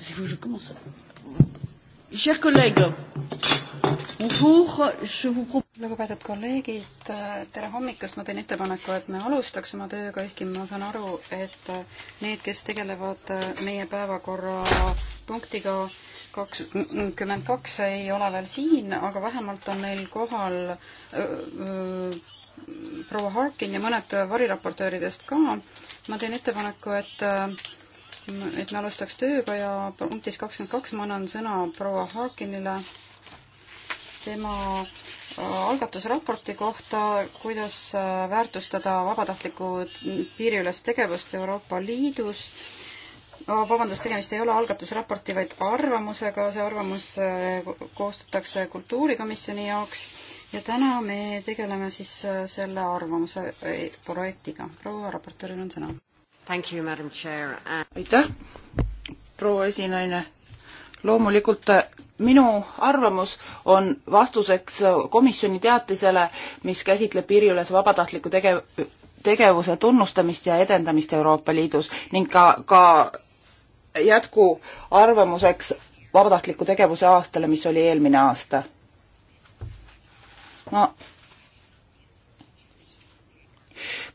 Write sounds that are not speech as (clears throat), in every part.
Si vous, je commence. Chers collègues, bonjour, je vous propose... lugupeetud kolleegid, tere hommikust, ma teen ettepaneku, et me alustaks oma tööga, ehkki ma saan aru, et need, kes tegelevad meie päevakorra punktiga kakskümmend kaks, ei ole veel siin, aga vähemalt on meil kohal öö, proua Harkin ja mõned variraportööridest ka. ma teen ettepaneku, et et me alustaks tööga ja punktis kakskümmend kaks ma annan sõna proua Haakinile tema äh, algatusraporti kohta, kuidas äh, väärtustada vabatahtlikku piiriülest tegevust Euroopa Liidus. vabandust, tegemist ei ole algatusraporti, vaid arvamusega, see arvamus äh, koostatakse Kultuurikomisjoni jaoks ja täna me tegeleme siis selle arvamuse projektiga. proua raportööril on sõna aitäh, proua esinaine. loomulikult äh, minu arvamus on vastuseks äh, komisjoni teatisele, mis käsitleb piiriüles vabatahtliku tegev-, tegevuse tunnustamist ja edendamist Euroopa Liidus ning ka, ka jätkuarvamuseks vabatahtliku tegevuse aastale, mis oli eelmine aasta. ma no,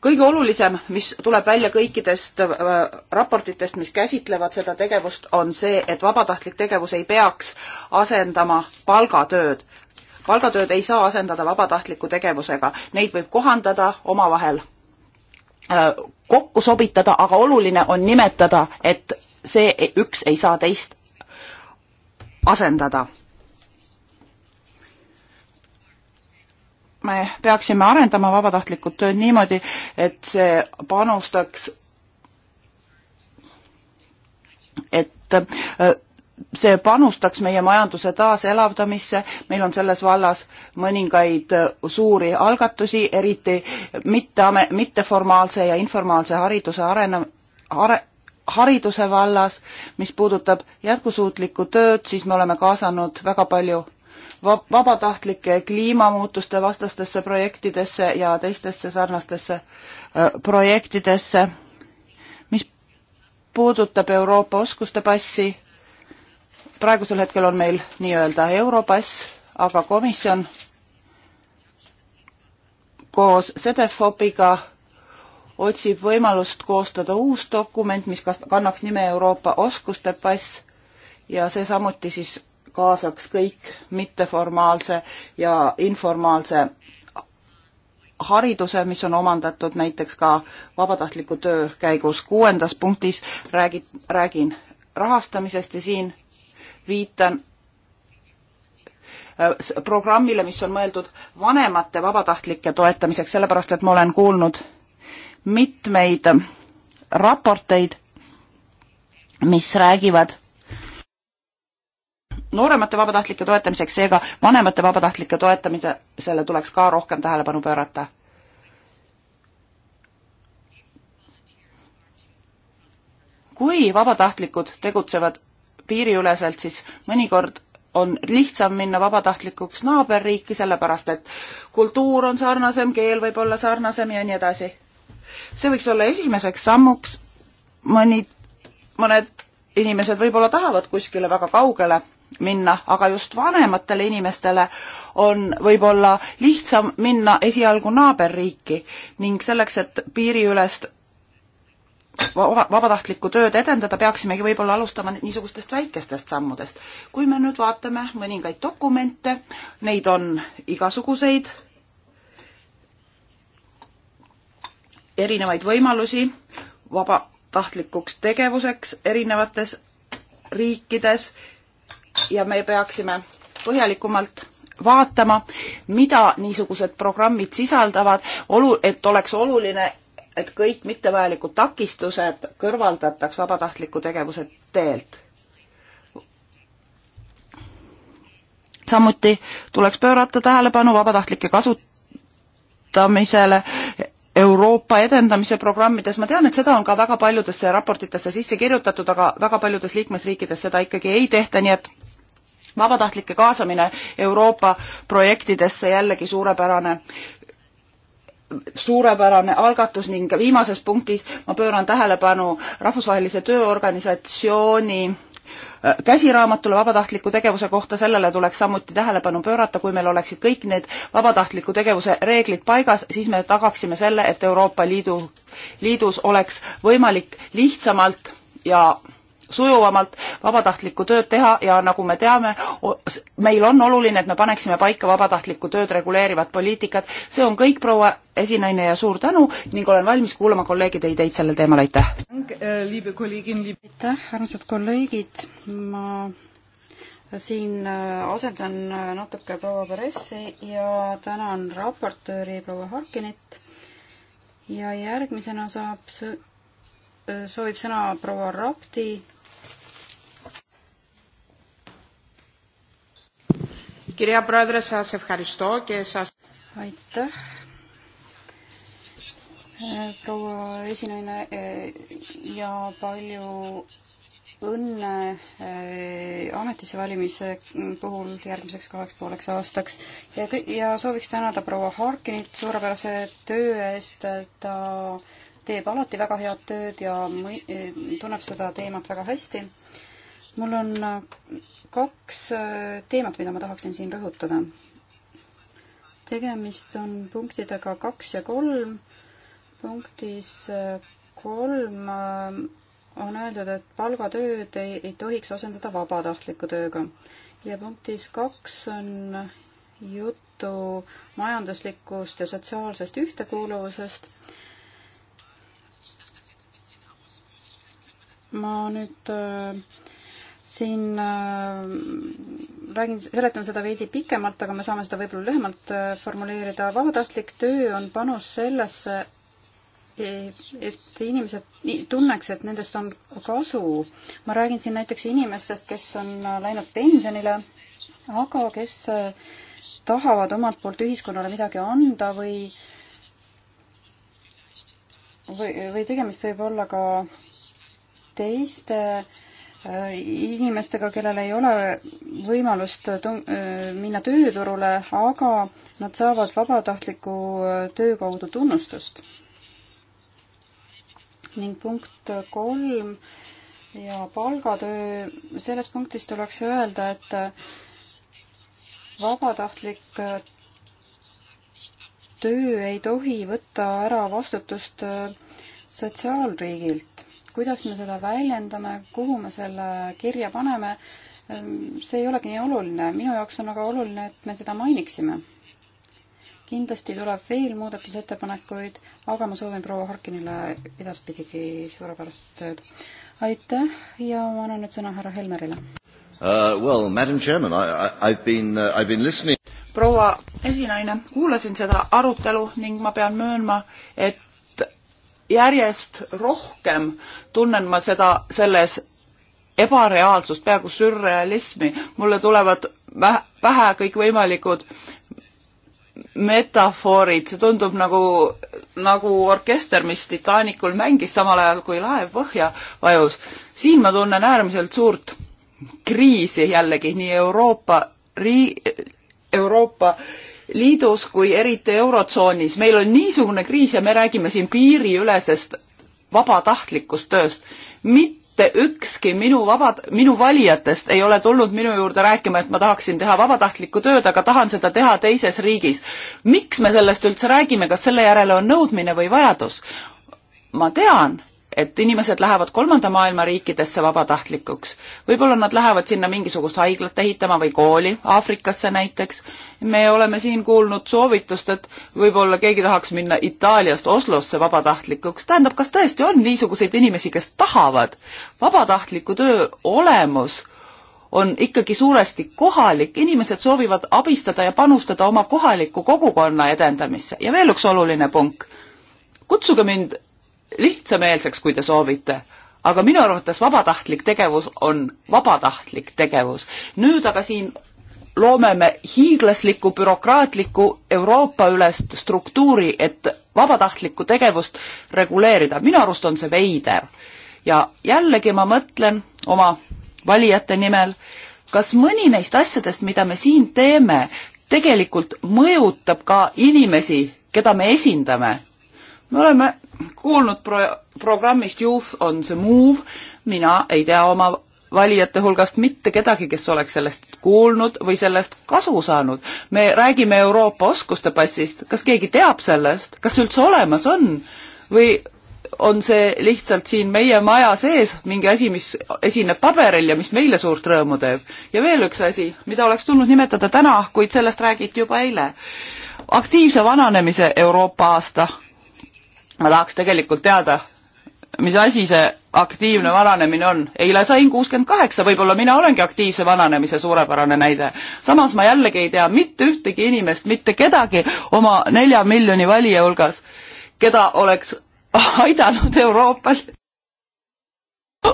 kõige olulisem, mis tuleb välja kõikidest äh, raportitest, mis käsitlevad seda tegevust, on see, et vabatahtlik tegevus ei peaks asendama palgatööd. palgatööd ei saa asendada vabatahtliku tegevusega, neid võib kohandada omavahel äh, kokku sobitada, aga oluline on nimetada, et see üks ei saa teist asendada me peaksime arendama vabatahtlikku tööd niimoodi, et see panustaks, et äh, see panustaks meie majanduse taaselavdamisse, meil on selles vallas mõningaid äh, suuri algatusi, eriti mitte, mitteformaalse ja informaalse hariduse arena-, are-, hariduse vallas, mis puudutab jätkusuutlikku tööd, siis me oleme kaasanud väga palju vabatahtlike kliimamuutuste vastastesse projektidesse ja teistesse sarnastesse projektidesse. mis puudutab Euroopa oskuste passi, praegusel hetkel on meil nii-öelda Europass, aga komisjon koos Sedefopiga otsib võimalust koostada uus dokument, mis kannaks nime Euroopa oskuste pass ja see samuti siis kaasaks kõik mitteformaalse ja informaalse hariduse, mis on omandatud näiteks ka vabatahtliku töö käigus. kuuendas punktis räägi, räägin rahastamisest ja siin viitan äh, programmile, mis on mõeldud vanemate vabatahtlike toetamiseks, sellepärast et ma olen kuulnud mitmeid raporteid, mis räägivad nooremate vabatahtlike toetamiseks, seega vanemate vabatahtlike toetamisele tuleks ka rohkem tähelepanu pöörata. kui vabatahtlikud tegutsevad piiriüleselt, siis mõnikord on lihtsam minna vabatahtlikuks naaberriiki, sellepärast et kultuur on sarnasem, keel võib olla sarnasem ja nii edasi. see võiks olla esimeseks sammuks, mõni, mõned inimesed võib-olla tahavad kuskile väga kaugele minna, aga just vanematele inimestele on võib-olla lihtsam minna esialgu naaberriiki ning selleks, et piiriülest vabatahtlikku tööd edendada, peaksimegi võib-olla alustama niisugustest väikestest sammudest. kui me nüüd vaatame mõningaid dokumente, neid on igasuguseid, erinevaid võimalusi vabatahtlikuks tegevuseks erinevates riikides ja me peaksime põhjalikumalt vaatama, mida niisugused programmid sisaldavad, olu-, et oleks oluline, et kõik mittevajalikud takistused kõrvaldataks vabatahtliku tegevuse teelt. samuti tuleks pöörata tähelepanu vabatahtlike kasutamisele Euroopa edendamise programmides, ma tean, et seda on ka väga paljudesse raportitesse sisse kirjutatud, aga väga paljudes liikmesriikides seda ikkagi ei tehta, nii et vabatahtlike kaasamine Euroopa projektidesse jällegi suurepärane suurepärane algatus ning viimases punktis ma pööran tähelepanu Rahvusvahelise Tööorganisatsiooni äh, käsiraamatule vabatahtliku tegevuse kohta, sellele tuleks samuti tähelepanu pöörata, kui meil oleksid kõik need vabatahtliku tegevuse reeglid paigas, siis me tagaksime selle, et Euroopa Liidu, Liidus oleks võimalik lihtsamalt ja sujuvamalt vabatahtlikku tööd teha ja nagu me teame, meil on oluline, et me paneksime paika vabatahtlikku tööd reguleerivad poliitikad. see on kõik, proua esinaine ja suur tänu ning olen valmis kuulama kolleegide ideid sellel teemal, aitäh! Äh, aitäh, armsad kolleegid, ma siin äh, asendan äh, natuke proua Peressi ja tänan raportööri proua Harkinit ja järgmisena saab sõ-, soovib sõna proua Rapti Κυρία Πρόεδρε, σας ευχαριστώ και σας... Aitäh, äh, proua esinaine äh, ja palju õnne äh, ametisse valimise puhul järgmiseks kaheks pooleks aastaks ja, ja sooviks tänada proua Harkinit suurepärase töö eest, ta teeb alati väga head tööd ja mõi, tunneb seda teemat väga hästi mul on äh, kaks äh, teemat, mida ma tahaksin siin rõhutada. tegemist on punktidega kaks ja kolm. punktis äh, kolm on öeldud, et palgatööd ei, ei tohiks asendada vabatahtliku tööga ja punktis kaks on juttu majanduslikust ja sotsiaalsest ühtekuuluvusest. ma nüüd äh, siin äh, räägin, seletan seda veidi pikemalt, aga me saame seda võib-olla lühemalt äh, formuleerida. vabatahtlik töö on panus sellesse, e, et inimesed tunneks, et nendest on kasu. ma räägin siin näiteks inimestest, kes on äh, läinud pensionile, aga kes äh, tahavad omalt poolt ühiskonnale midagi anda või või, või tegemist võib olla ka teiste äh, inimestega, kellel ei ole võimalust tung-, minna tööturule, aga nad saavad vabatahtliku töö kaudu tunnustust. ning punkt kolm ja palgatöö, selles punktis tuleks öelda, et vabatahtlik töö ei tohi võtta ära vastutust sotsiaalriigilt kuidas me seda väljendame, kuhu me selle kirja paneme, ehm, see ei olegi nii oluline. minu jaoks on aga oluline, et me seda mainiksime. kindlasti tuleb veel muudatusettepanekuid, aga ma soovin proua Harkinile edaspidigi suurepärast tööd. aitäh ja ma annan nüüd sõna härra Helmerile. Uh, well, Madam Chairman, I, I, I've been uh,, I've been listening proua esinaine, kuulasin seda arutelu ning ma pean möönma, et järjest rohkem tunnen ma seda selles ebareaalsust, peaaegu sürrealismi, mulle tulevad pähe kõikvõimalikud metafoorid, see tundub nagu, nagu orkester, mis Titanicul mängis samal ajal, kui laev põhja vajus. siin ma tunnen äärmiselt suurt kriisi jällegi nii Euroopa rii-, Euroopa äh, Liidus kui eriti Eurotsoonis. meil on niisugune kriis ja me räägime siin piiriülesest vabatahtlikust tööst. mitte ükski minu vaba, minu valijatest ei ole tulnud minu juurde rääkima, et ma tahaksin teha vabatahtlikku tööd, aga tahan seda teha teises riigis. miks me sellest üldse räägime, kas selle järele on nõudmine või vajadus? ma tean, et inimesed lähevad kolmanda maailma riikidesse vabatahtlikuks. võib-olla nad lähevad sinna mingisugust haiglat ehitama või kooli, Aafrikasse näiteks. me oleme siin kuulnud soovitust, et võib-olla keegi tahaks minna Itaaliast Oslosse vabatahtlikuks. tähendab, kas tõesti on niisuguseid inimesi, kes tahavad? vabatahtliku töö olemus on ikkagi suuresti kohalik, inimesed soovivad abistada ja panustada oma kohaliku kogukonna edendamisse ja veel üks oluline punkt. kutsuge mind lihtsameelseks, kui te soovite, aga minu arvates vabatahtlik tegevus on vabatahtlik tegevus. nüüd aga siin loome me hiiglasliku bürokraatliku Euroopa-ülest struktuuri, et vabatahtlikku tegevust reguleerida, minu arust on see veider. ja jällegi ma mõtlen oma valijate nimel, kas mõni neist asjadest, mida me siin teeme, tegelikult mõjutab ka inimesi, keda me esindame. me oleme kuulnud pro-, programmist Youth on the Move, mina ei tea oma valijate hulgast mitte kedagi, kes oleks sellest kuulnud või sellest kasu saanud. me räägime Euroopa oskuste passist, kas keegi teab sellest, kas see üldse olemas on või on see lihtsalt siin meie maja sees mingi asi, mis esineb paberil ja mis meile suurt rõõmu teeb. ja veel üks asi, mida oleks tulnud nimetada täna, kuid sellest räägiti juba eile. aktiivse vananemise Euroopa aasta ma tahaks tegelikult teada, mis asi see aktiivne vananemine on. eile sain kuuskümmend kaheksa, võib-olla mina olengi aktiivse vananemise suurepärane näide. samas ma jällegi ei tea mitte ühtegi inimest, mitte kedagi oma nelja miljoni valija hulgas, keda oleks aidanud Euroopal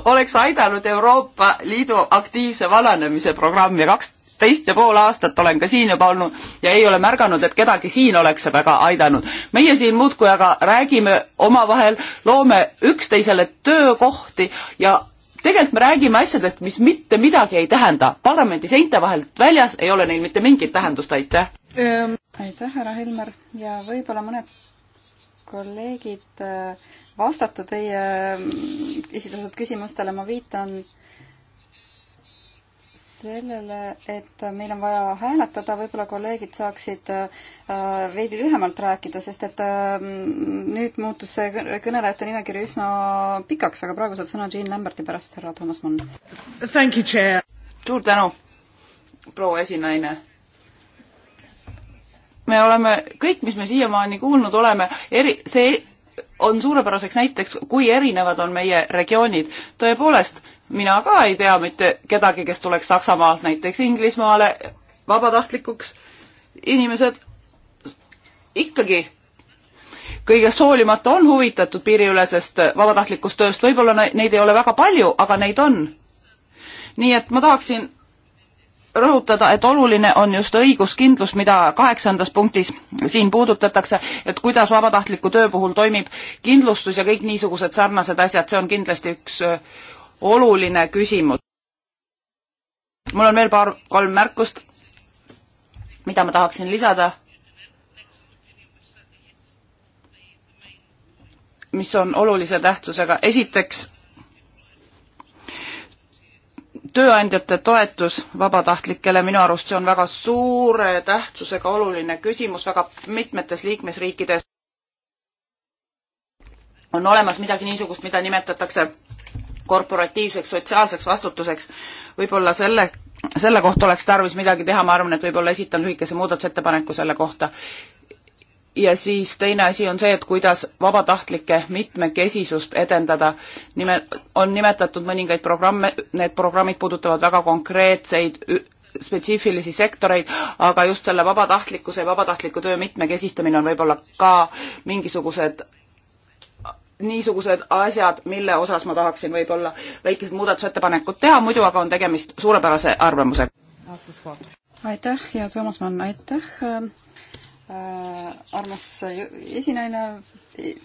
oleks aidanud Euroopa Liidu aktiivse vananemise programm ja kaks teist ja pool aastat olen ka siin juba olnud ja ei ole märganud, et kedagi siin oleks see väga aidanud. meie siin muudkui aga räägime omavahel, loome üksteisele töökohti ja tegelikult me räägime asjadest, mis mitte midagi ei tähenda. parlamendi seinte vahelt väljas ei ole neil mitte mingit tähendust, aitäh! Ähm. aitäh, härra Helmer ja võib-olla mõned kolleegid äh, vastata teie äh, esitatud küsimustele, ma viitan äh, sellele, et meil on vaja hääletada, võib-olla kolleegid saaksid äh, veidi lühemalt rääkida, sest et äh, nüüd muutus see kõnelejate nimekiri üsna pikaks, aga praegu saab sõna Jean Lamberti pärast härra Toomas Mann. suur tänu, proua esinaine me oleme, kõik, mis me siiamaani kuulnud oleme, eri, see on suurepäraseks näiteks, kui erinevad on meie regioonid. tõepoolest, mina ka ei tea mitte kedagi, kes tuleks Saksamaalt näiteks Inglismaale vabatahtlikuks. inimesed ikkagi kõigest hoolimata on huvitatud piiriülesest vabatahtlikust tööst, võib-olla neid ei ole väga palju, aga neid on. nii et ma tahaksin rõhutada, et oluline on just õiguskindlus, mida kaheksandas punktis siin puudutatakse, et kuidas vabatahtliku töö puhul toimib kindlustus ja kõik niisugused sarnased asjad, see on kindlasti üks oluline küsimus. mul on veel paar, kolm märkust, mida ma tahaksin lisada, mis on olulise tähtsusega. esiteks, tööandjate toetus vabatahtlikele, minu arust see on väga suure tähtsusega oluline küsimus väga mitmetes liikmesriikides on olemas midagi niisugust, mida nimetatakse korporatiivseks sotsiaalseks vastutuseks, võib-olla selle, selle kohta oleks tarvis midagi teha, ma arvan, et võib-olla esitan lühikese muudatusettepaneku selle kohta. ja siis teine asi on see, et kuidas vabatahtlike mitmekesisust edendada. nime, on nimetatud mõningaid programme, need programmid puudutavad väga konkreetseid spetsiifilisi sektoreid, aga just selle vabatahtlikkuse ja vabatahtliku töö mitmekesistamine on võib-olla ka mingisugused niisugused asjad, mille osas ma tahaksin võib-olla väikesed muudatusettepanekud teha, muidu aga on tegemist suurepärase arvamusega. aitäh ja Toomas Mann, aitäh äh, armas esinaine,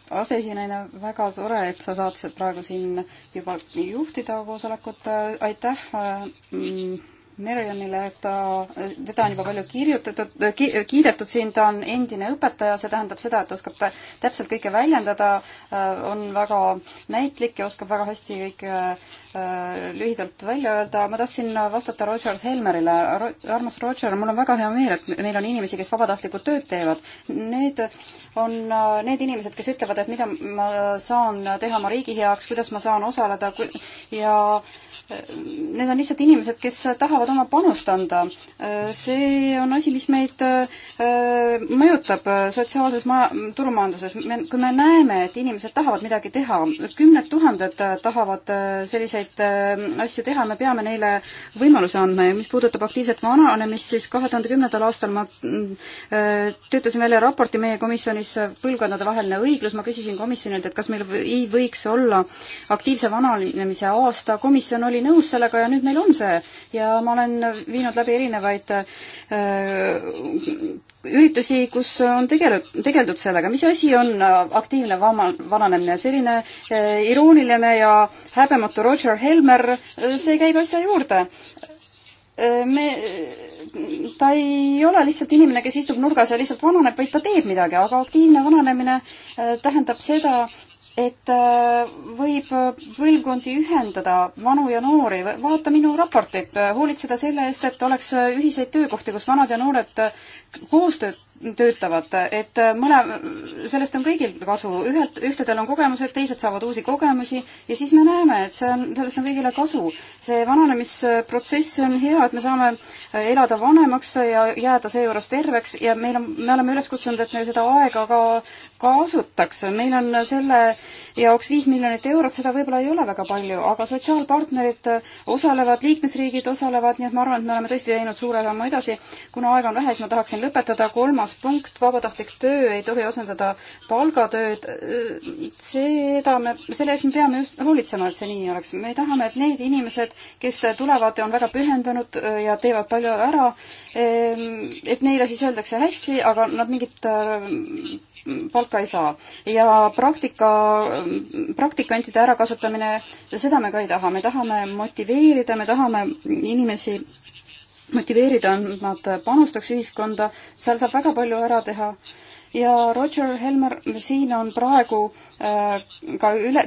aseesinaine, väga tore, et sa saad praegu siin juba juhtida koosolekut, äh, aitäh äh, mm, Merionile, et ta, teda on juba palju kirjutatud ki,, kiidetud siin, ta on endine õpetaja, see tähendab seda, et oskab ta täpselt kõike väljendada, äh, on väga näitlik ja oskab väga hästi kõike äh, lühidalt välja öelda, ma tahtsin vastata Roger Helmerile. armas Roger, mul on väga hea meel, et meil on inimesi, kes vabatahtlikult tööd teevad. Need on äh, need inimesed, kes ütlevad, et mida ma saan teha oma riigi heaks, kuidas ma saan osaleda ja äh, need on lihtsalt inimesed, kes tahavad oma panust anda. see on asi, mis meid äh, mõjutab sotsiaalses ma-, turumajanduses. me, kui me näeme, et inimesed tahavad midagi teha, kümned tuhanded tahavad äh, selliseid äh, asju teha, me peame neile võimaluse andma ja mis puudutab aktiivset vananemist, siis kahe tuhande kümnendal aastal ma töötasin välja raporti meie komisjonis Põlvkondadevaheline õiglus, ma küsisin komisjonilt, et kas meil ei võiks olla aktiivse vananemise aasta, komisjon oli oli nõus sellega ja nüüd neil on see. ja ma olen viinud läbi erinevaid äh, üritusi, kus on tegeled, tegeldud sellega, mis asi on äh, aktiivne vama-, vananemine, selline äh, irooniline ja häbematu Roger Helmer, see käib asja juurde me, ta ei ole lihtsalt inimene, kes istub nurgas ja lihtsalt vananeb, vaid ta teeb midagi, aga aktiivne vananemine tähendab seda, et äh, võib põlvkondi äh, ühendada, vanu ja noori, vaata minu raportit, hoolitseda selle eest, et oleks äh, ühiseid töökohti, kus vanad ja noored koostööd töötavad, et mõle, sellest on kõigil kasu, ühelt, ühtedel on kogemused, teised saavad uusi kogemusi ja siis me näeme, et see on, sellest on kõigile kasu. see vananemisprotsess on hea, et me saame elada vanemaks ja jääda seejuures terveks ja meil on, me oleme üles kutsunud, et me seda aega ka kasutakse, meil on selle jaoks viis miljonit eurot, seda võib-olla ei ole väga palju, aga sotsiaalpartnerid osalevad, liikmesriigid osalevad, nii et ma arvan, et me oleme tõesti teinud suure sammu edasi. kuna aega on vähe, siis ma tahaksin lõpetada. kolmas punkt, vabatahtlik töö ei tohi asendada palgatööd. seda me, selle eest me peame just hoolitsema, et see nii oleks. me tahame, et need inimesed, kes tulevad ja on väga pühendunud ja teevad palju ära, et neile siis öeldakse hästi, aga nad mingit palka ei saa. ja praktika, praktikantide ärakasutamine, seda me ka ei taha, me tahame motiveerida, me tahame inimesi motiveerida, nad panustaks ühiskonda, seal saab väga palju ära teha ja Roger Helmer, siin on praegu äh, ka üle,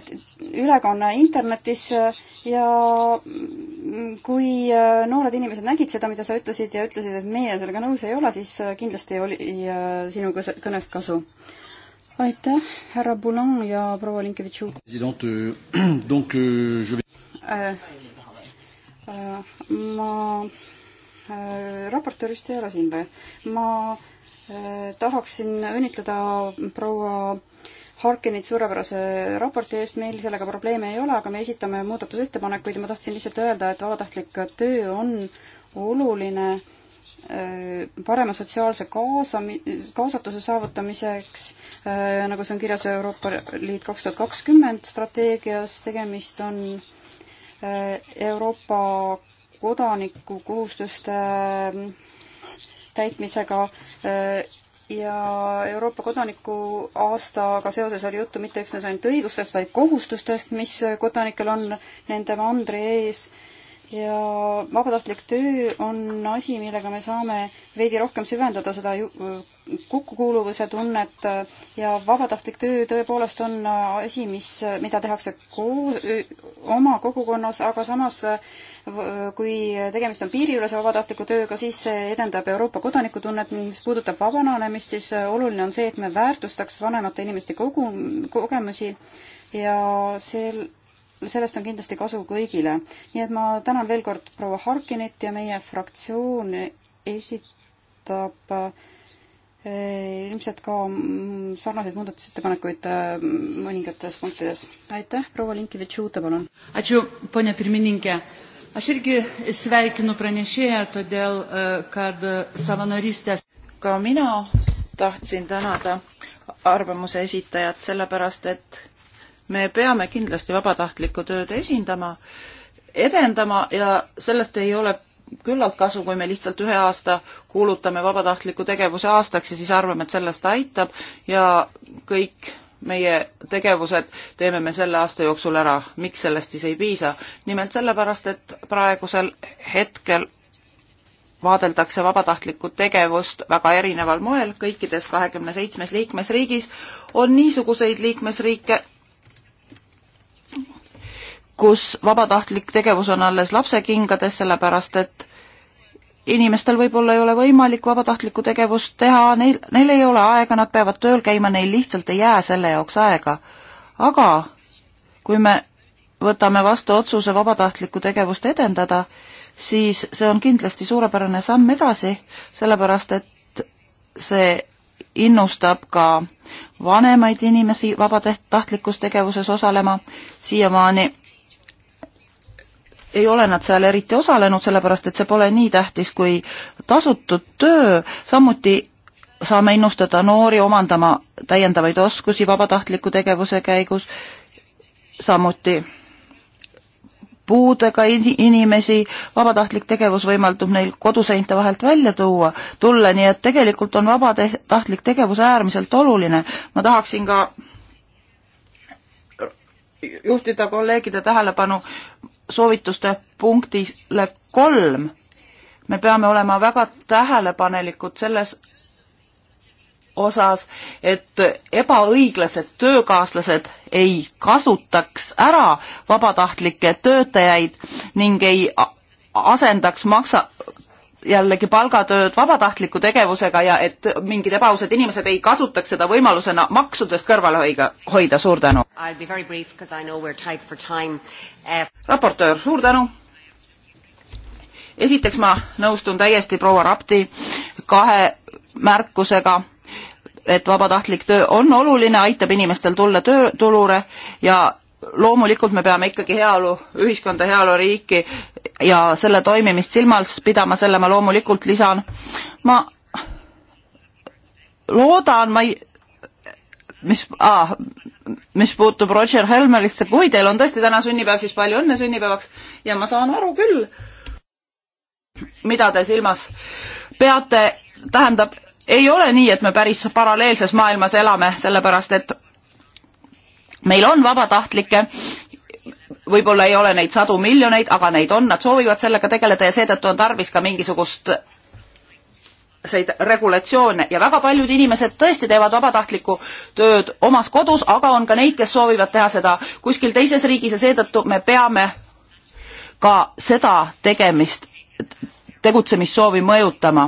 ülekanne internetis äh, ja mm, kui äh, noored inimesed nägid seda, mida sa ütlesid ja ütlesid, et meie sellega nõus ei ole, siis kindlasti oli sinu kõnest kasu. aitäh, härra Boulan ja proua Linkevitšu. Euh, (clears throat) euh, ma raportöörist ei ole siin või? ma Äh, tahaksin õnnitleda proua Harkinit suurepärase raporti eest, meil sellega probleeme ei ole, aga me esitame muudatusettepanekuid ja ma tahtsin lihtsalt öelda, et vabatahtlik töö on oluline äh, parema sotsiaalse kaasami-, kaasatuse saavutamiseks, äh, nagu see on kirjas Euroopa Liit kaks tuhat kakskümmend strateegias, tegemist on Euroopa kodanikukohustuste täitmisega äh, ja Euroopa kodaniku aastaga seoses oli juttu mitte üksnes ainult õigustest, vaid kohustustest, mis kodanikel on nende mandri ees ja vabatahtlik töö on asi, millega me saame veidi rohkem süvendada seda kokkukuuluvuse tunnet ja vabatahtlik töö tõepoolest on asi, mis, mida tehakse koos, oma kogukonnas, aga samas kui tegemist on piiriülese vabatahtliku tööga, siis see edendab Euroopa kodanikutunnet ning mis puudutab vabanemist, siis oluline on see, et me väärtustaks vanemate inimeste kogu, kogemusi ja sel sellest on kindlasti kasu kõigile. nii et ma tänan veel kord proua Harkinit ja meie fraktsioon esitab eh, ilmselt ka sarnaseid muudatusettepanekuid eh, mõningates punktides. aitäh, proua Linkivitš-Uute, palun. Aš irgi sveikinu pranešėją, todėl eh, kad savanoristės. ka mina tahtsin tänada arvamuse esitajat, sellepärast et me peame kindlasti vabatahtlikku tööd esindama, edendama ja sellest ei ole küllalt kasu, kui me lihtsalt ühe aasta kuulutame vabatahtliku tegevuse aastaks ja siis arvame, et sellest aitab ja kõik meie tegevused teeme me selle aasta jooksul ära. miks sellest siis ei piisa? nimelt sellepärast, et praegusel hetkel vaadeldakse vabatahtlikku tegevust väga erineval moel, kõikides kahekümne seitsmes liikmesriigis on niisuguseid liikmesriike, kus vabatahtlik tegevus on alles lapsekingades, sellepärast et inimestel võib-olla ei ole võimalik vabatahtlikku tegevust teha, neil, neil ei ole aega, nad peavad tööl käima, neil lihtsalt ei jää selle jaoks aega. aga kui me võtame vastu otsuse vabatahtlikku tegevust edendada, siis see on kindlasti suurepärane samm edasi, sellepärast et see innustab ka vanemaid inimesi vabatahtlikus tegevuses osalema. siiamaani ei ole nad seal eriti osalenud, sellepärast et see pole nii tähtis kui tasutud töö, samuti saame innustada noori omandama täiendavaid oskusi vabatahtliku tegevuse käigus, samuti puudega inimesi, vabatahtlik tegevus võimaldab neil koduseinte vahelt välja tuua, tulla, nii et tegelikult on vabatahtlik tegevus äärmiselt oluline. ma tahaksin ka juhtida kolleegide tähelepanu soovituste punktile kolm me peame olema väga tähelepanelikud selles osas, et ebaõiglased töökaaslased ei kasutaks ära vabatahtlikke töötajaid ning ei asendaks maksa, jällegi palgatööd vabatahtliku tegevusega ja et mingid ebaausad inimesed ei kasutaks seda võimalusena maksudest kõrvale hoida, hoida, suur tänu. Eh, raportöör, suur tänu. esiteks ma nõustun täiesti proua Rapti kahe märkusega, et vabatahtlik töö on oluline, aitab inimestel tulla töö, tulule ja loomulikult me peame ikkagi heaolu, ühiskonda, heaoluriiki ja selle toimimist silmas pidama, selle ma loomulikult lisan. ma loodan, ma ei, mis ah,, mis puutub Roger Helmerisse, kui teil on tõesti täna sünnipäev, siis palju õnne sünnipäevaks ja ma saan aru küll, mida te silmas peate, tähendab, ei ole nii, et me päris paralleelses maailmas elame, sellepärast et meil on vabatahtlikke, võib-olla ei ole neid sadu miljoneid, aga neid on, nad soovivad sellega tegeleda ja seetõttu on tarvis ka mingisugust neid regulatsioone ja väga paljud inimesed tõesti teevad vabatahtlikku tööd omas kodus, aga on ka neid, kes soovivad teha seda kuskil teises riigis ja seetõttu me peame ka seda tegemist, tegutsemissoovi mõjutama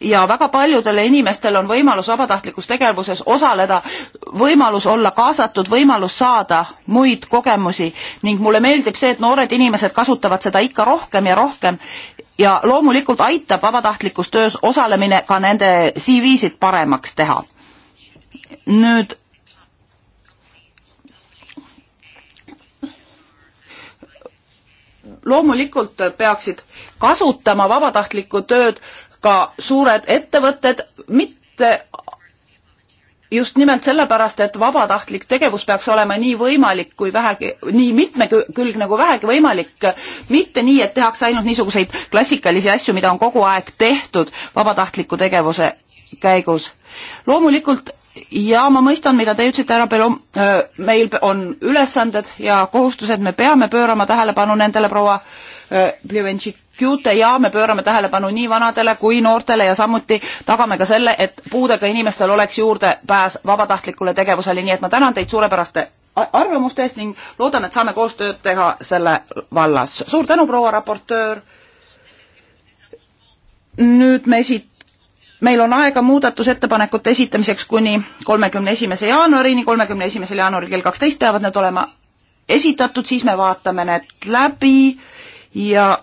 ja väga paljudele inimestel on võimalus vabatahtlikus tegevuses osaleda, võimalus olla kaasatud, võimalus saada muid kogemusi ning mulle meeldib see, et noored inimesed kasutavad seda ikka rohkem ja rohkem ja loomulikult aitab vabatahtlikus töös osalemine ka nende CV-sid paremaks teha. nüüd loomulikult peaksid kasutama vabatahtlikku tööd ka suured ettevõtted, mitte just nimelt sellepärast, et vabatahtlik tegevus peaks olema nii võimalik kui vähegi, nii mitmekülgne nagu kui vähegi võimalik, mitte nii, et tehakse ainult niisuguseid klassikalisi asju, mida on kogu aeg tehtud vabatahtliku tegevuse käigus. loomulikult ja ma mõistan, mida te ütlesite, härra Belom, meil on ülesanded ja kohustused, me peame pöörama tähelepanu nendele, proua äh, Äh, Plevenšikiute ja me pöörame tähelepanu nii vanadele kui noortele ja samuti tagame ka selle, et puudega inimestel oleks juurdepääs vabatahtlikule tegevusele, nii et ma tänan teid suurepäraste arvamuste eest ning loodan, et saame koostööd teha selle vallas. suur tänu, proua raportöör. nüüd me esit-, meil on aega muudatusettepanekute esitamiseks kuni kolmekümne esimese jaanuarini, kolmekümne esimesel jaanuaril kell kaksteist peavad need olema esitatud, siis me vaatame need läbi ja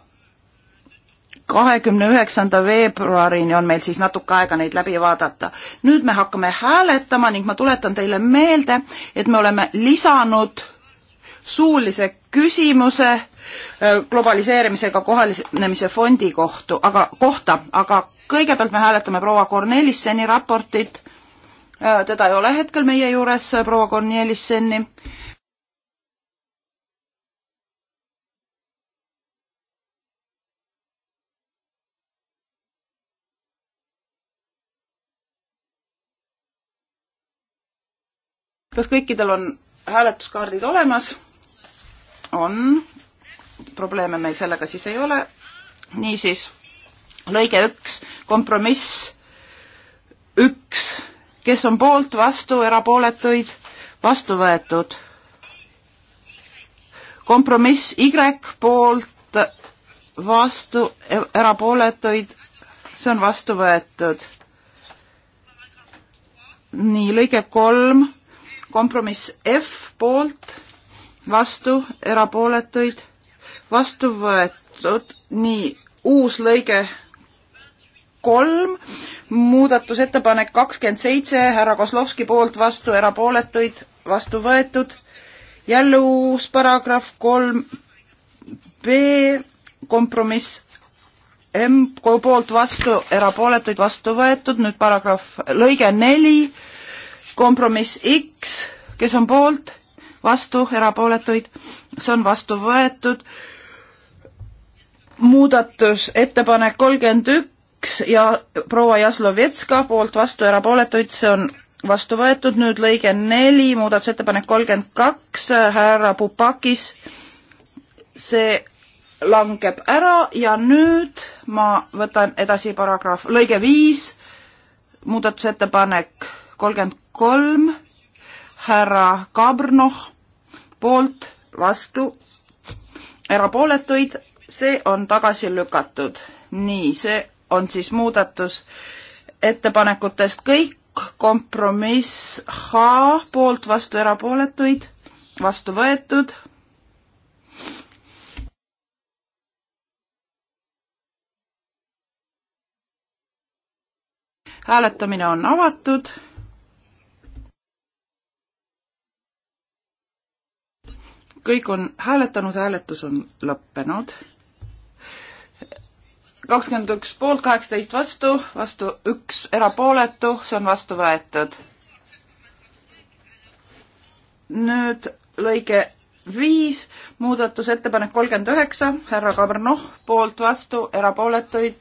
kahekümne üheksanda veebruarini on meil siis natuke aega neid läbi vaadata. nüüd me hakkame hääletama ning ma tuletan teile meelde, et me oleme lisanud suulise küsimuse äh, globaliseerimisega kohanemise fondi kohtu, aga, kohta, aga kõigepealt me hääletame proua Kornelisseni raportit, äh, teda ei ole hetkel meie juures, äh, proua Kornelisseni, kas kõikidel on hääletuskaardid olemas? on. probleeme meil sellega siis ei ole. niisiis, lõige üks, kompromiss üks, kes on poolt, vastu, erapooletuid, vastu võetud. kompromiss Y poolt, vastu, erapooletuid, see on vastu võetud. nii, lõige kolm kompromiss F poolt, vastu, erapooletuid, vastu võetud, nii, uus lõige kolm, muudatusettepanek kakskümmend seitse, härra Kozlovski poolt vastu, erapooletuid, vastu võetud, jälle uus paragrahv kolm B, kompromiss M poolt vastu, erapooletuid vastu võetud, nüüd paragrahv, lõige neli kompromiss X, kes on poolt, vastu, erapooletuid, see on vastu võetud. muudatusettepanek kolmkümmend üks ja proua Jaslovetska poolt vastu, erapooletuid, see on vastu võetud, nüüd lõige neli, muudatusettepanek kolmkümmend kaks, härra Pupakis, see langeb ära ja nüüd ma võtan edasi paragrahv, lõige viis, muudatusettepanek kolmkümmend kolm, härra Kabrnoh poolt, vastu, erapooletuid, see on tagasi lükatud. nii, see on siis muudatus ettepanekutest kõik, kompromiss H poolt, vastu, erapooletuid, vastu võetud hääletamine on avatud. kõik on hääletanud, hääletus on lõppenud. kakskümmend üks poolt, kaheksateist vastu, vastu üks erapooletu, see on vastu võetud. nüüd lõige viis, muudatusettepanek kolmkümmend üheksa, härra Kabrnoh poolt vastu, erapooletuid.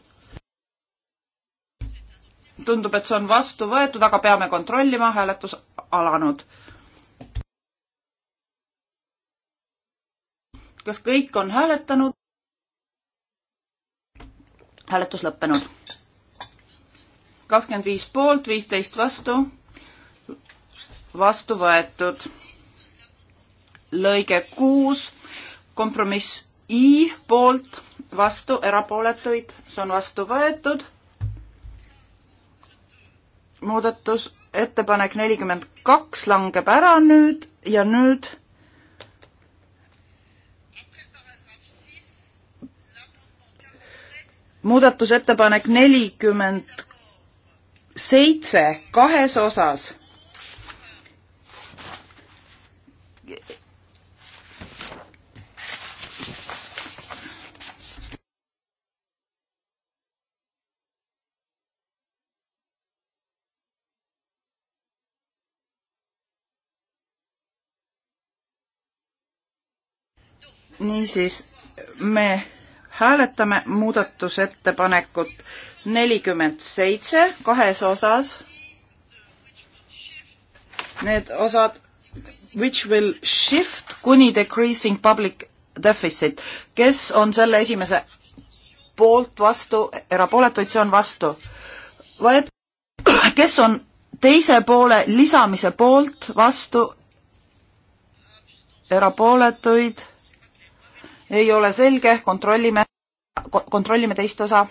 tundub, et see on vastu võetud, aga peame kontrollima, hääletus alanud kas kõik on hääletanud? hääletus lõppenud. kakskümmend viis poolt, viisteist vastu, vastu võetud. lõige kuus, kompromiss I poolt, vastu, erapooletuid, see on vastu võetud. muudatusettepanek nelikümmend kaks langeb ära nüüd ja nüüd muudatusettepanek nelikümmend seitse kahes osas. niisiis me hääletame muudatusettepanekut nelikümmend seitse kahes osas. Need osad which will shift kuni decreasing public deficit, kes on selle esimese poolt vastu, erapooletuid, see on vastu. kes on teise poole lisamise poolt vastu, erapooletuid ei ole selge, kontrollime, kontrollime teist osa.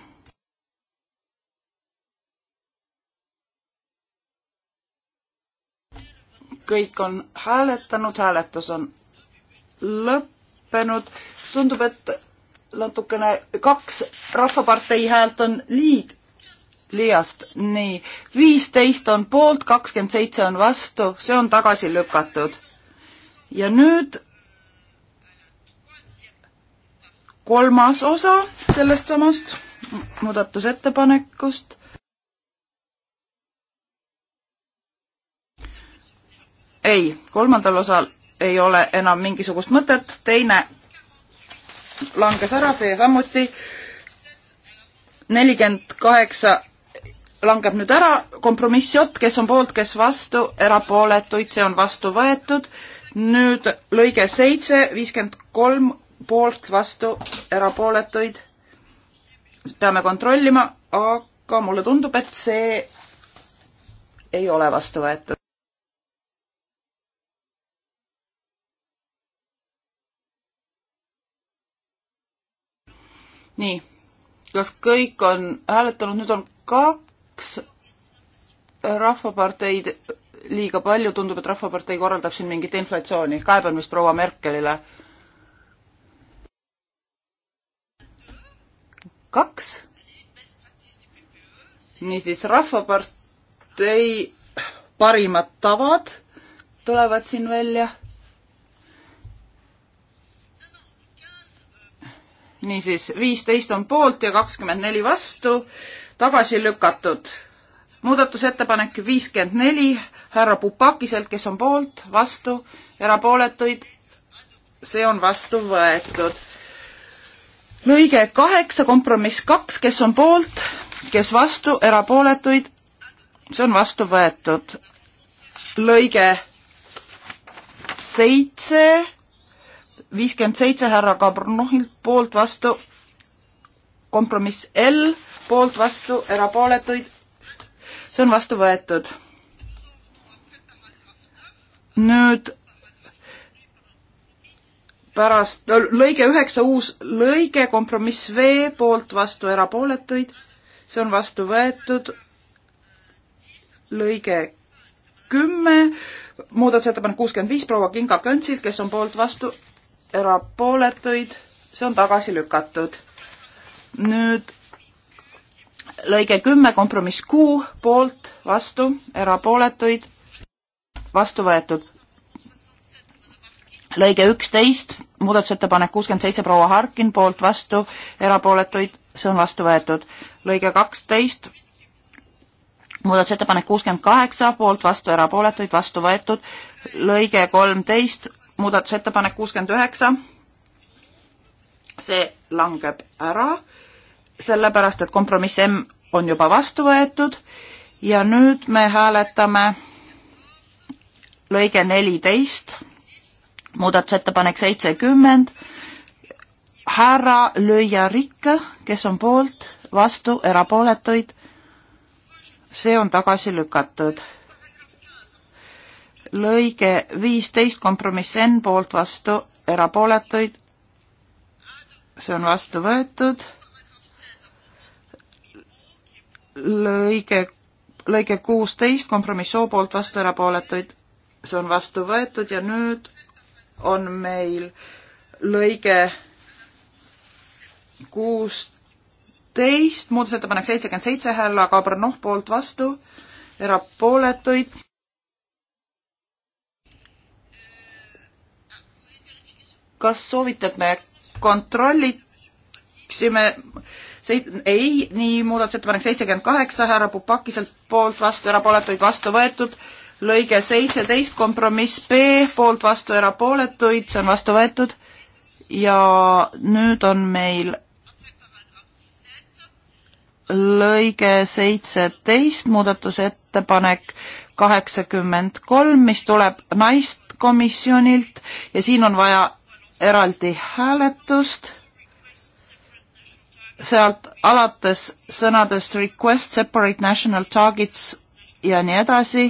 kõik on hääletanud, hääletus on lõppenud. tundub, et natukene kaks Rahvapartei häält on liig-, liiast, nii. viisteist on poolt, kakskümmend seitse on vastu, see on tagasi lükatud. ja nüüd kolmas osa sellest samast muudatusettepanekust. ei, kolmandal osal ei ole enam mingisugust mõtet, teine langes ära, see samuti. nelikümmend kaheksa langeb nüüd ära, kompromissjott, kes on poolt, kes vastu, erapooletuid, see on vastu võetud. nüüd lõige seitse, viiskümmend kolm poolt, vastu, erapooletuid peame kontrollima, aga mulle tundub, et see ei ole vastu võetud. nii, kas kõik on hääletanud, nüüd on kaks rahvaparteid liiga palju, tundub, et Rahvapartei korraldab siin mingit inflatsiooni, kaebamist proua Merkelile kaks. niisiis, Rahvapartei parimad tavad tulevad siin välja. niisiis, viisteist on poolt ja kakskümmend neli vastu, tagasi lükatud. muudatusettepanek viiskümmend neli härra Pupakiselt, kes on poolt, vastu, erapooletuid, see on vastu võetud lõige kaheksa, kompromiss kaks, kes on poolt, kes vastu, erapooletuid, see on vastu võetud. lõige seitse, viiskümmend seitse härra Kabrnohilt poolt vastu, kompromiss L poolt vastu, erapooletuid, see on vastu võetud. nüüd pärast, lõige üheksa uus lõige, kompromiss V poolt vastu erapooletuid, see on vastu võetud, lõige kümme, muudatusettepanek kuuskümmend viis proua Kinga Köntsilt, kes on poolt vastu erapooletuid, see on tagasi lükatud. nüüd lõige kümme, kompromiss Q poolt vastu erapooletuid, vastu võetud lõige üksteist, muudatusettepanek kuuskümmend seitse proua Harkin, poolt vastu, erapooletuid, see on vastu võetud. lõige kaksteist, muudatusettepanek kuuskümmend kaheksa, poolt vastu, erapooletuid, vastu võetud. lõige kolmteist, muudatusettepanek kuuskümmend üheksa, see langeb ära, sellepärast et kompromiss M on juba vastu võetud ja nüüd me hääletame lõige neliteist muudatusettepanek seitsekümmend, härra Lööja Rikke, kes on poolt, vastu, erapooletuid, see on tagasi lükatud. lõige viisteist, kompromiss N poolt, vastu, erapooletuid, see on vastu võetud. lõige, lõige kuusteist, kompromiss O poolt, vastu, erapooletuid, see on vastu võetud ja nüüd on meil lõige kuusteist, muudatusettepanek seitsekümmend seitse häälla, Kabranov poolt vastu, erapooletuid. kas soovite, et me kontrolliksime seit-, ei, nii muudatusettepanek seitsekümmend kaheksa, härra Pupakiselt poolt vastu, erapooletuid vastu võetud lõige seitseteist, kompromiss B, poolt vastu erapooletuid, see on vastu võetud. ja nüüd on meil lõige seitseteist, muudatusettepanek kaheksakümmend kolm, mis tuleb naiskomisjonilt ja siin on vaja eraldi hääletust. sealt alates sõnadest request separate national targets ja nii edasi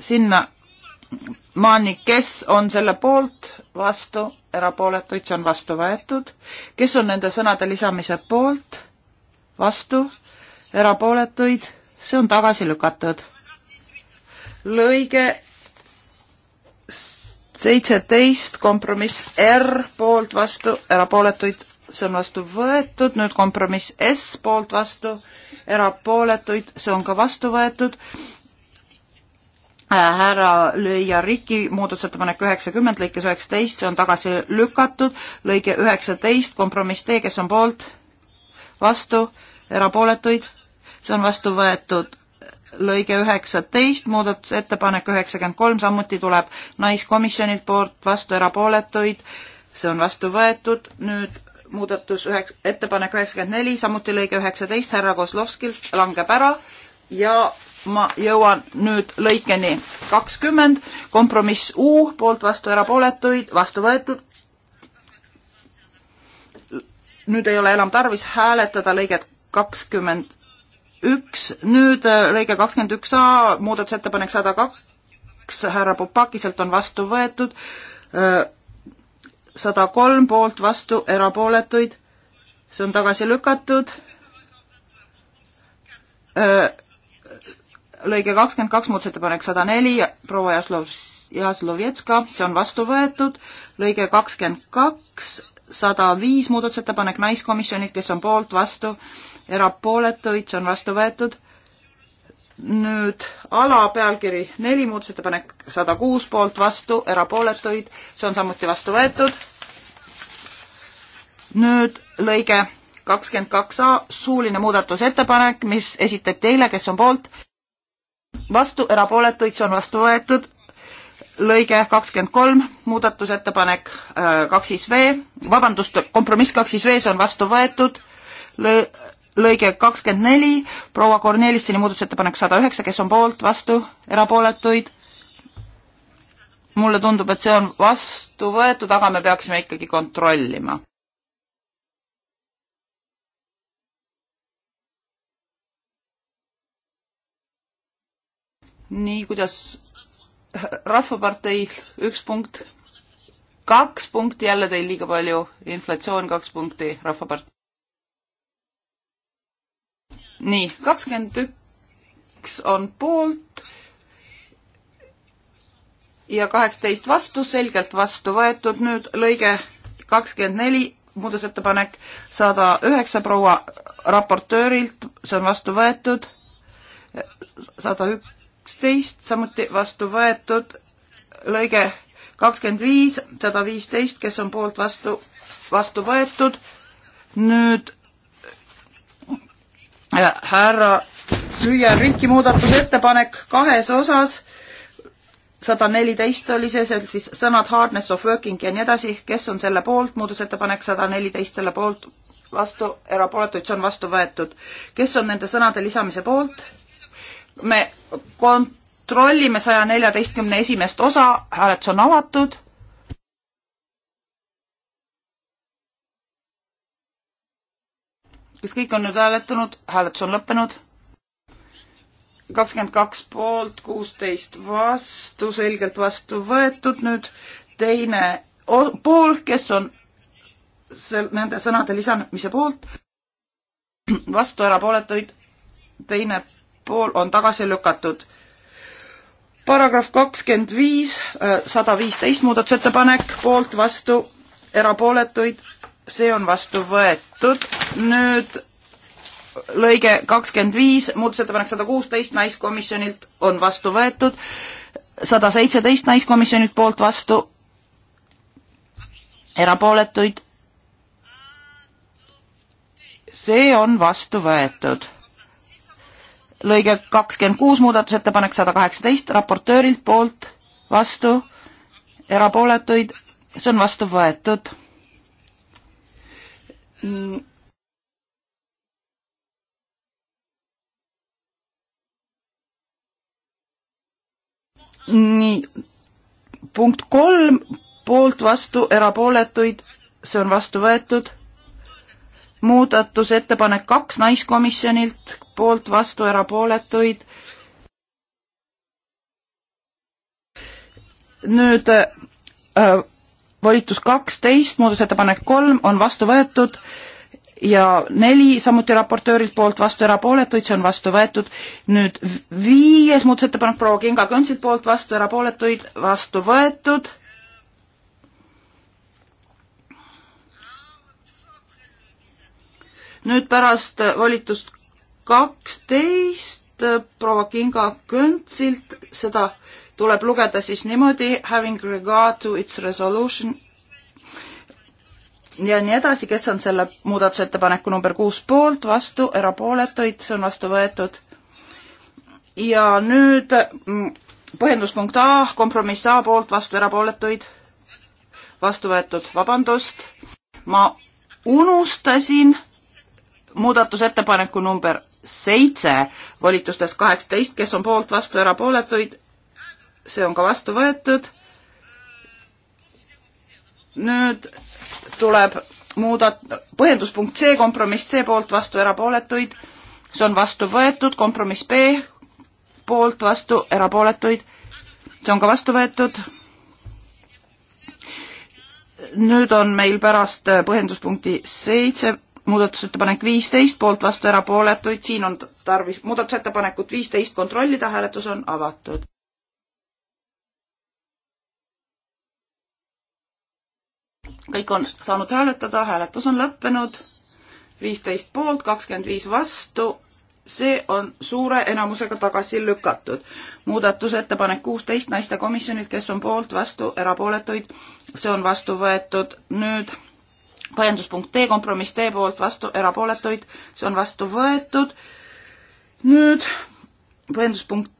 sinna maani, kes on selle poolt, vastu, erapooletuid, see on vastu võetud. kes on nende sõnade lisamise poolt, vastu, erapooletuid, see on tagasi lükatud. lõige seitseteist, kompromiss R poolt vastu, erapooletuid, see on vastu võetud, nüüd kompromiss S poolt vastu, erapooletuid, see on ka vastu võetud Äh, härra Lõia Riki muudatusettepanek üheksakümmend lõikes üheksateist, see on tagasi lükatud, lõige üheksateist, kompromiss D, kes on poolt, vastu, erapooletuid, see on vastu võetud lõige üheksateist, muudatusettepanek üheksakümmend kolm, samuti tuleb naiskomisjonilt poolt vastu erapooletuid, see on vastu võetud, nüüd muudatus üheks-, ettepanek üheksakümmend neli, samuti lõige üheksateist härra Kozlovskilt langeb ära ja ma jõuan nüüd lõikeni kakskümmend, kompromiss U poolt vastu erapooletuid, vastu võetud. nüüd ei ole enam tarvis hääletada lõiget kakskümmend üks, nüüd äh, lõige kakskümmend üks A, muudatusettepanek sada kaks, härra Popakiselt on vastu võetud, äh, sada kolm poolt vastu erapooletuid, see on tagasi lükatud äh, lõige kakskümmend kaks, muudatusettepanek sada neli, proua Jaslov, Jaslovetska, see on vastu võetud, lõige kakskümmend kaks, sada viis muudatusettepanek naiskomisjonilt, kes on poolt, vastu, erapooletuid, see on vastu võetud, nüüd alapealkiri neli, muudatusettepanek sada kuus, poolt, vastu, erapooletuid, see on samuti vastu võetud, nüüd lõige kakskümmend kaks A, suuline muudatusettepanek, mis esitati eile, kes on poolt? vastu, erapooletuid, see on vastu võetud. lõige kakskümmend kolm, muudatusettepanek äh, kaks siis V, vabandust, kompromiss kaks siis V, see on vastu võetud Lõ,. lõige kakskümmend neli, proua Kornelisseni muudatusettepanek sada üheksa, kes on poolt, vastu, erapooletuid? mulle tundub, et see on vastu võetud, aga me peaksime ikkagi kontrollima. nii kuidas Rahvapartei üks punkt, kaks punkti jälle teil liiga palju, inflatsioon kaks punkti, Rahvapartei. nii, kakskümmend üks on poolt ja kaheksateist vastu, selgelt vastu võetud, nüüd lõige kakskümmend neli, muudatusettepanek sada üheksa proua raportöörilt, see on vastu võetud, sada üks kaksteist, samuti vastu võetud lõige kakskümmend viis, sada viisteist, kes on poolt vastu, vastu võetud. nüüd äh, härra Lüüa Rikki muudatusettepanek kahes osas, sada neliteist oli see, seal siis sõnad hardness of working ja nii edasi, kes on selle poolt, muudusettepanek sada neliteist selle poolt, vastu, erapooletuid, see on vastu võetud. kes on nende sõnade lisamise poolt? me kontrollime saja neljateistkümne esimest osa, hääletus on avatud. kas kõik on nüüd hääletanud, hääletus on lõppenud? kakskümmend kaks poolt, kuusteist vastu, selgelt vastu võetud nüüd teine pool, kes on sel-, nende sõnade lisandumise poolt, vastu erapooletuid, teine pool on tagasi lükatud. paragrahv kakskümmend viis, äh, sada viisteist muudatusettepanek, poolt, vastu, erapooletuid, see on vastu võetud. nüüd lõige kakskümmend viis, muudatusettepanek sada kuusteist naiskomisjonilt on vastu võetud, sada seitseteist naiskomisjonilt poolt vastu, erapooletuid. see on vastu võetud lõige kakskümmend kuus, muudatusettepanek sada kaheksateist, raportöörilt poolt, vastu, erapooletuid, see on vastu võetud. nii, punkt kolm, poolt, vastu, erapooletuid, see on vastu võetud. muudatusettepanek kaks naiskomisjonilt, poolt, vastu, erapooletuid. nüüd äh, volitus kaksteist, muudatusettepanek kolm on vastu võetud ja neli samuti raportöörilt poolt vastu erapooletuid, see on vastu võetud. nüüd viies muudatusettepanek proua Kinga Könsilt poolt vastu erapooletuid, vastu võetud nüüd pärast volitust kaksteist proua Kinga Köntsilt, seda tuleb lugeda siis niimoodi having regard to its resolution ja nii edasi, kes on selle muudatusettepaneku number kuus poolt, vastu, erapooletuid, see on vastu võetud. ja nüüd mm, põhjenduspunkt A, kompromiss A poolt, vastu, erapooletuid, vastu võetud, vabandust, ma unustasin muudatusettepaneku number seitse volitustest kaheksateist, kes on poolt, vastu, erapooletuid, see on ka vastu võetud. nüüd tuleb muudat-, põhjenduspunkt C, kompromiss C poolt, vastu, erapooletuid, see on vastu võetud, kompromiss B poolt, vastu, erapooletuid, see on ka vastu võetud. nüüd on meil pärast põhjenduspunkti seitse 7 muudatusettepanek viisteist, poolt vastu erapooletuid, siin on tarvis muudatusettepanekut viisteist kontrollida, hääletus on avatud. kõik on saanud hääletada, hääletus on lõppenud, viisteist poolt, kakskümmend viis vastu, see on suure enamusega tagasi lükatud. muudatusettepanek kuusteist naistekomisjonilt, kes on poolt, vastu, erapooletuid, see on vastu võetud nüüd põhjenduspunkt D, kompromiss D poolt vastu, erapooletuid, see on vastu võetud. nüüd põhjenduspunkt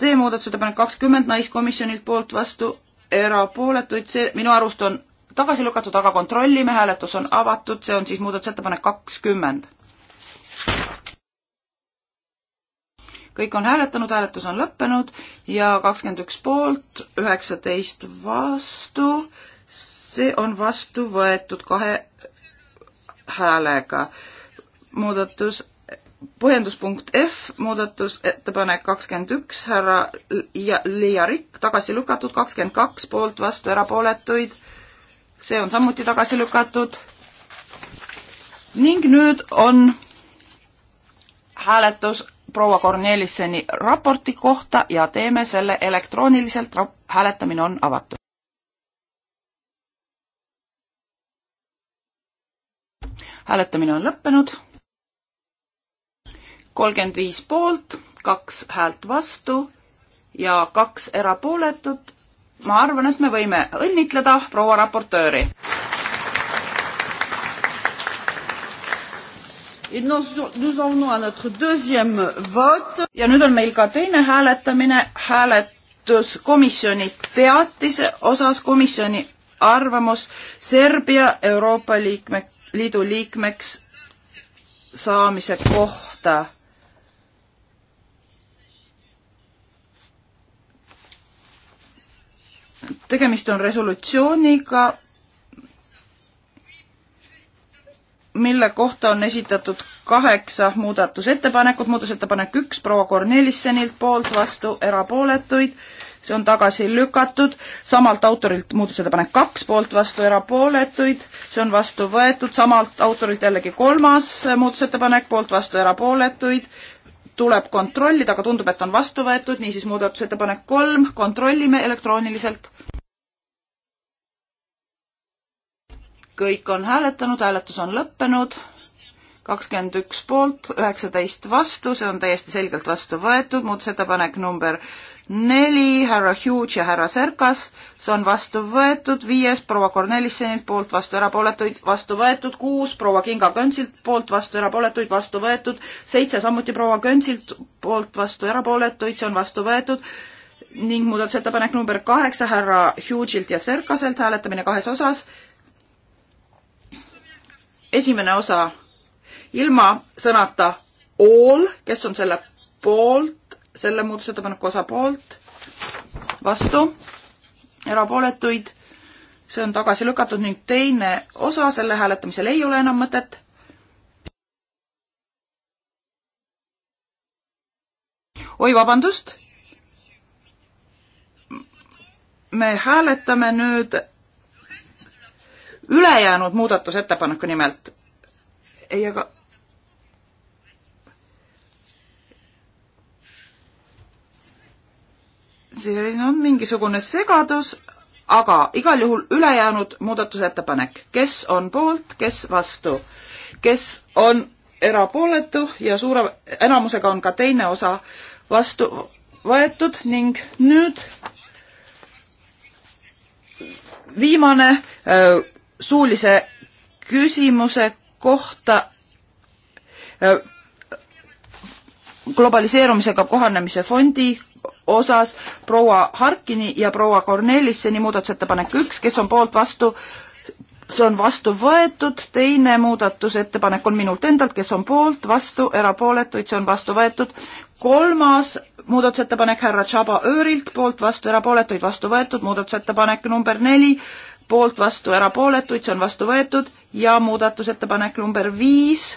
D, muudatusettepanek kakskümmend, naiskomisjonilt poolt vastu, erapooletuid, see minu arust on tagasi lükatud, aga kontrollime, hääletus on avatud, see on siis muudatusettepanek kakskümmend. kõik on hääletanud, hääletus on lõppenud ja kakskümmend üks poolt, üheksateist vastu see on vastu võetud kahe häälega. muudatus, põhjenduspunkt F, muudatusettepanek kakskümmend üks, härra Liia Rikk tagasi lükatud, kakskümmend kaks poolt, vastu erapooletuid. see on samuti tagasi lükatud. ning nüüd on hääletus proua Kornelisseni raporti kohta ja teeme selle elektrooniliselt, hääletamine on avatud. hääletamine on lõppenud. kolmkümmend viis poolt, kaks häält vastu ja kaks erapooletut. ma arvan, et me võime õnnitleda proua raportööri. ja nüüd on meil ka teine hääletamine, hääletus komisjoni teatise osas, komisjoni arvamus Serbia Euroopa liikme liidu liikmeks saamise kohta. tegemist on resolutsiooniga, mille kohta on esitatud kaheksa muudatusettepanekut, muudatusettepanek üks proua Kornelissenilt poolt, vastu erapooletuid see on tagasi lükatud, samalt autorilt muudatusettepanek kaks, poolt vastu erapooletuid, see on vastu võetud, samalt autorilt jällegi kolmas muudatusettepanek, poolt vastu erapooletuid, tuleb kontrollida, aga tundub, et on vastu võetud, niisiis muudatusettepanek kolm, kontrollime elektrooniliselt. kõik on hääletanud, hääletus on lõppenud kakskümmend üks poolt, üheksateist vastu, see on täiesti selgelt vastu võetud, muudatusettepanek number neli härra Hughes ja härra Serkas, see on vastu võetud, viies proua Cornelissonilt poolt vastu erapooletuid, vastu võetud, kuus proua Kinga Könsilt poolt vastu erapooletuid, vastu võetud, seitse samuti proua Könsilt poolt vastu erapooletuid, see on vastu võetud, ning muudatusettepanek number kaheksa härra Hughesilt ja Serkaselt, hääletamine kahes osas. esimene osa ilma sõnata all, kes on selle poolt, selle muudatusettepaneku osa poolt, vastu, erapooletuid, see on tagasi lükatud ning teine osa, selle hääletamisel ei ole enam mõtet. oi, vabandust. me hääletame nüüd ülejäänud muudatusettepaneku nimelt. ei, aga siin on mingisugune segadus, aga igal juhul ülejäänud muudatusettepanek, kes on poolt, kes vastu, kes on erapooletu ja suure enamusega on ka teine osa vastu võetud ning nüüd viimane äh, suulise küsimuse kohta äh, globaliseerumisega kohanemise fondi osas proua Harkini ja proua Kornelisseni muudatusettepanek üks, kes on poolt vastu, see on vastu võetud, teine muudatusettepanek on minult endalt, kes on poolt, vastu, erapooletuid, see on vastu võetud, kolmas muudatusettepanek härra Tšaba Öörilt, poolt, vastu, erapooletuid, vastu võetud, muudatusettepanek number neli, poolt, vastu, erapooletuid, see on vastu võetud ja muudatusettepanek number viis,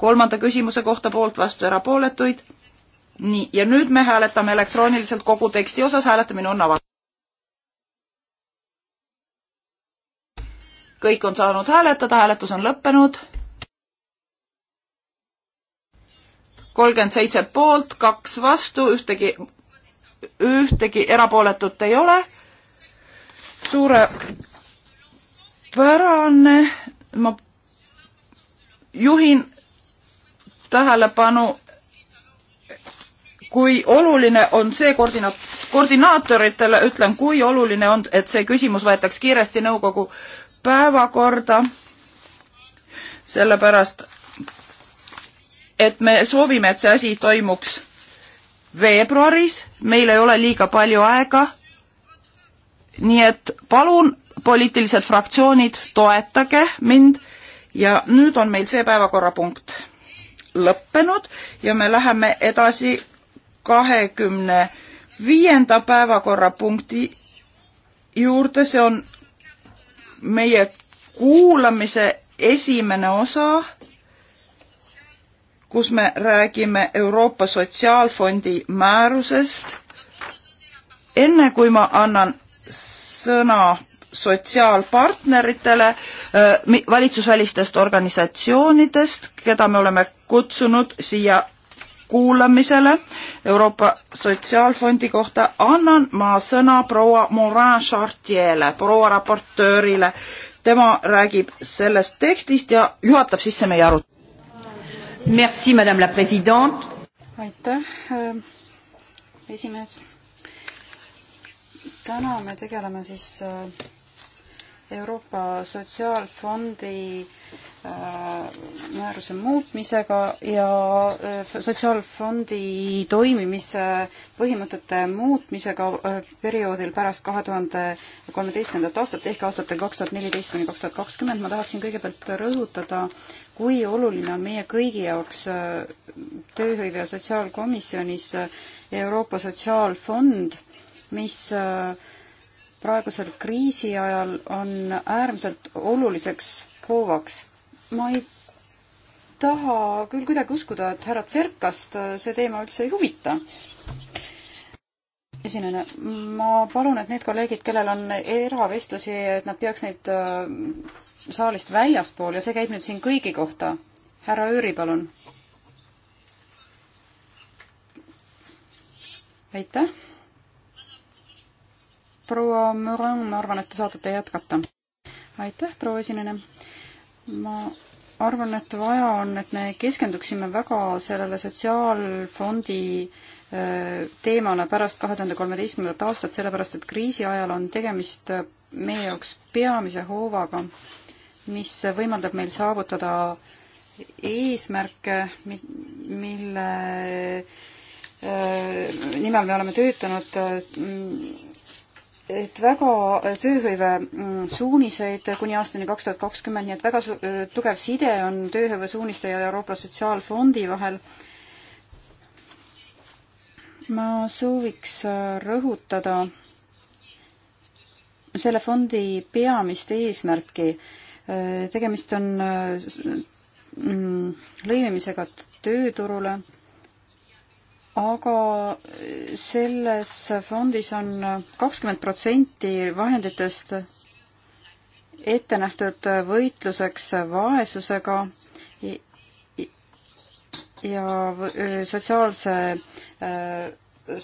kolmanda küsimuse kohta poolt, vastu, erapooletuid nii, ja nüüd me hääletame elektrooniliselt kogu teksti osas, hääletamine on avatud. kõik on saanud hääletada, hääletus on lõppenud. kolmkümmend seitse poolt, kaks vastu, ühtegi, ühtegi erapooletut ei ole. suurepärane, ma juhin tähelepanu kui oluline on see koordina-, koordinaatoritele ütlen, kui oluline on, et see küsimus võetaks kiiresti nõukogu päevakorda, sellepärast et me soovime, et see asi toimuks veebruaris, meil ei ole liiga palju aega, nii et palun, poliitilised fraktsioonid, toetage mind ja nüüd on meil see päevakorrapunkt lõppenud ja me läheme edasi kahekümne viienda päevakorrapunkti juurde, see on meie kuulamise esimene osa, kus me räägime Euroopa Sotsiaalfondi määrusest. enne kui ma annan sõna sotsiaalpartneritele äh, valitsusvälistest organisatsioonidest, keda me oleme kutsunud siia kuulamisele Euroopa Sotsiaalfondi kohta annan ma sõna proua Morin Chartier'le, proua raportöörile. tema räägib sellest tekstist ja juhatab sisse meie arutelu. Merci, madame la president. aitäh, äh, esimees. täna me tegeleme siis äh, Euroopa Sotsiaalfondi Äh, määruse muutmisega ja äh, sotsiaalfondi toimimise põhimõtete muutmisega äh, perioodil pärast kahe tuhande kolmeteistkümnendat aastat ehk aastatel kaks tuhat neliteist kuni kaks tuhat kakskümmend ma tahaksin kõigepealt rõhutada, kui oluline on meie kõigi jaoks tööhõive ja sotsiaalkomisjonis Euroopa Sotsiaalfond, mis praegusel kriisi ajal on äärmiselt oluliseks hoovaks ma ei taha küll kuidagi uskuda, et härra Tserkast äh, see teema üldse ei huvita. esinejana, ma palun, et need kolleegid, kellel on eravestlusi, et nad peaks neid äh, saalist väljaspool ja see käib nüüd siin kõigi kohta. härra Jüri, palun. aitäh. proua Morin, ma arvan, et te saate jätkata. aitäh, proua esinejana ma arvan, et vaja on, et me keskenduksime väga sellele sotsiaalfondi äh, teemale pärast kahe tuhande kolmeteistkümnendat aastat, sellepärast et kriisi ajal on tegemist äh, meie jaoks peamise hoovaga, mis võimaldab meil saavutada eesmärke, mille äh, nimel me oleme töötanud et väga äh, tööhõive mm, suuniseid kuni aastani kaks tuhat kakskümmend, nii et väga äh, tugev side on tööhõive suuniste ja Euroopa Sotsiaalfondi vahel. ma sooviks äh, rõhutada selle fondi peamist eesmärki. tegemist on mm, lõimimisega tööturule aga selles fondis on kakskümmend protsenti vahenditest ette nähtud võitluseks vaesusega ja sotsiaalse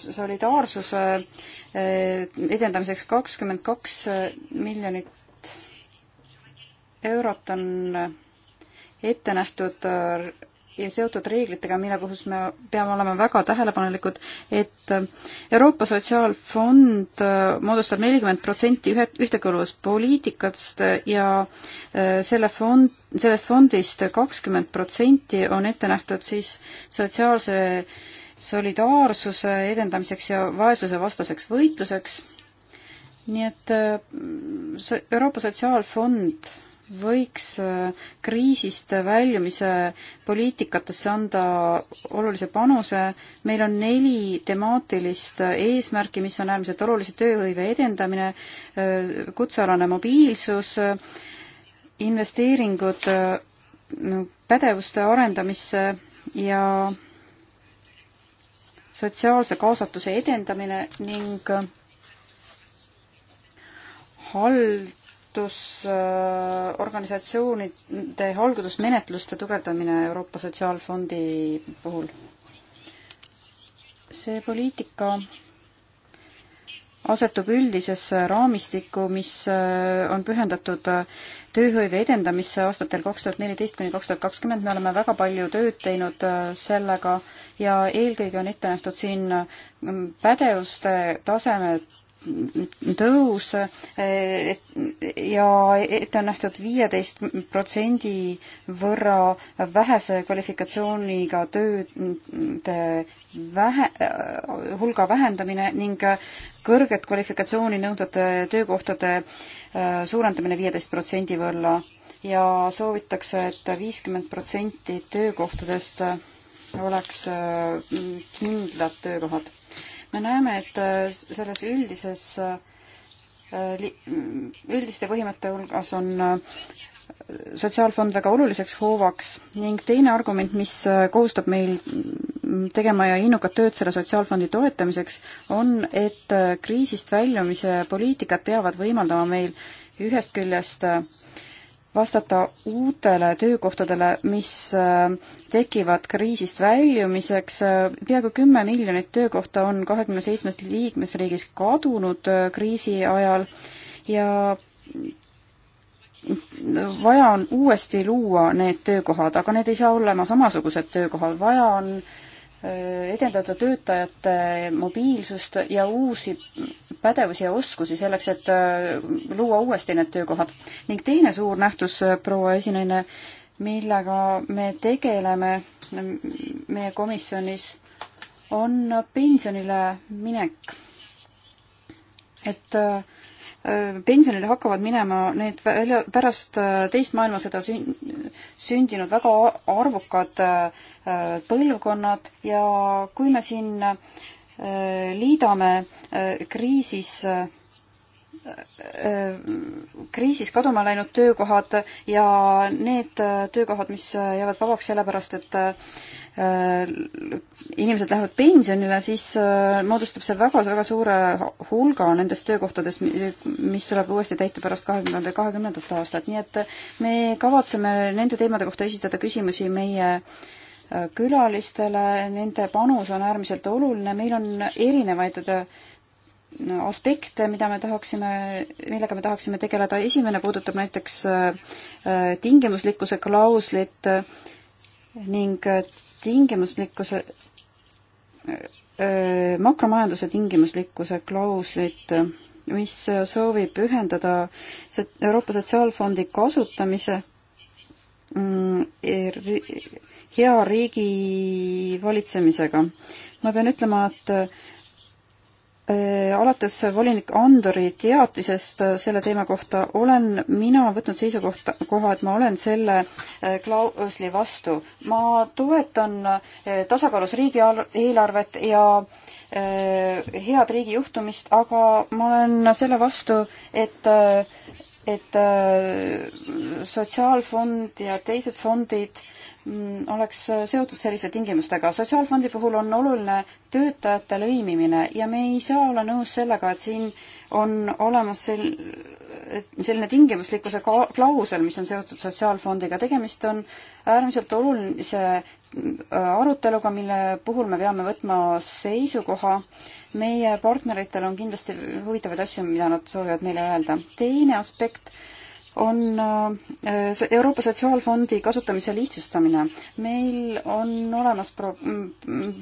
solidaarsuse edendamiseks kakskümmend kaks miljonit eurot on ette nähtud seotud reeglitega, mille puhul me peame olema väga tähelepanelikud, et Euroopa Sotsiaalfond äh, moodustab nelikümmend protsenti ühe, ühtekuuluvuspoliitikast ja äh, selle fond, sellest fondist kakskümmend protsenti on ette nähtud siis sotsiaalse solidaarsuse edendamiseks ja vaesusevastaseks võitluseks. nii et äh, Euroopa Sotsiaalfond võiks äh, kriisist väljumise poliitikatesse anda olulise panuse. meil on neli temaatilist äh, eesmärki, mis on äärmiselt olulised, tööhõive edendamine, äh, kutsealane mobiilsus, investeeringud pädevuste arendamisse ja sotsiaalse kaasatuse edendamine ning hald haldusorganisatsioonide haldusmenetluste tugevdamine Euroopa Sotsiaalfondi puhul. see poliitika asetub üldisesse raamistikku, mis äh, on pühendatud äh, tööhõive edendamisse aastatel kaks tuhat neliteist kuni kaks tuhat kakskümmend, me oleme väga palju tööd teinud äh, sellega ja eelkõige on ette nähtud siin pädevuste taseme tõus ja ette on nähtud viieteist protsendi võrra vähese kvalifikatsiooniga tööde vähe, hulga vähendamine ning kõrget kvalifikatsiooni nõudvate töökohtade äh, suurendamine viieteist protsendi võrra ja soovitakse et, et viiskümmend protsenti töökohtadest oleks äh, kindlad töökohad me näeme, et äh, selles üldises, äh, üldiste põhimõtte hulgas on äh, sotsiaalfond väga oluliseks hoovaks ning teine argument, mis kohustab meil mm, tegema ja innukat tööd selle sotsiaalfondi toetamiseks, on, et kriisist väljumise poliitikad peavad võimaldama meil ühest küljest äh, vastata uutele töökohtadele, mis äh, tekivad kriisist väljumiseks. Äh, peaaegu kümme miljonit töökohta on kahekümne seitsmes liikmesriigis kadunud äh, kriisi ajal ja vaja on uuesti luua need töökohad, aga need ei saa olema samasugused töökohad, vaja on äh, edendada töötajate mobiilsust ja uusi pädevusi ja oskusi selleks, et äh, luua uuesti need töökohad. ning teine suur nähtus, äh, proua esinaine, millega me tegeleme meie komisjonis, on pensionile minek. et äh, Äh, pensionile hakkavad minema need välja, pärast äh, teist maailmasõda sündinud väga arvukad äh, põlvkonnad ja kui me siin liidame kriisis kriisis kaduma läinud töökohad ja need töökohad, mis jäävad vabaks sellepärast, et Äh, inimesed lähevad pensionile, siis äh, moodustab see väga-väga suure hulga nendest töökohtadest, mis tuleb uuesti täita pärast kahe tuhande kahekümnendat aastat, nii et me kavatseme nende teemade kohta esitada küsimusi meie äh, külalistele, nende panus on äärmiselt oluline, meil on erinevaid aspekte, mida me tahaksime, millega me tahaksime tegeleda, esimene puudutab näiteks tingimuslikkuse klauslit ning tingimuslikkuse, makromajanduse tingimuslikkuse klauslit, mis soovib ühendada Euroopa Sotsiaalfondi kasutamise mm, hea riigi valitsemisega. ma pean ütlema, et Äh, alates volinik Andori teatisest äh, selle teema kohta olen mina võtnud seisukohta, koha, et ma olen selle äh, klausli vastu. ma toetan tasakaalus riigieelarvet ja head riigi juhtumist, aga ma olen selle vastu, et et sotsiaalfond ja teised fondid äh, Mm, oleks seotud selliste tingimustega. sotsiaalfondi puhul on oluline töötajate lõimimine ja me ei saa olla nõus sellega, et siin on olemas sel-, selline tingimuslikkuse klausel, mis on seotud sotsiaalfondiga. tegemist on äärmiselt olulise äh, aruteluga, mille puhul me peame võtma seisukoha. meie partneritel on kindlasti huvitavaid asju, mida nad soovivad meile öelda. teine aspekt äh, on äh, Euroopa Sotsiaalfondi kasutamise lihtsustamine. meil on olemas pro-, mm, mm,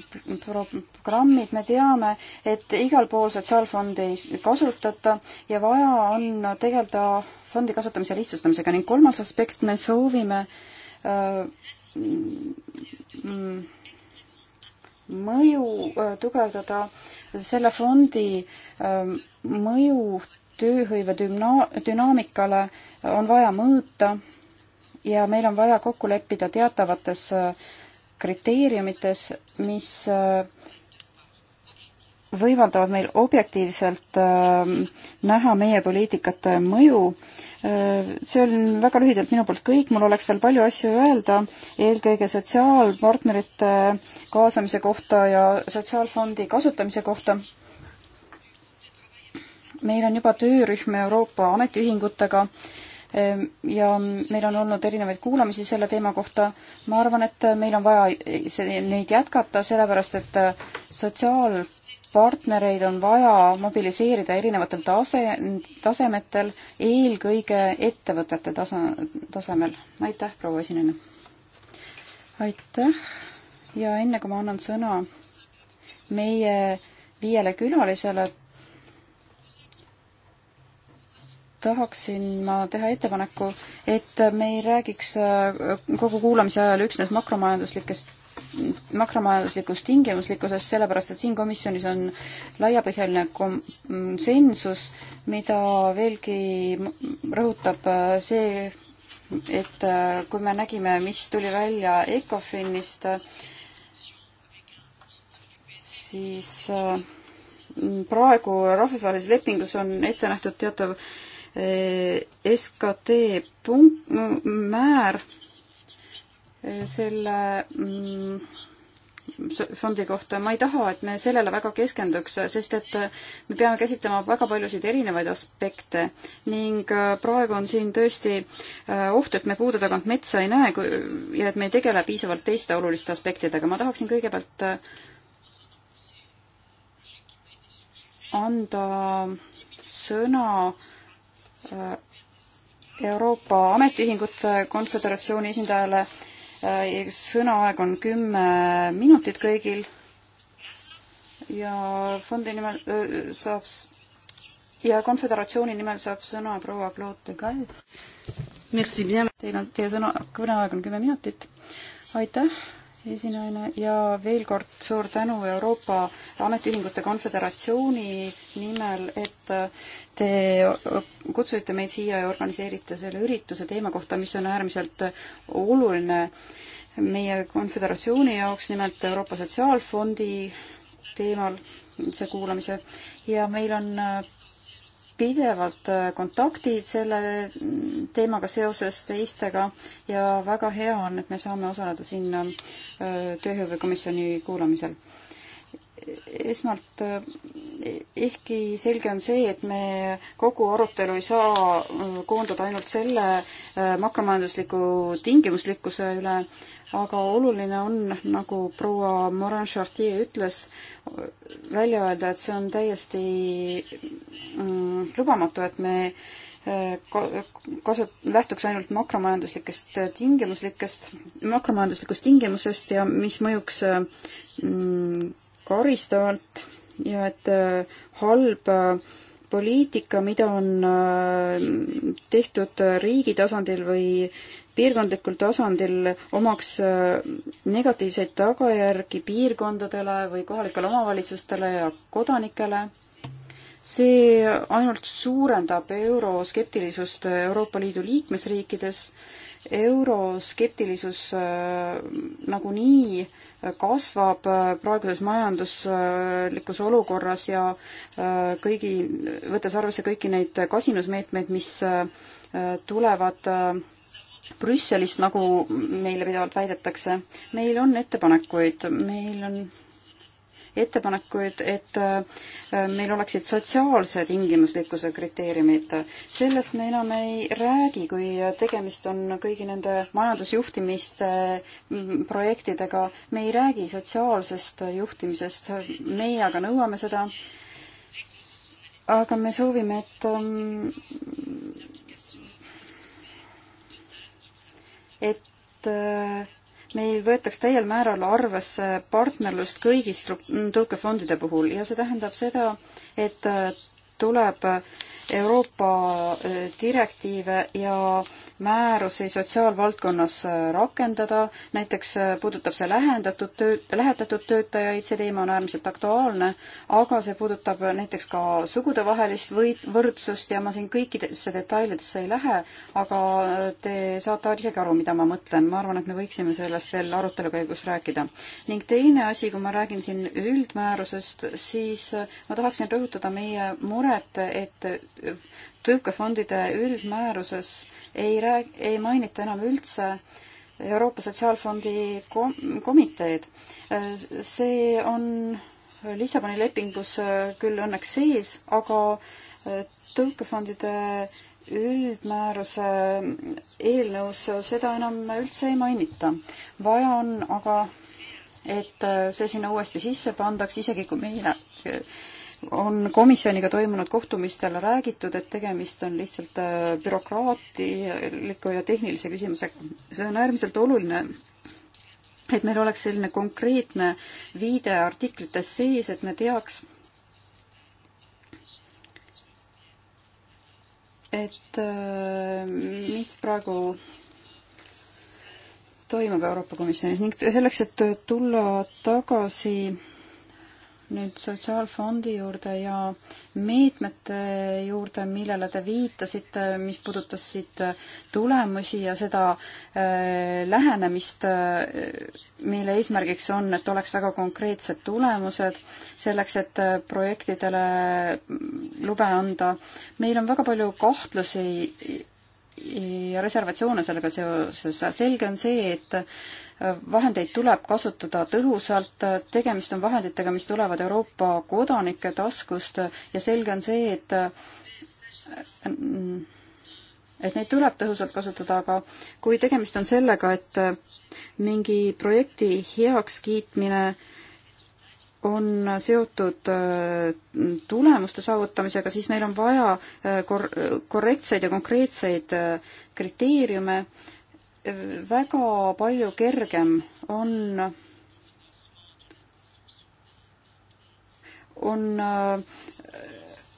pro-, programmid, me teame, et igal pool Sotsiaalfondi ei kasutata ja vaja on tegeleda fondi kasutamise lihtsustamisega ning kolmas aspekt, me soovime äh, mm, mõju äh, tugevdada, selle fondi mõju tööhõive düna-, dünaamikale äh, on vaja mõõta ja meil on vaja kokku leppida teatavates äh, kriteeriumites, mis äh, võimaldavad meil objektiivselt ähm, näha meie poliitikate mõju. Äh, see on väga lühidalt minu poolt kõik, mul oleks veel palju asju öelda, eelkõige sotsiaalpartnerite kaasamise kohta ja sotsiaalfondi kasutamise kohta. meil on juba töörühm Euroopa ametiühingutega, Ehm, ja meil on olnud erinevaid kuulamisi selle teema kohta. ma arvan, et meil on vaja neid jätkata, sellepärast et äh, sotsiaalpartnereid on vaja mobiliseerida erinevatel tase, tasemetel, eelkõige ettevõtete tasa, tasemel. aitäh, proua esineja! aitäh ja enne kui ma annan sõna meie viiele külalisele, tahaksin ma teha ettepaneku, et me ei räägiks äh, kogu kuulamise ajal üksnes makromajanduslikest makromajanduslikust tingimuslikkusest, sellepärast et siin komisjonis on laiapõhjaline konsensus, mida veelgi rõhutab äh, see, et äh, kui me nägime, mis tuli välja ECOFINist, siis praegu rahvusvahelises lepingus on ette nähtud teatav SKT punkt, määr eh, selle mm, fondi kohta, ma ei taha, et me sellele väga keskenduks, sest et me peame käsitlema väga paljusid erinevaid aspekte ning äh, praegu on siin tõesti äh, oht, et me puude tagant metsa ei näe ja et me ei tegele piisavalt teiste oluliste aspektidega. ma tahaksin kõigepealt äh, anda sõna äh, Äh, Euroopa Ametiühingute Konföderatsiooni esindajale. Äh, sõnaaeg on kümme minutit kõigil. ja fondi nimel äh, saab ja konföderatsiooni nimel saab sõna proua Claude de Gaulle. Teil on, teie sõna, kõneaeg on kümme minutit. aitäh esinaine ja veel kord suur tänu Euroopa Ametiühingute Konföderatsiooni nimel, et te kutsusite meid siia ja organiseerisite selle ürituse teema kohta, mis on äärmiselt oluline meie konföderatsiooni jaoks, nimelt Euroopa Sotsiaalfondi teemal see kuulamise ja meil on pidevalt äh, kontaktid selle mm, teemaga seoses teistega ja väga hea on, et me saame osaleda siin äh, tööhõivekomisjoni kuulamisel. esmalt äh, ehkki selge on see, et me kogu arutelu ei saa koondada ainult selle makromajandusliku tingimuslikkuse üle, aga oluline on, nagu proua Morin Chartier ütles, välja öelda, et see on täiesti mm, lubamatu, et me äh, kasut-, lähtuks ainult makromajanduslikest äh, tingimuslikest, makromajanduslikust tingimusest ja mis mõjuks äh, mm, karistavalt ja et halb poliitika, mida on tehtud riigi tasandil või piirkondlikul tasandil omaks äh, negatiivseid tagajärgi piirkondadele või kohalikele omavalitsustele ja kodanikele. see ainult suurendab euroskeptilisust Euroopa Liidu liikmesriikides. euroskeptilisus äh, nagunii kasvab äh, praeguses majanduslikus olukorras ja kõigi, võttes arvesse kõiki neid kasinusmeetmeid, mis tulevad Brüsselist, nagu meile pidevalt väidetakse. meil on ettepanekuid, meil on ettepanekuid, et äh, meil oleksid sotsiaalse tingimuslikkuse kriteeriumid. sellest me enam ei räägi, kui tegemist on kõigi nende majandusjuhtimiste mm, projektidega. me ei räägi sotsiaalsest juhtimisest, meie aga nõuame seda. aga me soovime, et ähm, et äh, meil võetaks täiel määral arvesse partnerlust kõigi tõukefondide puhul ja see tähendab seda, et äh, tuleb Euroopa äh, direktiive ja määrusi sotsiaalvaldkonnas äh, rakendada, näiteks äh, puudutab see lähendatud töö, lähetatud töötajaid, see teema on äärmiselt aktuaalne, aga see puudutab äh, näiteks ka sugudevahelist või-, võrdsust ja ma siin kõikidesse detailidesse ei lähe, aga te saate isegi aru, mida ma mõtlen, ma arvan, et me võiksime sellest veel arutelu käigus rääkida. ning teine asi, kui ma räägin siin üldmäärusest, siis ma tahaksin rõhutada meie muret, et tõukefondide üldmääruses ei rääg-, ei mainita enam üldse Euroopa Sotsiaalfondi kom-, komiteed. see on Lissaboni lepingus küll õnneks sees, aga tõukefondide üldmääruse eelnõus seda enam üldse ei mainita. vaja on aga, et see sinna uuesti sisse pandaks, isegi kui meile on komisjoniga toimunud kohtumistel räägitud, et tegemist on lihtsalt äh, bürokraatliku ja tehnilise küsimusega. see on äärmiselt oluline, et meil oleks selline konkreetne viide artiklites sees, et me teaks, et äh, mis praegu toimub Euroopa Komisjonis ning selleks, et tulla tagasi nüüd Sotsiaalfondi juurde ja meetmete juurde, millele te viitasite, mis puudutasid tulemusi ja seda äh, lähenemist äh,, mille eesmärgiks on, et oleks väga konkreetsed tulemused selleks, et äh, projektidele mm, lube anda. meil on väga palju kahtlusi ja reservatsioone sellega seoses. selge on see, et vahendeid tuleb kasutada tõhusalt, tegemist on vahenditega, mis tulevad Euroopa kodanike taskust ja selge on see, et et neid tuleb tõhusalt kasutada, aga kui tegemist on sellega, et mingi projekti heakskiitmine on seotud äh, tulemuste saavutamisega, siis meil on vaja äh, kor-, korrektseid ja konkreetseid äh, kriteeriume, väga palju kergem on, on äh,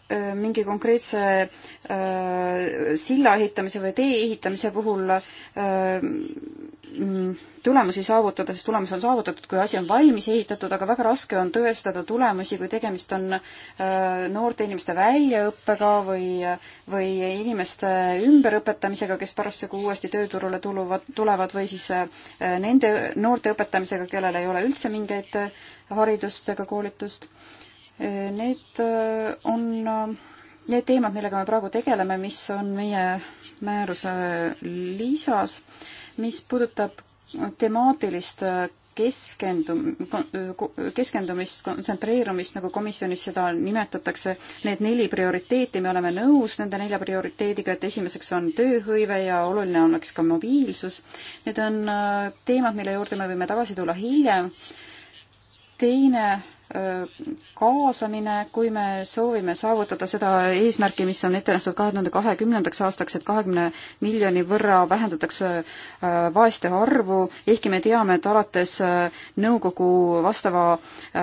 äh, mingi konkreetse äh, silla ehitamise või tee ehitamise puhul äh, Mm, tulemusi saavutada, sest tulemus on saavutatud, kui asi on valmis ehitatud, aga väga raske on tõestada tulemusi, kui tegemist on äh, noorte inimeste väljaõppega või, või inimeste ümberõpetamisega, kes parasjagu uuesti tööturule tuluvad, tulevad või siis äh, nende noorte õpetamisega, kellel ei ole üldse mingeid äh, haridust ega koolitust. Need on need teemad, millega me praegu tegeleme, mis on meie määruse lisas mis puudutab temaatilist keskendum-, keskendumist, kontsentreerumist, nagu komisjonis seda nimetatakse, need neli prioriteeti, me oleme nõus nende nelja prioriteediga, et esimeseks on tööhõive ja oluline oleks ka mobiilsus. Need on äh, teemad, mille juurde me võime tagasi tulla hiljem. teine kaasamine, kui me soovime saavutada seda eesmärki, mis on ette nähtud kahe tuhande kahekümnendaks aastaks, et kahekümne miljoni võrra vähendatakse äh, vaeste arvu, ehkki me teame, et alates äh, nõukogu vastava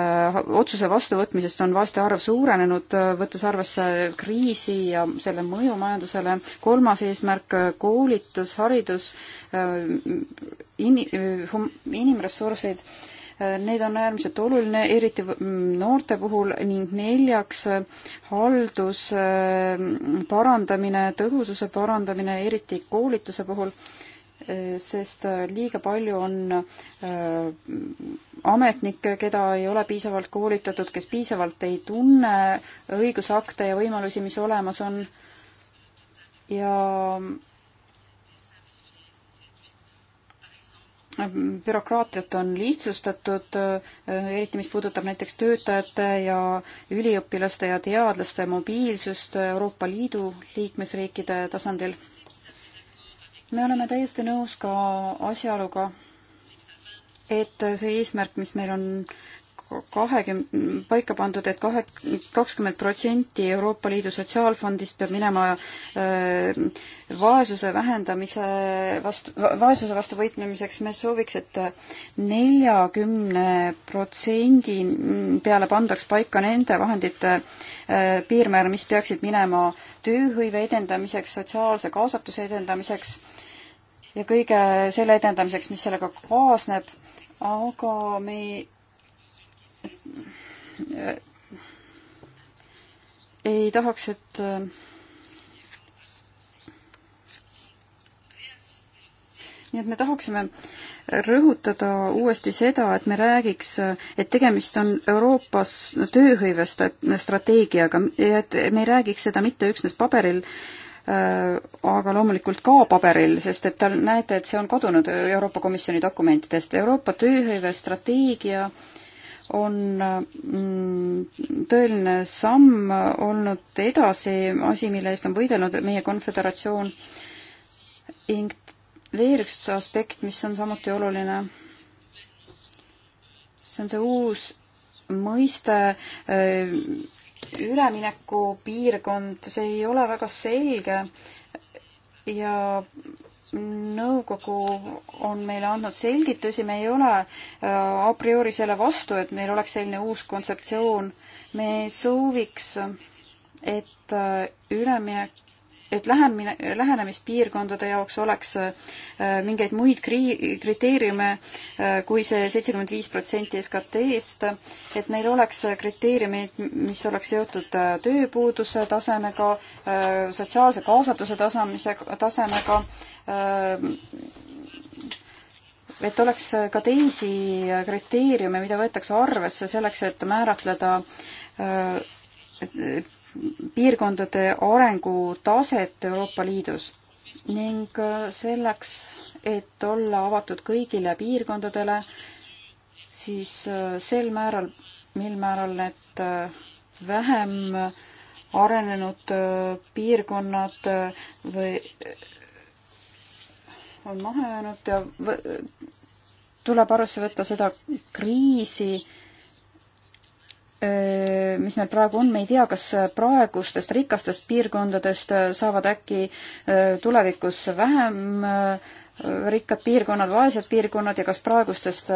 äh, otsuse vastuvõtmisest on vaeste arv suurenenud, võttes arvesse kriisi ja selle mõju majandusele. kolmas eesmärk, koolitus, haridus, in-, inimressursid Need on äärmiselt oluline, eriti noorte puhul ning neljaks haldus parandamine, tõhususe parandamine, eriti koolituse puhul, e, sest e, liiga palju on e, ametnikke, keda ei ole piisavalt koolitatud, kes piisavalt ei tunne õigusakte ja võimalusi, mis olemas on ja bürokraatiat on lihtsustatud, äh, eriti mis puudutab näiteks töötajate ja üliõpilaste ja teadlaste mobiilsust Euroopa Liidu liikmesriikide tasandil. me oleme täiesti nõus ka asjaoluga, et see eesmärk, mis meil on kahekümne, paika pandud, et kahe, kakskümmend protsenti Euroopa Liidu Sotsiaalfondist peab minema äh, vaesuse vähendamise vastu, vaesuse vastu võitlemiseks, me sooviks et, et neljakümne protsendi peale pandaks paika nende vahendite äh, piirmäär, mis peaksid minema tööhõive edendamiseks, sotsiaalse kaasatuse edendamiseks ja kõige selle edendamiseks, mis sellega kaasneb, aga me ei ei tahaks, et nii et me tahaksime rõhutada uuesti seda, et me räägiks, et tegemist on Euroopas tööhõive strateegiaga ja et me ei räägiks seda mitte üksnes paberil, aga loomulikult ka paberil, sest et te näete, et see on kadunud Euroopa Komisjoni dokumentidest. Euroopa tööhõive strateegia äh, on mm, tõeline samm olnud edasi, asi, mille eest on võidelnud meie konföderatsioon. ning veel üks aspekt, mis on samuti oluline, see on see uus mõiste äh, üleminekupiirkond, see ei ole väga selge ja nõukogu on meile andnud selgitusi, me ei ole äh, a priori selle vastu, et meil oleks selline uus kontseptsioon. me sooviks, et äh, üleminek et lähemine, lähenemispiirkondade jaoks oleks äh, mingeid muid kri-, kriteeriume äh, kui see seitsekümmend viis protsenti SKT-st, et meil oleks äh, kriteeriumid, mis oleks seotud tööpuuduse tasemega, sotsiaalse kaasatuse tasemise, tasemega, et oleks ka teisi kriteeriume, mida võetakse arvesse selleks, et määratleda et piirkondade arengutaset Euroopa Liidus ning äh, selleks, et olla avatud kõigile piirkondadele, siis äh, sel määral, mil määral need äh, vähem arenenud piirkonnad või on maha jäänud ja tuleb arvesse võtta seda kriisi, mis meil praegu on, me ei tea, kas praegustest rikastest piirkondadest saavad äkki tulevikus vähem rikkad piirkonnad, vaesed piirkonnad ja kas praegustest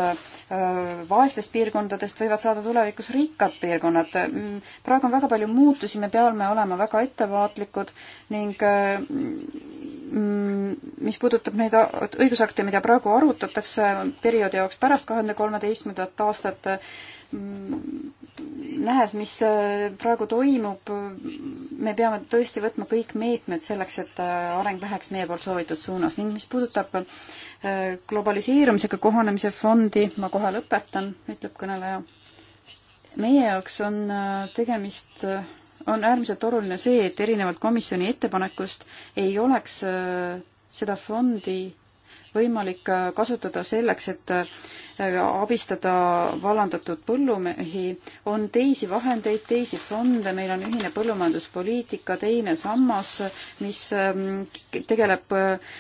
vaestest piirkondadest võivad saada tulevikus rikkad piirkonnad. Mm, praegu on väga palju muutusi, me peame olema väga ettevaatlikud ning mm, mis puudutab neid õigusakte, mida praegu arutatakse perioodi jaoks pärast kahe tuhande kolmeteistkümnendat aastat, mm, nähes, mis äh, praegu toimub, me peame tõesti võtma kõik meetmed selleks, et äh, areng läheks meie poolt soovitud suunas ning mis puudutab äh, globaliseerumisega kohanemise fondi, ma kohe lõpetan, ütleb kõneleja. meie jaoks on tegemist on äärmiselt oluline see, et erinevalt komisjoni ettepanekust ei oleks seda fondi võimalik äh, kasutada selleks, et äh, abistada vallandatud põllumehi. on teisi vahendeid, teisi fonde, meil on ühine põllumajanduspoliitika teine sammas, mis ähm, tegeleb äh,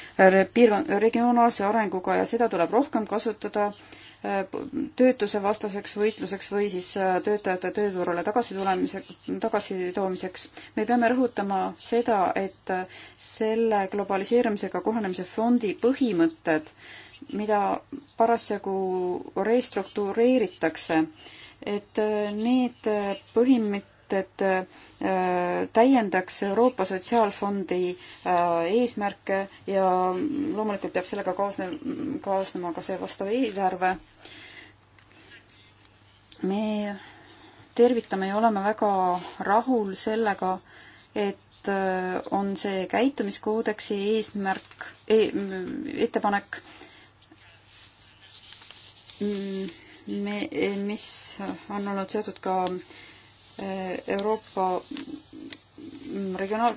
piirkond, regionaalse arenguga ja seda tuleb rohkem kasutada töötuse vastaseks võitluseks või siis äh, töötajate tööturule tagasi tulemise, tagasitoomiseks. me peame rõhutama seda, et äh, selle globaliseerumisega kohanemise fondi põhimõtted, mida parasjagu restruktureeritakse, et äh, need põhimõtted sätted äh, täiendaks Euroopa Sotsiaalfondi äh, eesmärke ja loomulikult peab sellega kaasne-, kaasnema ka see vastav eelarve. me tervitame ja oleme väga rahul sellega, et äh, on see käitumiskoodeksi eesmärk e,, ettepanek, mm, me, mis on olnud seotud ka äh, Euroopa regionaal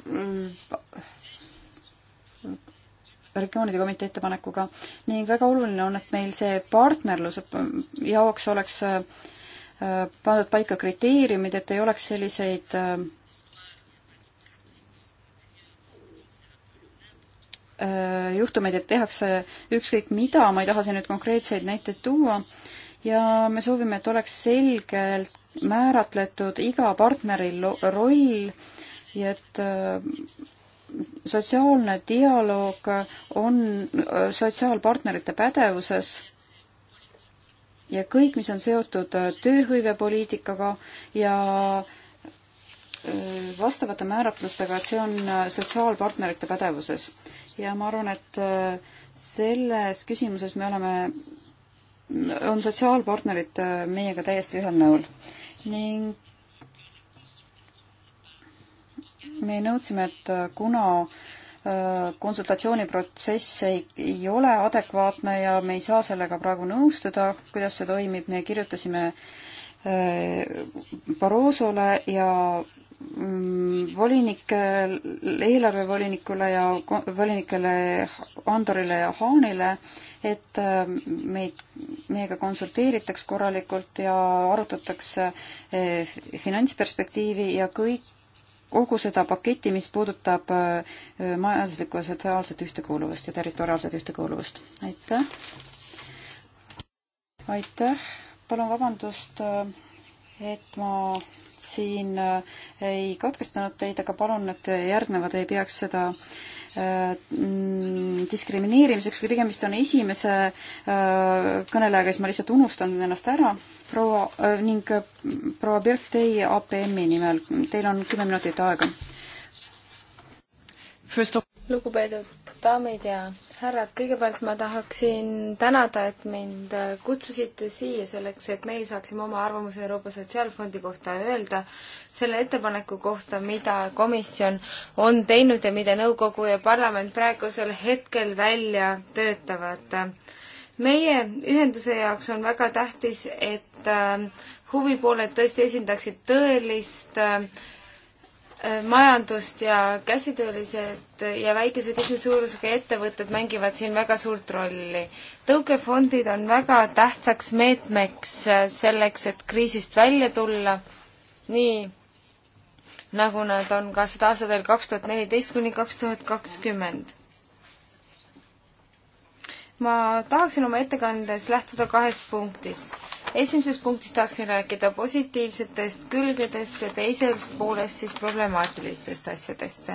regioonide komitee ettepanekuga ning väga oluline on, et meil see partnerluse jaoks oleks äh, pandud paika kriteeriumid, et ei oleks selliseid äh, juhtumeid, et tehakse ükskõik mida, ma ei taha siin nüüd konkreetseid näiteid tuua, ja me soovime, et oleks selgelt määratletud iga partneri roll ja et äh, sotsiaalne dialoog on äh, sotsiaalpartnerite pädevuses ja kõik, mis on seotud äh, tööhõivepoliitikaga ja vastavate määratlustega, et see on sotsiaalpartnerite pädevuses. ja ma arvan, et selles küsimuses me oleme, on sotsiaalpartnerid meiega täiesti ühel nõul ning me nõudsime, et kuna äh, konsultatsiooniprotsess ei, ei ole adekvaatne ja me ei saa sellega praegu nõustuda, kuidas see toimib, me kirjutasime äh, Barrosole ja mm, volinikele, äh, eelarvevolinikule ja volinikele Andorile ja Haanile äh, et äh, meid, meiega konsulteeritaks korralikult ja arutatakse äh, finantsperspektiivi ja kõik, kogu seda paketti, mis puudutab äh, majanduslikku ja sotsiaalset ühtekuuluvust ja territoriaalset ühtekuuluvust. aitäh! aitäh! palun vabandust, et ma siin ei katkestanud teid, aga palun, et järgnevad ei peaks seda äh, Äh, mm, diskrimineerimiseks, kui tegemist on esimese äh, kõnelejaga, siis ma lihtsalt unustan ennast ära, proua, äh, ning proua Birk, teie APM-i nimel, teil on kümme minutit aega. lugupeetud daamid ja härrad, kõigepealt ma tahaksin tänada, et mind kutsusite siia selleks, et meie saaksime oma arvamuse Euroopa Sotsiaalfondi kohta öelda, selle ettepaneku kohta, mida komisjon on teinud ja mida nõukogu ja parlament praegusel hetkel välja töötavad. meie ühenduse jaoks on väga tähtis, et äh, huvipooled tõesti esindaksid tõelist äh, majandust ja käsitöölised ja väikese keskmise suurusega ettevõtted mängivad siin väga suurt rolli. tõukefondid on väga tähtsaks meetmeks äh, selleks, et kriisist välja tulla, nii nagu nad on ka seda aastatel kaks tuhat neliteist kuni kaks tuhat kakskümmend. ma tahaksin oma ettekandes lähtuda kahest punktist esimeses punktis tahaksin rääkida positiivsetest külgedest ja teises pooles siis problemaatilistest asjadest.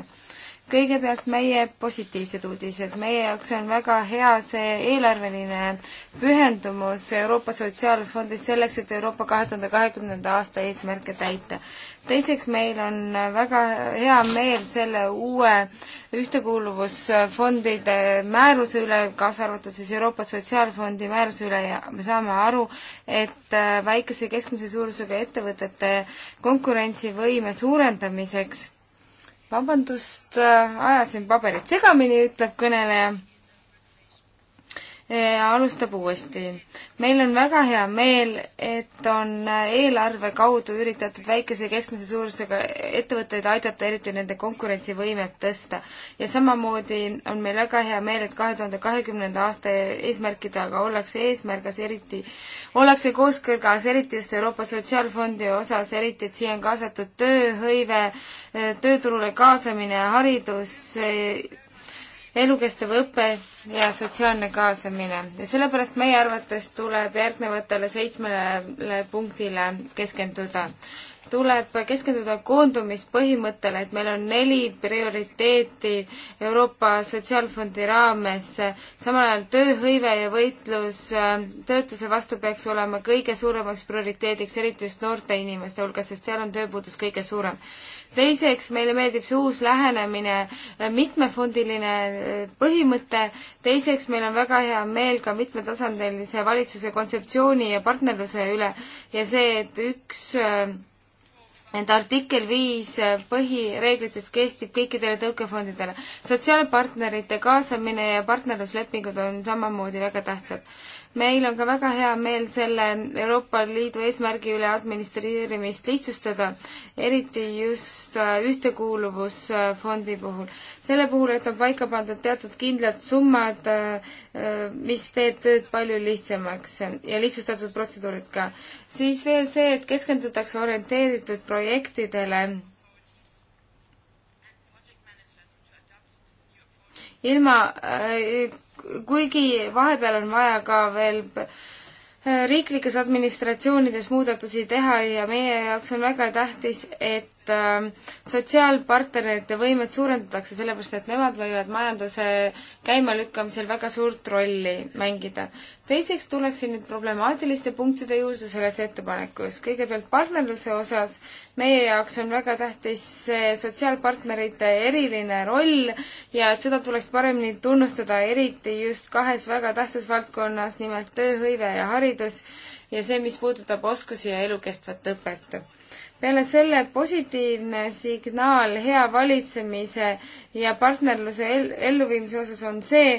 kõigepealt meie positiivsed uudised. meie jaoks on väga hea see eelarveline pühendumus Euroopa Sotsiaalfondis selleks, et Euroopa kahe tuhande kahekümnenda aasta eesmärke täita teiseks, meil on väga hea meel selle uue ühtekuuluvusfondide määruse üle, kaasa arvatud siis Euroopa Sotsiaalfondi määruse üle ja me saame aru, et äh, väikese ja keskmise suurusega ettevõtete konkurentsivõime suurendamiseks vabandust, äh, ajasin paberid segamini, ütleb kõneleja alustab uuesti. meil on väga hea meel, et on eelarve kaudu üritatud väikese ja keskmise suurusega ettevõtteid aidata, eriti nende konkurentsivõimet tõsta. ja samamoodi on meil väga hea meel, et kahe tuhande kahekümnenda aasta eesmärkidega ollakse eesmärgas eriti, ollakse kooskõlas eriti just Euroopa Sotsiaalfondi osas, eriti et siia on kaasatud tööhõive, tööturule kaasamine, haridus, elukestev õpe ja sotsiaalne kaasamine ja sellepärast meie arvates tuleb järgnevatele seitsmele punktile keskenduda tuleb keskenduda koondumispõhimõttele, et meil on neli prioriteeti Euroopa Sotsiaalfondi raames. samal ajal tööhõive ja võitlus äh, töötuse vastu peaks olema kõige suuremaks prioriteediks, eriti just noorte inimeste hulgas, sest seal on tööpuudus kõige suurem. teiseks, meile meeldib see uus lähenemine, äh, mitmefondiline äh, põhimõte, teiseks meil on väga hea meel ka mitmetasandilise valitsuse kontseptsiooni ja partnerluse üle ja see, et üks et artikkel viis põhireeglitest kehtib kõikidele tõukefondidele. sotsiaalpartnerite kaasamine ja partnerluslepingud on samamoodi väga tähtsad meil on ka väga hea meel selle Euroopa Liidu eesmärgi üle administreerimist lihtsustada, eriti just äh, ühtekuuluvusfondi puhul. selle puhul, et on paika pandud teatud kindlad summad, äh, äh, mis teeb tööd palju lihtsamaks ja lihtsustatud protseduurid ka. siis veel see, et keskendutakse orienteeritud projektidele ilma kuigi vahepeal on vaja ka veel äh, riiklikes administratsioonides muudatusi teha ja meie jaoks on väga tähtis, et Ähm, sotsiaalpartnerite võimet suurendatakse, sellepärast et nemad võivad majanduse käimalükkamisel väga suurt rolli mängida. teiseks tuleksin nüüd problemaatiliste punktide juurde selles ettepanekus. kõigepealt partnerluse osas meie jaoks on väga tähtis see sotsiaalpartnerite eriline roll ja et seda tuleks paremini tunnustada, eriti just kahes väga tähtsas valdkonnas, nimelt tööhõive ja haridus ja see, mis puudutab oskusi ja elukestvat õpet peale selle positiivne signaal hea valitsemise ja partnerluse elluviimise osas on see,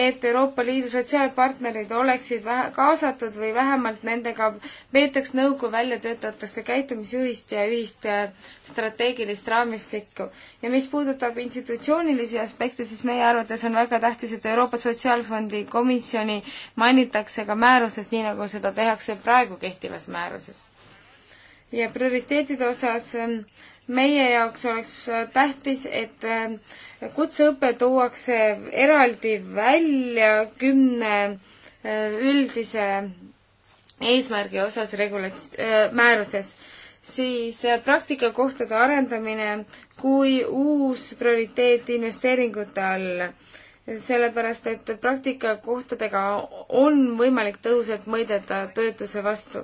et Euroopa Liidu sotsiaalpartnerid oleksid vähe kaasatud või vähemalt nendega peetaks nõu, kui välja töötatakse käitumisjuhist ja ühist äh, strateegilist raamistikku. ja mis puudutab institutsioonilisi aspekte, siis meie arvates on väga tähtis, et Euroopa Sotsiaalfondi komisjoni mainitakse ka määruses, nii nagu seda tehakse praegu kehtivas määruses ja prioriteetide osas ähm, meie jaoks oleks äh, tähtis, et äh, kutseõpe tuuakse eraldi välja kümne äh, üldise eesmärgi osas regulats-, määruses, siis praktikakohtade arendamine kui uus prioriteet investeeringute all, sellepärast et praktikakohtadega on võimalik tõhusalt mõõdeta töötuse vastu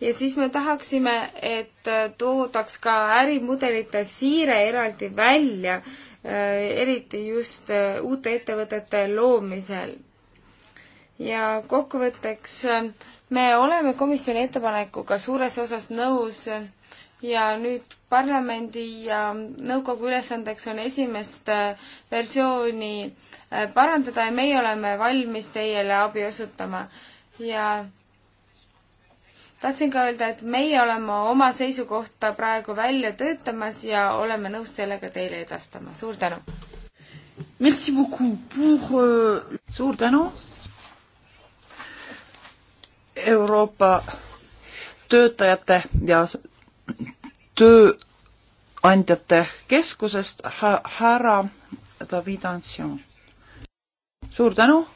ja siis me tahaksime, et äh, toodaks ka ärimudelite siire eraldi välja, äh, eriti just äh, uute ettevõtete loomisel. ja kokkuvõtteks, me oleme komisjoni ettepanekuga suures osas nõus ja nüüd parlamendi ja nõukogu ülesandeks on esimest versiooni parandada ja meie oleme valmis teile abi osutama ja tahtsin ka öelda, et meie oleme oma seisukohta praegu välja töötamas ja oleme nõus sellega teile edastama. suur tänu! Merci beaucoup pour... Euh, suur tänu! Euroopa töötajate ja tööandjate keskusest härra David Ansion. suur tänu!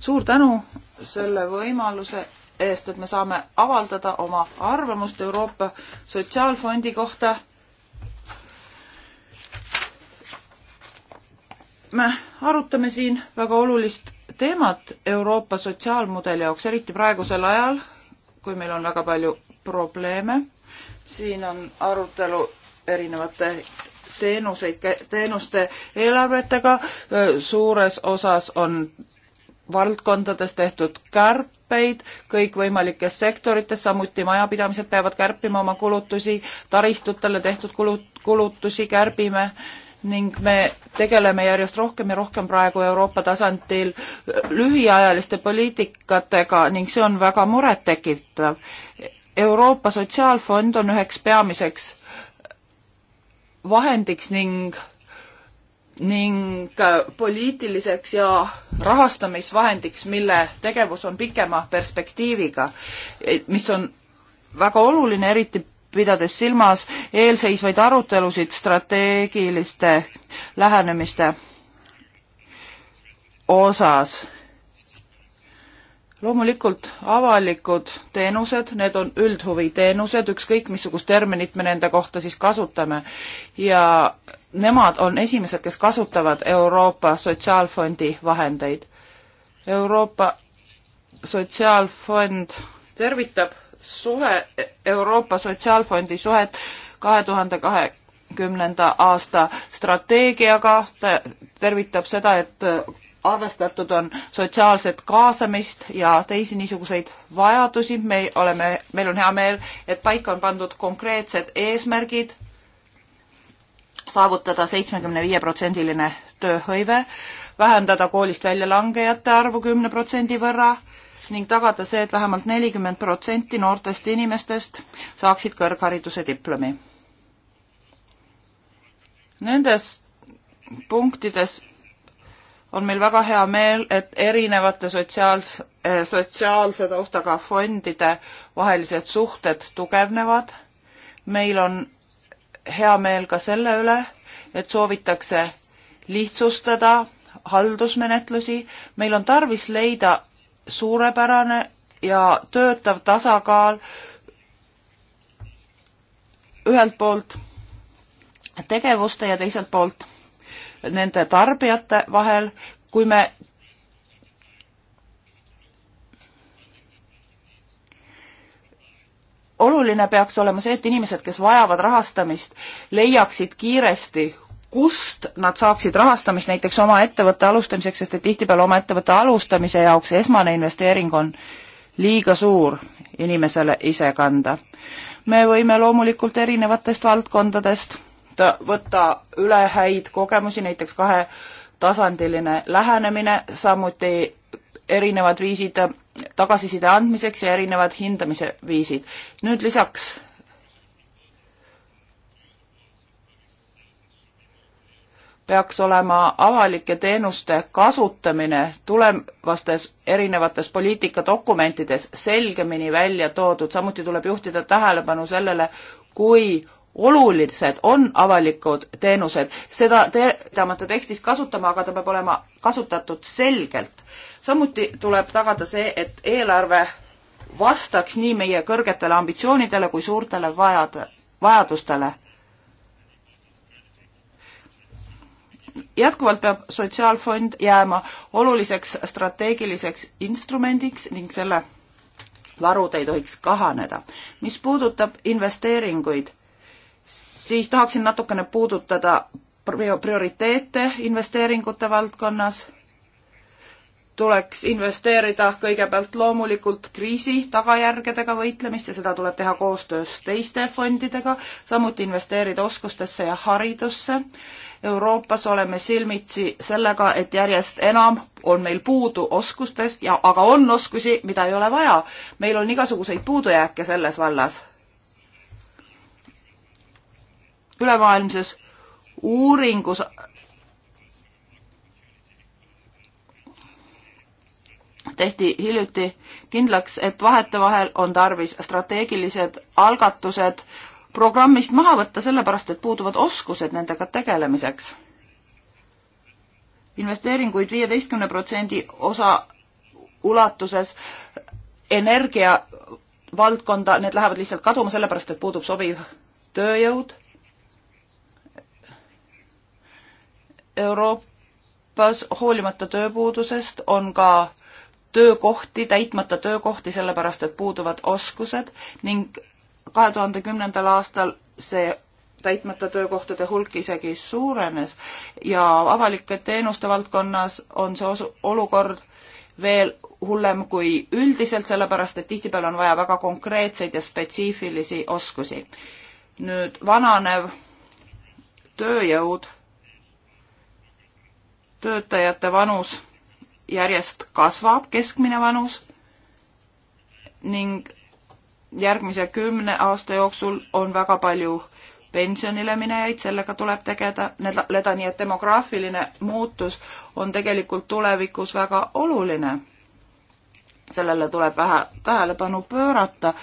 suur tänu selle võimaluse eest, et me saame avaldada oma arvamust Euroopa Sotsiaalfondi kohta. me arutame siin väga olulist teemat Euroopa sotsiaalmudeli jaoks, eriti praegusel ajal, kui meil on väga palju probleeme. siin on arutelu erinevate teenuseid, teenuste eelarvetega, suures osas on valdkondades tehtud kärpeid kõikvõimalikes sektorites, samuti majapidamised peavad kärpima oma kulutusi, taristutele tehtud kulut-, kulutusi kärbime ning me tegeleme järjest rohkem ja rohkem praegu Euroopa tasandil lühiajaliste poliitikatega ning see on väga murettekitav. Euroopa Sotsiaalfond on üheks peamiseks vahendiks ning ning äh, poliitiliseks ja rahastamisvahendiks, mille tegevus on pikema perspektiiviga, e, mis on väga oluline, eriti pidades silmas eelseisvaid arutelusid strateegiliste lähenemiste osas loomulikult avalikud teenused, need on üldhuviteenused, ükskõik missugust terminit me nende kohta siis kasutame. ja nemad on esimesed, kes kasutavad Euroopa Sotsiaalfondi vahendeid. Euroopa Sotsiaalfond tervitab suhe, Euroopa Sotsiaalfondi suhet kahe tuhande kahekümnenda aasta strateegiaga, ta tervitab seda, et arvestatud on sotsiaalset kaasamist ja teisi niisuguseid vajadusi, me oleme, meil on hea meel, et paika on pandud konkreetsed eesmärgid saavutada seitsmekümne viie protsendiline tööhõive, vähendada koolist väljalangejate arvu kümne protsendi võrra ning tagada see, et vähemalt nelikümmend protsenti noortest inimestest saaksid kõrghariduse diplomi. Nendes punktides on meil väga hea meel, et erinevate sotsiaals-, eh, sotsiaalse taustaga fondide vahelised suhted tugevnevad. meil on hea meel ka selle üle, et soovitakse lihtsustada haldusmenetlusi, meil on tarvis leida suurepärane ja töötav tasakaal ühelt poolt tegevuste ja teiselt poolt nende tarbijate vahel, kui me oluline peaks olema see, et inimesed, kes vajavad rahastamist, leiaksid kiiresti, kust nad saaksid rahastamist näiteks oma ettevõtte alustamiseks, sest et tihtipeale oma ettevõtte alustamise jaoks esmane investeering on liiga suur inimesele ise kanda. me võime loomulikult erinevatest valdkondadest ta, võtta üle häid kogemusi, näiteks kahetasandiline lähenemine, samuti erinevad viisid tagasiside andmiseks ja erinevad hindamise viisid. nüüd lisaks peaks olema avalike teenuste kasutamine tulevastes erinevates poliitikadokumentides selgemini välja toodud, samuti tuleb juhtida tähelepanu sellele, kui olulised on avalikud teenused, seda te-, pidamata tekstis kasutama, aga ta peab olema kasutatud selgelt. samuti tuleb tagada see, et eelarve vastaks nii meie kõrgetele ambitsioonidele kui suurtele vajad-, vajadustele. jätkuvalt peab Sotsiaalfond jääma oluliseks strateegiliseks instrumendiks ning selle varud ei tohiks kahaneda. mis puudutab investeeringuid, siis tahaksin natukene puudutada prioriteete investeeringute valdkonnas. tuleks investeerida kõigepealt loomulikult kriisi tagajärgedega võitlemisse, seda tuleb teha koostöös teiste fondidega, samuti investeerida oskustesse ja haridusse. Euroopas oleme silmitsi sellega, et järjest enam on meil puudu oskustest ja, aga on oskusi, mida ei ole vaja. meil on igasuguseid puudujääke selles vallas ülemaailmses uuringus tehti hiljuti kindlaks, et vahetevahel on tarvis strateegilised algatused programmist maha võtta, sellepärast et puuduvad oskused nendega tegelemiseks. investeeringuid viieteistkümne protsendi osa ulatuses energia valdkonda, need lähevad lihtsalt kaduma, sellepärast et puudub sobiv tööjõud Euroopas hoolimata tööpuudusest on ka töökohti, täitmata töökohti, sellepärast et puuduvad oskused ning kahe tuhande kümnendal aastal see täitmata töökohtade hulk isegi suurenes ja avalike teenuste valdkonnas on see olukord veel hullem kui üldiselt, sellepärast et tihtipeale on vaja väga konkreetseid ja spetsiifilisi oskusi. nüüd vananev tööjõud töötajate vanus järjest kasvab, keskmine vanus, ning järgmise kümne aasta jooksul on väga palju pensionile minejaid, sellega tuleb tegeda, leda, nii et demograafiline muutus on tegelikult tulevikus väga oluline. sellele tuleb vähe tähelepanu pöörata.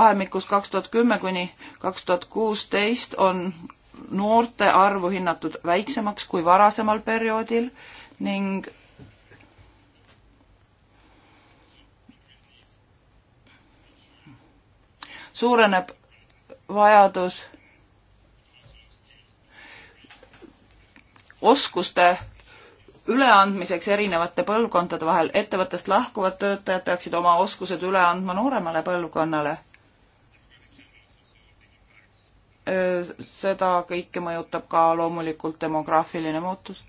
vahemikus kaks tuhat kümme kuni kaks tuhat kuusteist on noorte arvu hinnatud väiksemaks kui varasemal perioodil ning suureneb vajadus oskuste üleandmiseks erinevate põlvkondade vahel. ettevõttest lahkuvad töötajad peaksid oma oskused üle andma nooremale põlvkonnale seda kõike mõjutab ka loomulikult demograafiline muutus.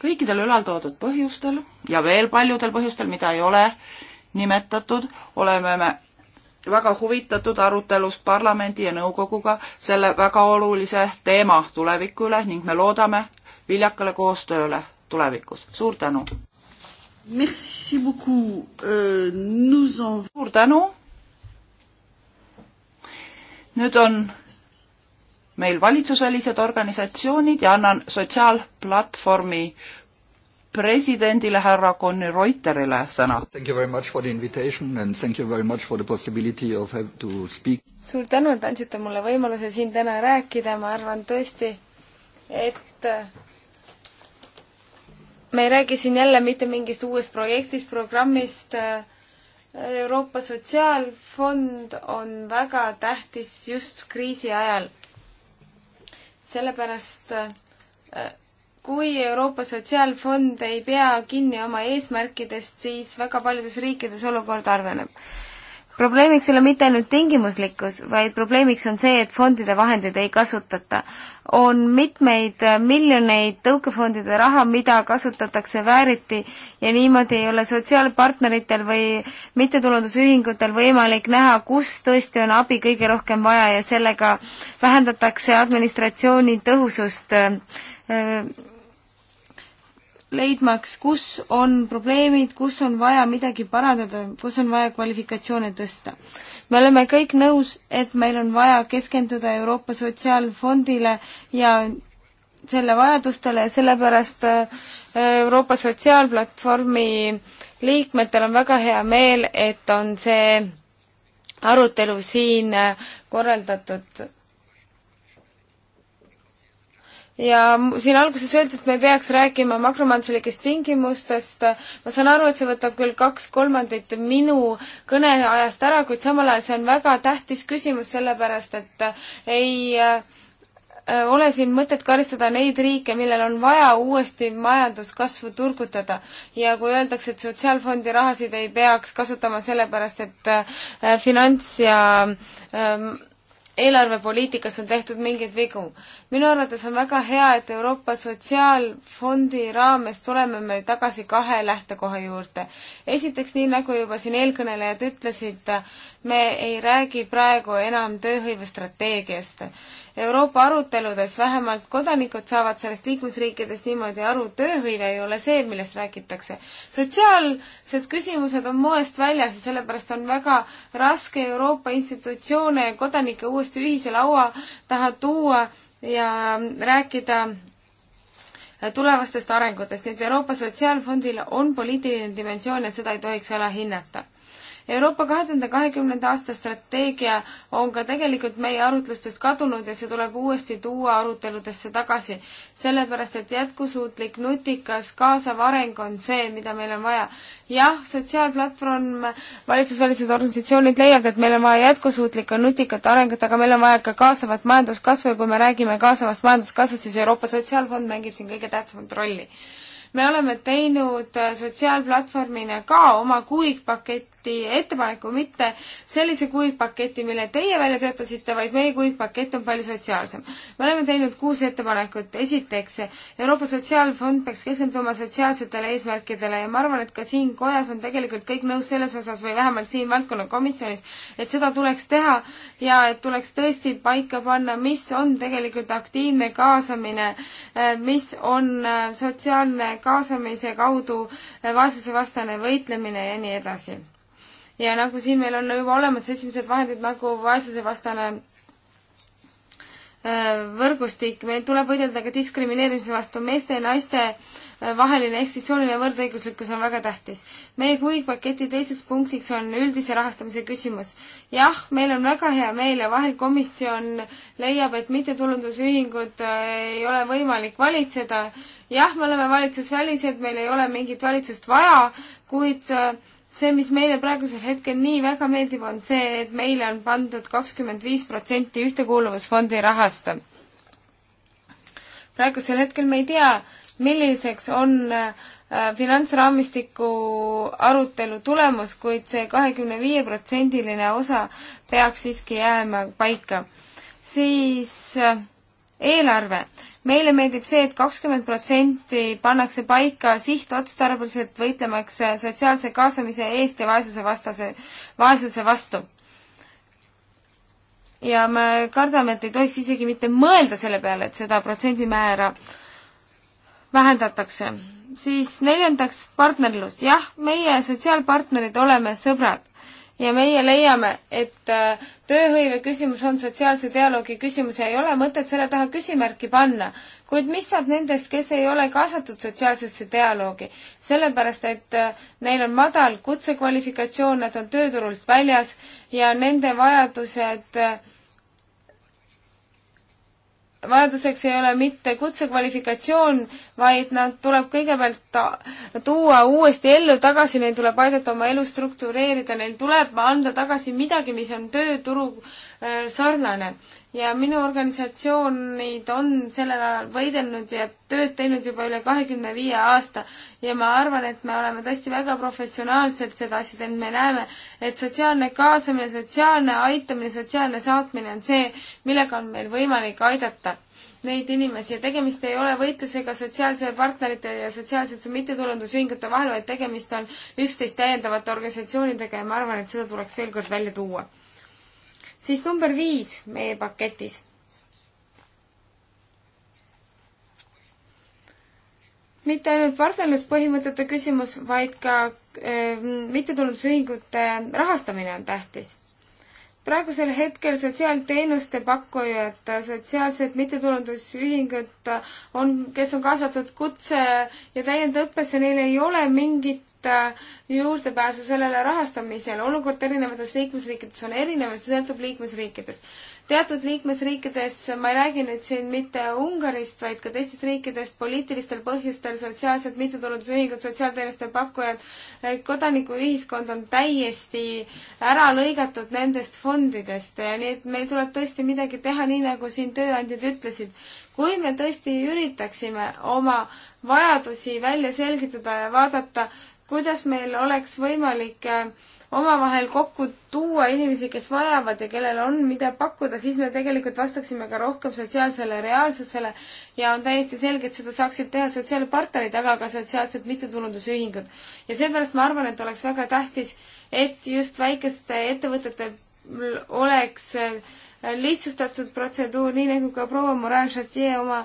kõikidel ülaltoodud põhjustel ja veel paljudel põhjustel, mida ei ole nimetatud, oleme me väga huvitatud arutelust parlamendi ja nõukoguga selle väga olulise teema tuleviku üle ning me loodame viljakale koostööle tulevikus. suur tänu! Merci beaucoup. Euh, nous en... suur tänu. nüüd on meil valitsusvälised organisatsioonid ja annan sotsiaalplatvormi presidendile härra Conny Reuterile sõna. suur tänu, et andsite mulle võimaluse siin täna rääkida, ma arvan tõesti, et me ei räägi siin jälle mitte mingist uuest projektist, programmist. Euroopa Sotsiaalfond on väga tähtis just kriisi ajal. sellepärast, kui Euroopa Sotsiaalfond ei pea kinni oma eesmärkidest, siis väga paljudes riikides olukord harveneb probleemiks ei ole mitte ainult tingimuslikkus, vaid probleemiks on see, et fondide vahendeid ei kasutata. on mitmeid äh, miljoneid tõukefondide raha, mida kasutatakse vääriti ja niimoodi ei ole sotsiaalpartneritel või mittetulundusühingutel võimalik näha, kus tõesti on abi kõige rohkem vaja ja sellega vähendatakse administratsiooni tõhusust öö, äh, äh, leidmaks, kus on probleemid, kus on vaja midagi parandada, kus on vaja kvalifikatsioone tõsta. me oleme kõik nõus, et meil on vaja keskenduda Euroopa Sotsiaalfondile ja selle vajadustele ja sellepärast äh, Euroopa Sotsiaalplatvormi liikmetel on väga hea meel, et on see arutelu siin äh, korraldatud ja siin alguses öeldi, et me ei peaks rääkima makromajanduslikest tingimustest, ma saan aru, et see võtab küll kaks kolmandit minu kõneajast ära, kuid samal ajal see on väga tähtis küsimus, sellepärast et äh, ei äh, ole siin mõtet karistada neid riike, millel on vaja uuesti majanduskasvu turgutada. ja kui öeldakse, et sotsiaalfondi rahasid ei peaks kasutama sellepärast, et äh, finants ja ähm, eelarvepoliitikas on tehtud mingeid vigu. minu arvates on väga hea, et Euroopa Sotsiaalfondi raames tuleme me tagasi kahe lähtekoha juurde. esiteks, nii nagu juba siin eelkõnelejad ütlesid, me ei räägi praegu enam tööhõivestrateegiast. Euroopa aruteludes, vähemalt kodanikud saavad sellest liikmesriikides niimoodi aru, tööhõive ei ole see, millest räägitakse. sotsiaalsed küsimused on moest väljas ja sellepärast on väga raske Euroopa institutsioone ja kodanikke uuesti ühise laua taha tuua ja rääkida tulevastest arengutest, nii et Euroopa Sotsiaalfondil on poliitiline dimensioon ja seda ei tohiks alahinnata Euroopa kahe tuhande kahekümnenda aasta strateegia on ka tegelikult meie arutlustest kadunud ja see tuleb uuesti tuua aruteludesse tagasi, sellepärast et jätkusuutlik, nutikas, kaasav areng on see, mida meil on vaja. jah, sotsiaalplatvorm, valitsusvälised organisatsioonid leiavad, et meil on vaja jätkusuutlikku, nutikat arengut, aga meil on vaja ka kaasavat majanduskasvu ja kui me räägime kaasavast majanduskasvust, siis Euroopa Sotsiaalfond mängib siin kõige tähtsamat rolli me oleme teinud äh, sotsiaalplatvormina ka oma kuigpaketi ettepaneku, mitte sellise kuigpaketi, mille teie välja töötasite, vaid meie kuigpakett on palju sotsiaalsem. me oleme teinud kuus ettepanekut, esiteks Euroopa Sotsiaalfond peaks keskenduma sotsiaalsetele eesmärkidele ja ma arvan, et ka siin kojas on tegelikult kõik nõus selles osas või vähemalt siin valdkonnakomisjonis, et seda tuleks teha ja et tuleks tõesti paika panna, mis on tegelikult aktiivne kaasamine, äh, mis on äh, sotsiaalne kaasamise kaudu eh, vaesusevastane võitlemine ja nii edasi. ja nagu siin meil on juba olemas esimesed vahendid nagu vaesusevastane Äh, võrgustik, meil tuleb võidelda ka diskrimineerimise vastu, meeste ja naiste äh, vaheline ehk siis sooline võrdõiguslikkus on väga tähtis. meie kuupaketi teiseks punktiks on üldise rahastamise küsimus. jah, meil on väga hea meel ja vahel komisjon leiab, et mittetulundusühingud äh, ei ole võimalik valitseda. jah, me oleme valitsusvälised, meil ei ole mingit valitsust vaja, kuid see, mis meile praegusel hetkel nii väga meeldib, on see, et meile on pandud kakskümmend viis protsenti Ühtekuuluvusfondi rahast. praegusel hetkel me ei tea, milliseks on äh, finantsraamistiku arutelu tulemus, kuid see kahekümne viie protsendiline osa peaks siiski jääma paika. siis äh, eelarve meile meeldib see et, et kakskümmend protsenti pannakse paika sihtotstarbeliselt võitlemaks sotsiaalse kaasamise eest ja vaesuse vastase, vaesuse vastu. ja me kardame, et ei tohiks isegi mitte mõelda selle peale, et seda protsendimäära vähendatakse. siis neljandaks, partnerlus. jah, meie sotsiaalpartnerid oleme sõbrad ja meie leiame, et äh, tööhõive küsimus on sotsiaalse dialoogi küsimus ja ei ole mõtet selle taha küsimärki panna. kuid mis saab nendest, kes ei ole kaasatud sotsiaalsesse dialoogi? sellepärast, et äh, neil on madal kutsekvalifikatsioon, nad on tööturult väljas ja nende vajadused äh, vajaduseks ei ole mitte kutsekvalifikatsioon, vaid nad tuleb kõigepealt ta-, tuua uuesti ellu tagasi, neil tuleb aidata oma elu struktureerida, neil tuleb anda tagasi midagi, mis on tööturu äh, sarnane ja minu organisatsioonid on sellel ajal võidelnud ja tööd teinud juba üle kahekümne viie aasta ja ma arvan, et me oleme tõesti väga professionaalselt seda asja teinud, me näeme, et sotsiaalne kaasamine, sotsiaalne aitamine, sotsiaalne saatmine on see, millega on meil võimalik aidata neid inimesi ja tegemist ei ole võitlusega sotsiaalse partnerite ja sotsiaalsete mittetulundusühingute vahel, vaid tegemist on üksteist täiendavate organisatsioonidega ja ma arvan, et seda tuleks veel kord välja tuua siis number viis meie paketis. mitte ainult partnerluspõhimõtete küsimus, vaid ka äh, mittetulundusühingute rahastamine on tähtis praegusel hetkel sotsiaalteenuste pakkujad, sotsiaalsed mittetulundusühingud on, kes on kaasatud kutse ja täiendõppesse, neil ei ole mingit Äh, juurdepääsu sellele rahastamisele. olukord erinevates liikmesriikides on erinev, see sõltub liikmesriikides. teatud liikmesriikides, ma ei räägi nüüd siin mitte Ungarist, vaid ka teistest riikidest, poliitilistel põhjustel sotsiaalsed mittetulundusühingud, sotsiaalteenuste pakkujad, eh, kodanikuühiskond on täiesti ära lõigatud nendest fondidest ja nii et meil tuleb tõesti midagi teha, nii nagu siin tööandjad ütlesid kui me tõesti üritaksime oma vajadusi välja selgitada ja vaadata, kuidas meil oleks võimalik äh, omavahel kokku tuua inimesi, kes vajavad ja kellel on, mida pakkuda, siis me tegelikult vastaksime ka rohkem sotsiaalsele reaalsusele ja on täiesti selge, et seda saaksid teha sotsiaalpartnerid, aga ka sotsiaalsed mittetulundusühingud. ja seepärast ma arvan, et oleks väga tähtis, et just väikeste ettevõtete oleks äh, lihtsustatud protseduur, nii nagu ka proua Morin Chartier oma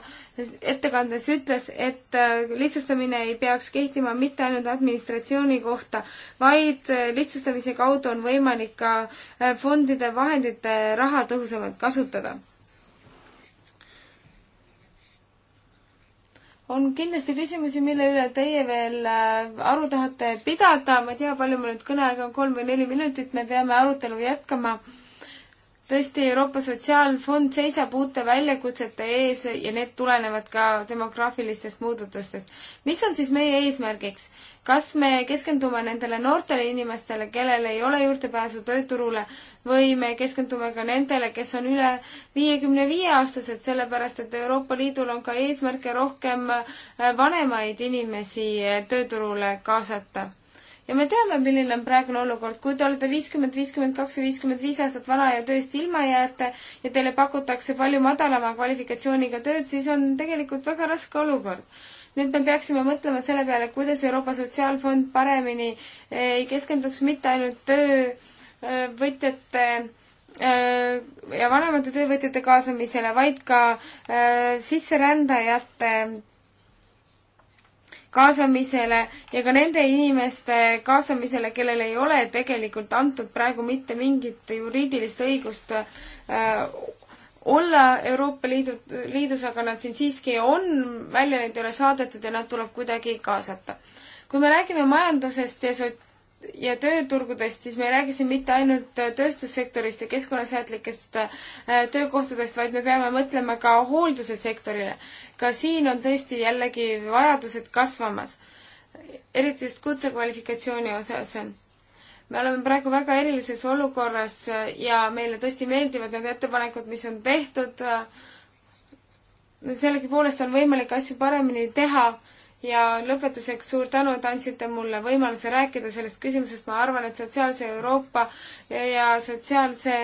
ettekandes ütles, et äh, lihtsustamine ei peaks kehtima mitte ainult administratsiooni kohta, vaid äh, lihtsustamise kaudu on võimalik ka äh, fondide vahendite raha tõhusamalt kasutada. on kindlasti küsimusi, mille üle teie veel aru tahate pidada, ma ei tea, palju mul nüüd kõneaega on, kolm või neli minutit, me peame arutelu jätkama tõesti, Euroopa Sotsiaalfond seisab uute väljakutsete ees ja need tulenevad ka demograafilistest muudatustest. mis on siis meie eesmärgiks? kas me keskendume nendele noortele inimestele, kellel ei ole juurdepääsu tööturule või me keskendume ka nendele, kes on üle viiekümne viie aastased, sellepärast et Euroopa Liidul on ka eesmärke rohkem äh, vanemaid inimesi äh, tööturule kaasata ja me teame, milline on praegune olukord, kui te olete viiskümmend, viiskümmend kaks või viiskümmend viis aastat vana ja tööst ilma jääte ja teile pakutakse palju madalama kvalifikatsiooniga tööd, siis on tegelikult väga raske olukord nüüd me peaksime mõtlema selle peale, kuidas Euroopa Sotsiaalfond paremini eh, ei keskenduks mitte ainult töövõtjate eh, eh, ja vanemate töövõtjate kaasamisele, vaid ka sisserändajate kaasamisele ja ka nende inimeste kaasamisele, kellel ei ole tegelikult antud praegu mitte mingit juriidilist õigust äh, olla Euroopa Liidu, liidus, aga nad siin siiski on, välja neid ei ole saadetud ja nad tuleb kuidagi kaasata. kui me räägime majandusest ja so-, ja tööturgudest, siis me ei räägi siin mitte ainult äh, tööstussektorist ja keskkonnasäätlikest äh, töökohtadest, vaid me peame mõtlema ka hoolduse sektorile. ka siin on tõesti jällegi vajadused kasvamas, eriti just kutsekvalifikatsiooni osas me oleme praegu väga erilises olukorras äh, ja meile tõesti meeldivad need ettepanekud, mis on tehtud. sellegipoolest on võimalik asju paremini teha ja lõpetuseks suur tänu, et andsite mulle võimaluse rääkida sellest küsimusest, ma arvan, et sotsiaalse Euroopa ja sotsiaalse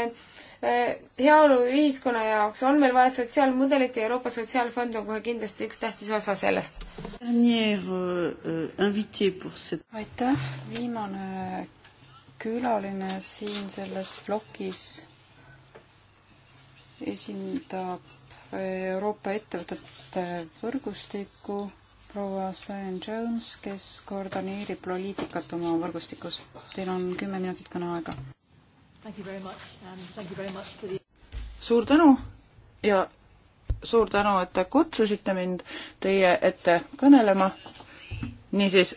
eh, heaolu ühiskonna jaoks on meil vaja sotsiaalmudelit ja Euroopa Sotsiaalfond on kohe kindlasti üks tähtis osa sellest. Euh, euh, aitäh, viimane külaline siin selles plokis esindab eh, Euroopa ettevõtete võrgustikku proua Sian Jones, kes koordineerib poliitikat oma võrgustikus. Teil on kümme minutit kõneaega. Um, the... suur tänu ja suur tänu, et te kutsusite mind teie ette kõnelema. niisiis,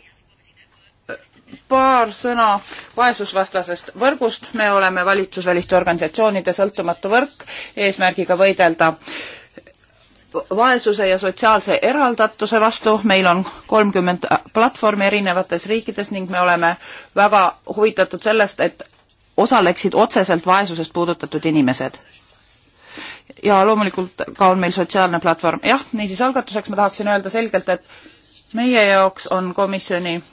paar sõna vaesusvastasest võrgust. me oleme valitsusväliste organisatsioonide sõltumatu võrk eesmärgiga võidelda äh, vaesuse ja sotsiaalse eraldatuse vastu, meil on kolmkümmend platvormi erinevates riikides ning me oleme väga huvitatud sellest, et osaleksid otseselt vaesusest puudutatud inimesed. ja loomulikult ka on meil sotsiaalne platvorm, jah, niisiis algatuseks ma tahaksin öelda selgelt, et meie jaoks on komisjoni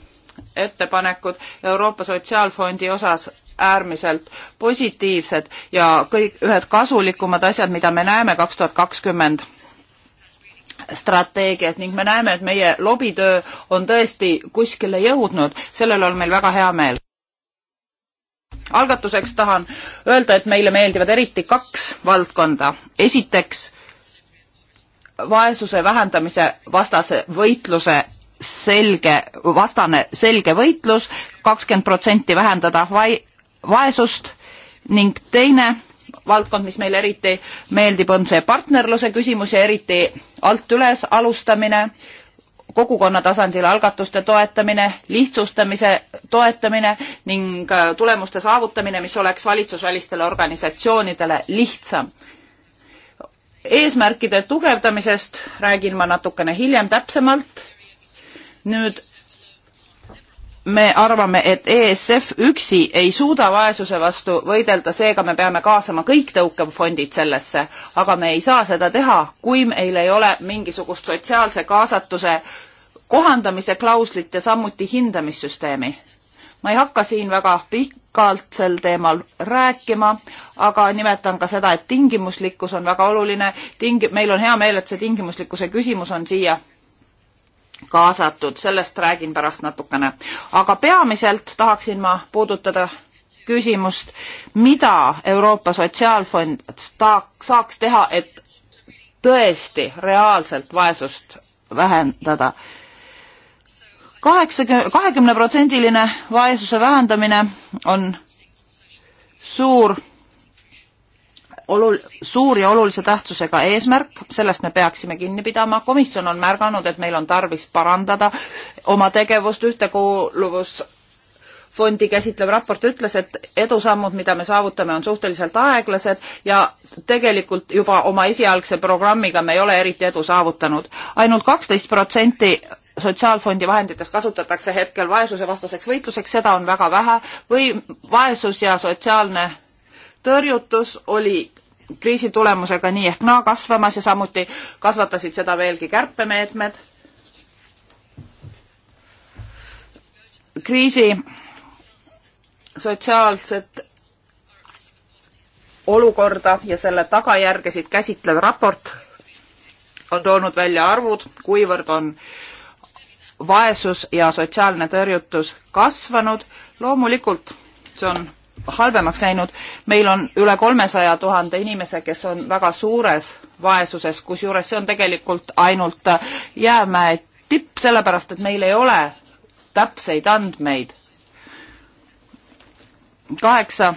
ettepanekud Euroopa Sotsiaalfondi osas äärmiselt positiivsed ja kõik ühed kasulikumad asjad, mida me näeme kaks tuhat kakskümmend strateegias ning me näeme, et meie lobitöö on tõesti kuskile jõudnud, sellel on meil väga hea meel. algatuseks tahan öelda, et meile meeldivad eriti kaks valdkonda. esiteks vaesuse vähendamise vastase võitluse selge, vastane selge võitlus, kakskümmend protsenti vähendada vai-, vaesust ning teine valdkond, mis meile eriti meeldib, on see partnerluse küsimus ja eriti alt üles alustamine, kogukonna tasandil algatuste toetamine, lihtsustamise toetamine ning äh, tulemuste saavutamine, mis oleks valitsusvälistele organisatsioonidele lihtsam. eesmärkide tugevdamisest räägin ma natukene hiljem täpsemalt. nüüd me arvame, et ESF üksi ei suuda vaesuse vastu võidelda, seega me peame kaasama kõik tõukefondid sellesse, aga me ei saa seda teha, kui meil ei ole mingisugust sotsiaalse kaasatuse kohandamise klauslit ja samuti hindamissüsteemi. ma ei hakka siin väga pikalt sel teemal rääkima, aga nimetan ka seda, et tingimuslikkus on väga oluline, ting-, meil on hea meel, et see tingimuslikkuse küsimus on siia kaasatud, sellest räägin pärast natukene. aga peamiselt tahaksin ma puudutada küsimust, mida Euroopa Sotsiaalfond saaks teha, et tõesti reaalselt vaesust vähendada. kaheksakümne, kahekümneprotsendiline vaesuse vähendamine on suur olul-, suur ja olulise tähtsusega eesmärk, sellest me peaksime kinni pidama, komisjon on märganud, et meil on tarvis parandada oma tegevust, ühtekuuluvusfondi käsitlev raport ütles, et edusammud, mida me saavutame, on suhteliselt aeglased ja tegelikult juba oma esialgse programmiga me ei ole eriti edu saavutanud ainult. ainult kaksteist protsenti sotsiaalfondi vahenditest kasutatakse hetkel vaesusevastaseks võitluseks, seda on väga vähe, või vaesus ja sotsiaalne tõrjutus oli kriisi tulemusega nii ehk naa kasvamas ja samuti kasvatasid seda veelgi kärpemeetmed. kriisi sotsiaalset olukorda ja selle tagajärgesid käsitlev raport on toonud välja arvud, kuivõrd on vaesus ja sotsiaalne tõrjutus kasvanud. loomulikult see on halvemaks läinud. meil on üle kolmesaja tuhande inimese, kes on väga suures vaesuses, kusjuures see on tegelikult ainult äh, jäämäe tipp, sellepärast et meil ei ole täpseid andmeid. kaheksa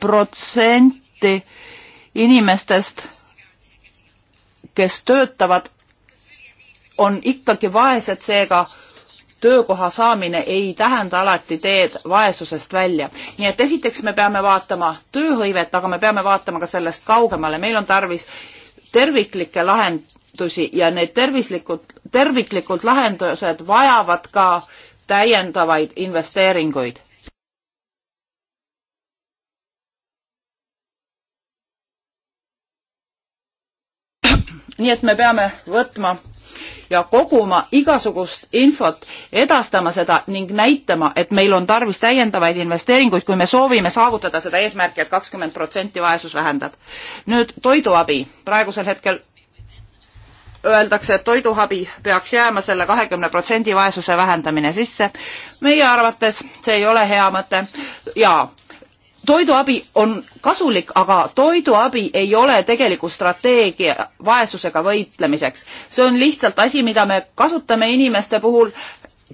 protsenti inimestest, kes töötavad, on ikkagi vaesed, seega töökoha saamine ei tähenda alati teed vaesusest välja. nii et esiteks me peame vaatama tööhõivet, aga me peame vaatama ka sellest kaugemale, meil on tarvis terviklikke lahendusi ja need tervislikud, terviklikud lahendused vajavad ka täiendavaid investeeringuid. nii et me peame võtma ja koguma igasugust infot, edastama seda ning näitama, et meil on tarvis täiendavaid investeeringuid, kui me soovime saavutada seda eesmärki et, et kakskümmend protsenti vaesus vähendab. nüüd toiduabi, praegusel hetkel öeldakse, et toiduabi peaks jääma selle kahekümne protsendi vaesuse vähendamine sisse. meie arvates see ei ole hea mõte ja toiduabi on kasulik, aga toiduabi ei ole tegeliku strateegia vaesusega võitlemiseks. see on lihtsalt asi, mida me kasutame inimeste puhul,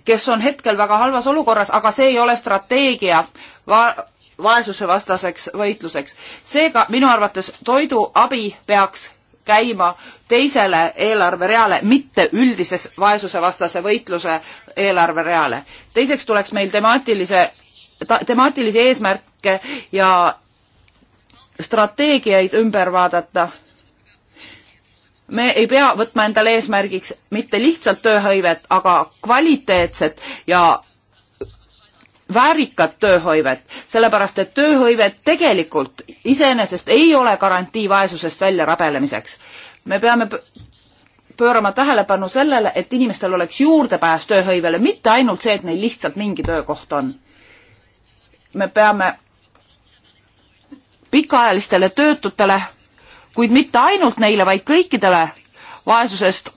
kes on hetkel väga halvas olukorras, aga see ei ole strateegia va vaesusevastaseks võitluseks. seega minu arvates toiduabi peaks käima teisele eelarvereale, mitte üldises vaesusevastase võitluse eelarvereale. teiseks tuleks meil temaatilise ta, temaatilisi eesmärk, eesmärke ja strateegiaid ümber vaadata. me ei pea võtma endale eesmärgiks mitte lihtsalt tööhõivet, aga kvaliteetset ja väärikat tööhõivet, sellepärast et tööhõive tegelikult iseenesest ei ole garantii vaesusest välja rabelemiseks. me peame pöörama tähelepanu sellele, et inimestel oleks juurdepääs tööhõivele, mitte ainult see, et neil lihtsalt mingi töökoht on. me peame pikaajalistele töötutele, kuid mitte ainult neile, vaid kõikidele vaesusest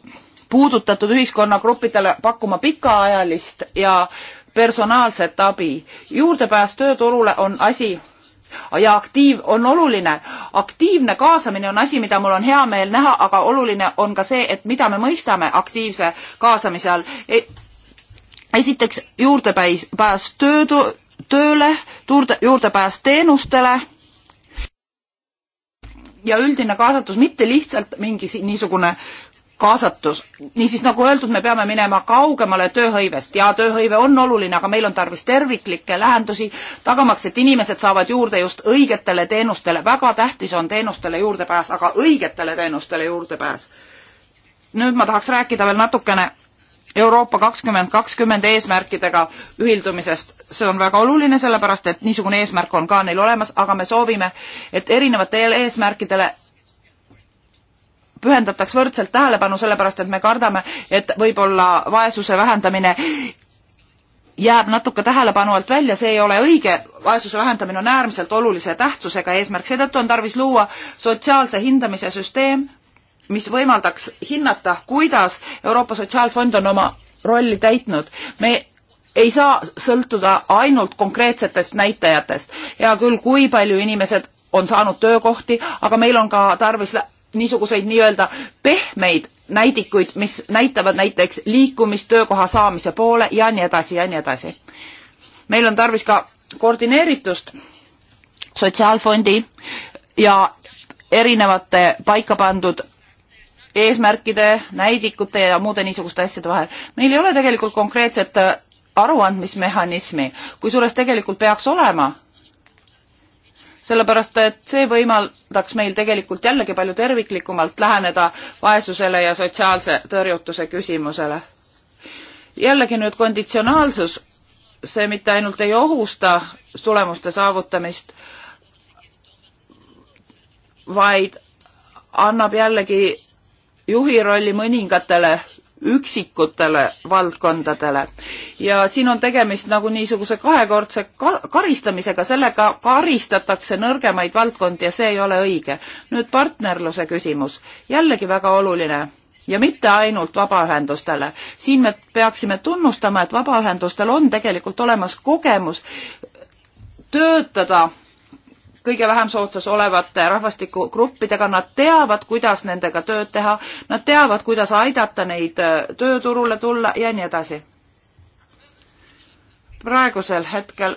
puudutatud ühiskonnagruppidele pakkuma pikaajalist ja personaalset abi. juurdepääs tööturule on asi ja aktiiv on oluline. aktiivne kaasamine on asi, mida mul on hea meel näha, aga oluline on ka see, et mida me mõistame aktiivse kaasamise all. E-, esiteks juurdepääs, pääs töödu, tööle, juurdepääs teenustele ja üldine kaasatus, mitte lihtsalt mingi niisugune kaasatus. niisiis, nagu öeldud, me peame minema kaugemale tööhõivest ja tööhõive on oluline, aga meil on tarvis terviklikke lähendusi, tagamaks, et inimesed saavad juurde just õigetele teenustele. väga tähtis on teenustele juurdepääs, aga õigetele teenustele juurdepääs. nüüd ma tahaks rääkida veel natukene Euroopa kakskümmend kakskümmend eesmärkidega ühildumisest. see on väga oluline, sellepärast et niisugune eesmärk on ka neil olemas, aga me soovime, et erinevatele eesmärkidele pühendataks võrdselt tähelepanu, sellepärast et me kardame, et võib-olla vaesuse vähendamine jääb natuke tähelepanu alt välja, see ei ole õige, vaesuse vähendamine on äärmiselt olulise tähtsusega eesmärk, seetõttu on tarvis luua sotsiaalse hindamise süsteem, mis võimaldaks hinnata, kuidas Euroopa Sotsiaalfond on oma rolli täitnud. me ei saa sõltuda ainult konkreetsetest näitajatest. hea küll, kui palju inimesed on saanud töökohti, aga meil on ka tarvis niisuguseid nii-öelda pehmeid näidikuid, mis näitavad näiteks liikumist töökoha saamise poole ja nii edasi ja nii edasi. meil on tarvis ka koordineeritust sotsiaalfondi ja erinevate paika pandud eesmärkide, näidikute ja muude niisuguste asjade vahel. meil ei ole tegelikult konkreetset äh, aruandmismehhanismi, kui suures tegelikult peaks olema, sellepärast et see võimaldaks meil tegelikult jällegi palju terviklikumalt läheneda vaesusele ja sotsiaalse tõrjutuse küsimusele. jällegi nüüd konditsionaalsus, see mitte ainult ei ohusta tulemuste saavutamist, vaid annab jällegi juhi rolli mõningatele üksikutele valdkondadele ja siin on tegemist nagu niisuguse kahekordse karistamisega, sellega karistatakse nõrgemaid valdkondi ja see ei ole õige. nüüd partnerluse küsimus, jällegi väga oluline ja mitte ainult vabaühendustele. siin me peaksime tunnustama, et vabaühendustel on tegelikult olemas kogemus töötada kõige vähem soodsas olevate rahvastikugruppidega, nad teavad, kuidas nendega tööd teha, nad teavad, kuidas aidata neid äh, tööturule tulla ja nii edasi. praegusel hetkel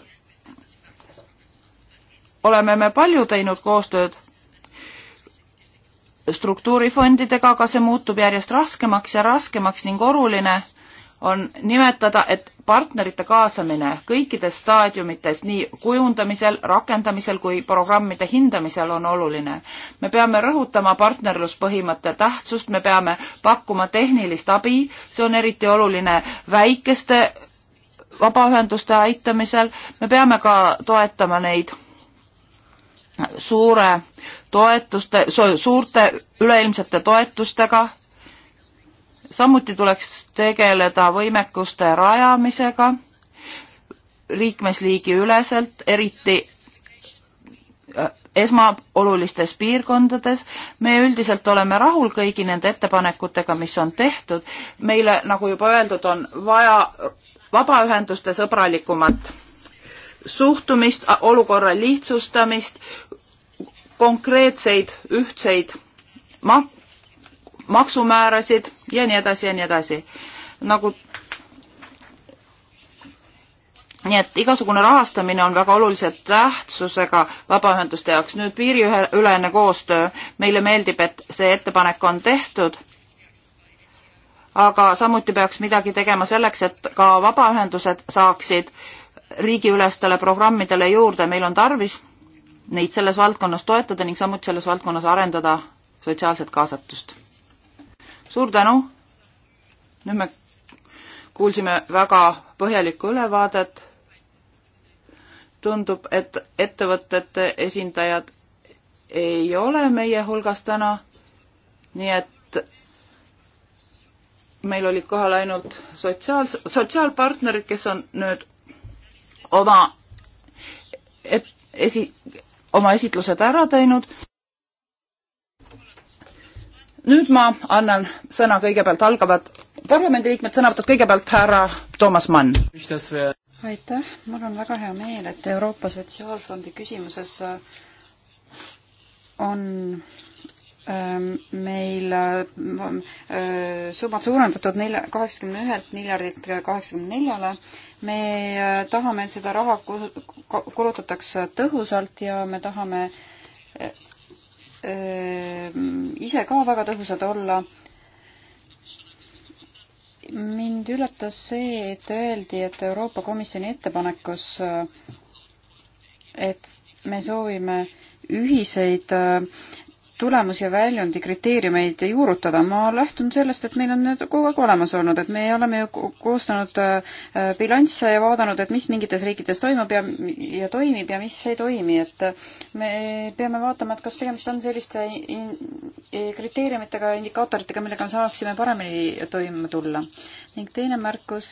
oleme me palju teinud koostööd struktuurifondidega, aga see muutub järjest raskemaks ja raskemaks ning oluline on nimetada, et partnerite kaasamine kõikides staadiumites, nii kujundamisel, rakendamisel kui programmide hindamisel on oluline. me peame rõhutama partnerluspõhimõtte tähtsust, me peame pakkuma tehnilist abi, see on eriti oluline väikeste vabaühenduste aitamisel, me peame ka toetama neid suure toetuste, suurte üleilmsete toetustega samuti tuleks tegeleda võimekuste rajamisega liikmesliigi üleselt, eriti äh, esmaolulistes piirkondades. me üldiselt oleme rahul kõigi nende ettepanekutega, mis on tehtud. meile, nagu juba öeldud, on vaja vabaühenduste sõbralikumat suhtumist, olukorra lihtsustamist, konkreetseid ühtseid ma-, maksumäärasid ja nii edasi ja nii edasi. nagu nii et igasugune rahastamine on väga olulise tähtsusega vabaühenduste jaoks. nüüd piiriülene koostöö, meile meeldib, et see ettepanek on tehtud, aga samuti peaks midagi tegema selleks, et ka vabaühendused saaksid riigiülestele programmidele juurde, meil on tarvis neid selles valdkonnas toetada ning samuti selles valdkonnas arendada sotsiaalset kaasatust suur tänu. nüüd me kuulsime väga põhjalikku ülevaadet. tundub, et ettevõtete esindajad ei ole meie hulgas täna. nii et meil olid kohal ainult sotsiaal, sotsiaalpartnerid, kes on nüüd oma et, esi, oma esitlused ära teinud nüüd ma annan sõna kõigepealt algavad parlamendiliikmed, sõnavõtad kõigepealt härra Toomas Mann. aitäh, mul on väga hea meel, et Euroopa Sotsiaalfondi küsimuses äh, on ähm, meil äh, äh, summad suurendatud nelja, kaheksakümne ühelt miljardilt kaheksakümne neljale. me tahame, et seda raha kulutatakse tõhusalt ja me tahame Äh, ise ka väga tõhusad olla. mind üllatas see, et öeldi, et Euroopa Komisjoni ettepanekus, äh, et me soovime ühiseid äh, tulemusi ja väljundi kriteeriumeid juurutada, ma lähtun sellest, et meil on need kogu aeg olemas olnud, et me oleme ju koostanud äh, bilansse ja vaadanud, et mis mingites riikides toimub ja, ja toimib ja mis ei toimi, et me peame vaatama, et kas tegemist on selliste in-, kriteeriumitega, indikaatoritega, millega me saaksime paremini toime tulla ning teine märkus,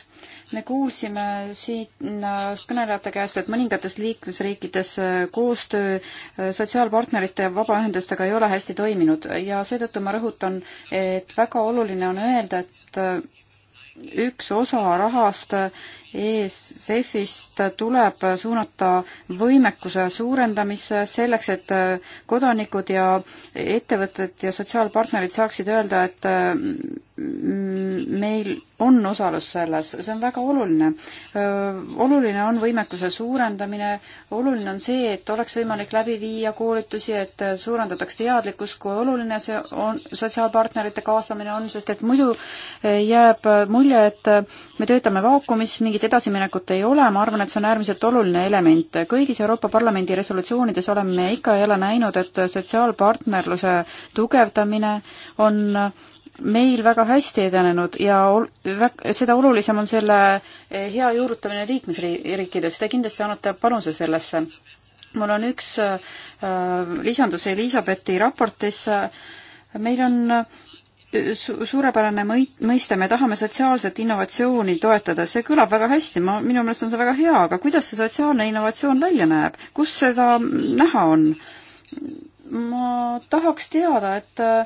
me kuulsime siin äh, kõnelejate käest, et mõningates liikmesriikides äh, koostöö äh, sotsiaalpartnerite ja vabaühendustega ei ole hästi toiminud ja seetõttu ma rõhutan, et väga oluline on öelda, et üks osa rahast ESF-ist tuleb suunata võimekuse suurendamisse selleks, et äh, kodanikud ja ettevõtted ja sotsiaalpartnerid saaksid öelda, et äh, meil on osalus selles, see on väga oluline. Äh, oluline on võimekuse suurendamine, oluline on see, et oleks võimalik läbi viia koolitusi, et suurendataks teadlikkust, kui oluline see on, sotsiaalpartnerite kaasamine on, sest et muidu jääb mulje, et me töötame vaakumis, mingi mingit edasiminekut ei ole, ma arvan, et see on äärmiselt oluline element. kõigis Euroopa Parlamendi resolutsioonides oleme ikka ja jälle näinud, et sotsiaalpartnerluse tugevdamine on meil väga hästi edenenud ja ol, väga, seda olulisem on selle hea juurutamine liikmesriikides, te kindlasti annate panuse sellesse. mul on üks äh, lisandus Elizabethi raportisse, meil on äh, su-, suurepärane mõi-, mõiste, me tahame sotsiaalset innovatsiooni toetada, see kõlab väga hästi, ma, minu meelest on see väga hea, aga kuidas see sotsiaalne innovatsioon välja näeb, kus seda näha on? ma tahaks teada, et äh,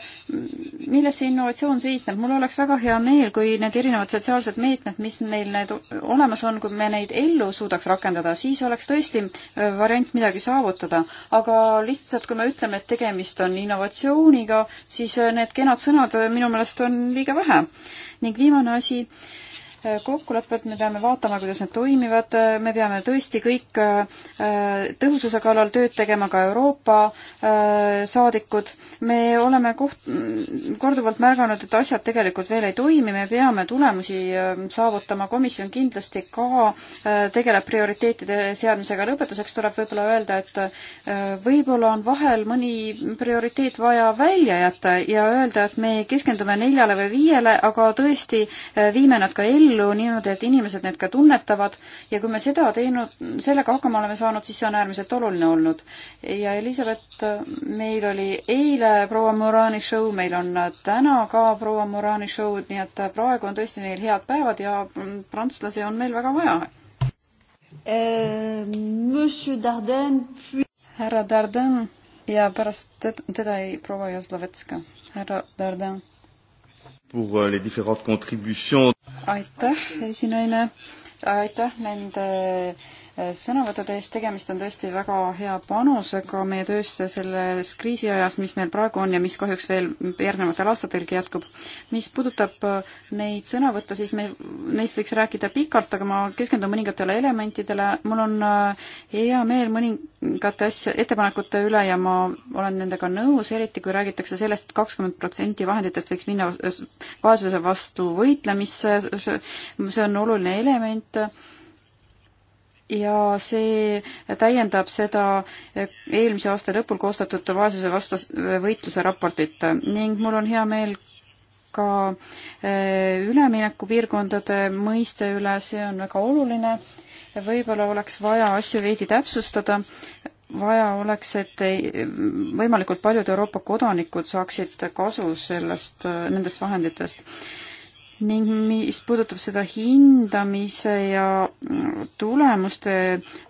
milles see innovatsioon seisneb, mul oleks väga hea meel, kui need erinevad sotsiaalsed meetmed, mis meil need olemas on, kui me neid ellu suudaks rakendada, siis oleks tõesti äh, variant midagi saavutada. aga lihtsalt, kui me ütleme, et tegemist on innovatsiooniga, siis äh, need kenad sõnad minu meelest on liiga vähe. ning viimane asi äh,, kokkulepped, me peame vaatama, kuidas need toimivad, me peame tõesti kõik äh, tõhususe kallal tööd tegema, ka Euroopa äh, saadikud. me oleme koht-, korduvalt märganud, et asjad tegelikult veel ei toimi, me peame tulemusi äh, saavutama, komisjon kindlasti ka tegeleb prioriteetide seadmisega. lõpetuseks tuleb võib-olla öelda, et võib-olla on vahel mõni prioriteet vaja välja jätta ja öelda, et me keskendume neljale või viiele, aga tõesti viime nad ka ellu ellu niimoodi, et inimesed need ka tunnetavad ja kui me seda teinud, sellega hakkama oleme saanud, siis see on äärmiselt oluline olnud. ja Elizabeth, meil oli eile proua Morani show, meil on täna ka proua Morani show'd, nii et praegu on tõesti meil head päevad ja prantslasi on meil väga vaja äh,. härra Dardin ja pärast teda ei proua Jazlovetska. härra Dardin Euh, aitäh, esinaine, aitäh nende sõnavõttude eest, tegemist on tõesti väga hea panusega meie töösse selles kriisiajas, mis meil praegu on ja mis kahjuks veel järgnevatel aastatelgi jätkub. mis puudutab äh, neid sõnavõtte, siis me, neist võiks rääkida pikalt, aga ma keskendun mõningatele elementidele, mul on äh, hea meel mõningate asja, ettepanekute üle ja ma olen nendega nõus, eriti kui räägitakse sellest, et kakskümmend protsenti vahenditest võiks minna äh, vaesuse vastu võitlemisse, see on oluline element, ja see täiendab seda eelmise aasta lõpul koostatud vaesuse vastas-, võitluse raportit ning mul on hea meel ka eh, üleminekupiirkondade mõiste üle, see on väga oluline. võib-olla oleks vaja asju veidi täpsustada, vaja oleks, et eh, võimalikult paljud Euroopa kodanikud saaksid kasu sellest, eh, nendest vahenditest ning mis puudutab seda hindamise ja tulemuste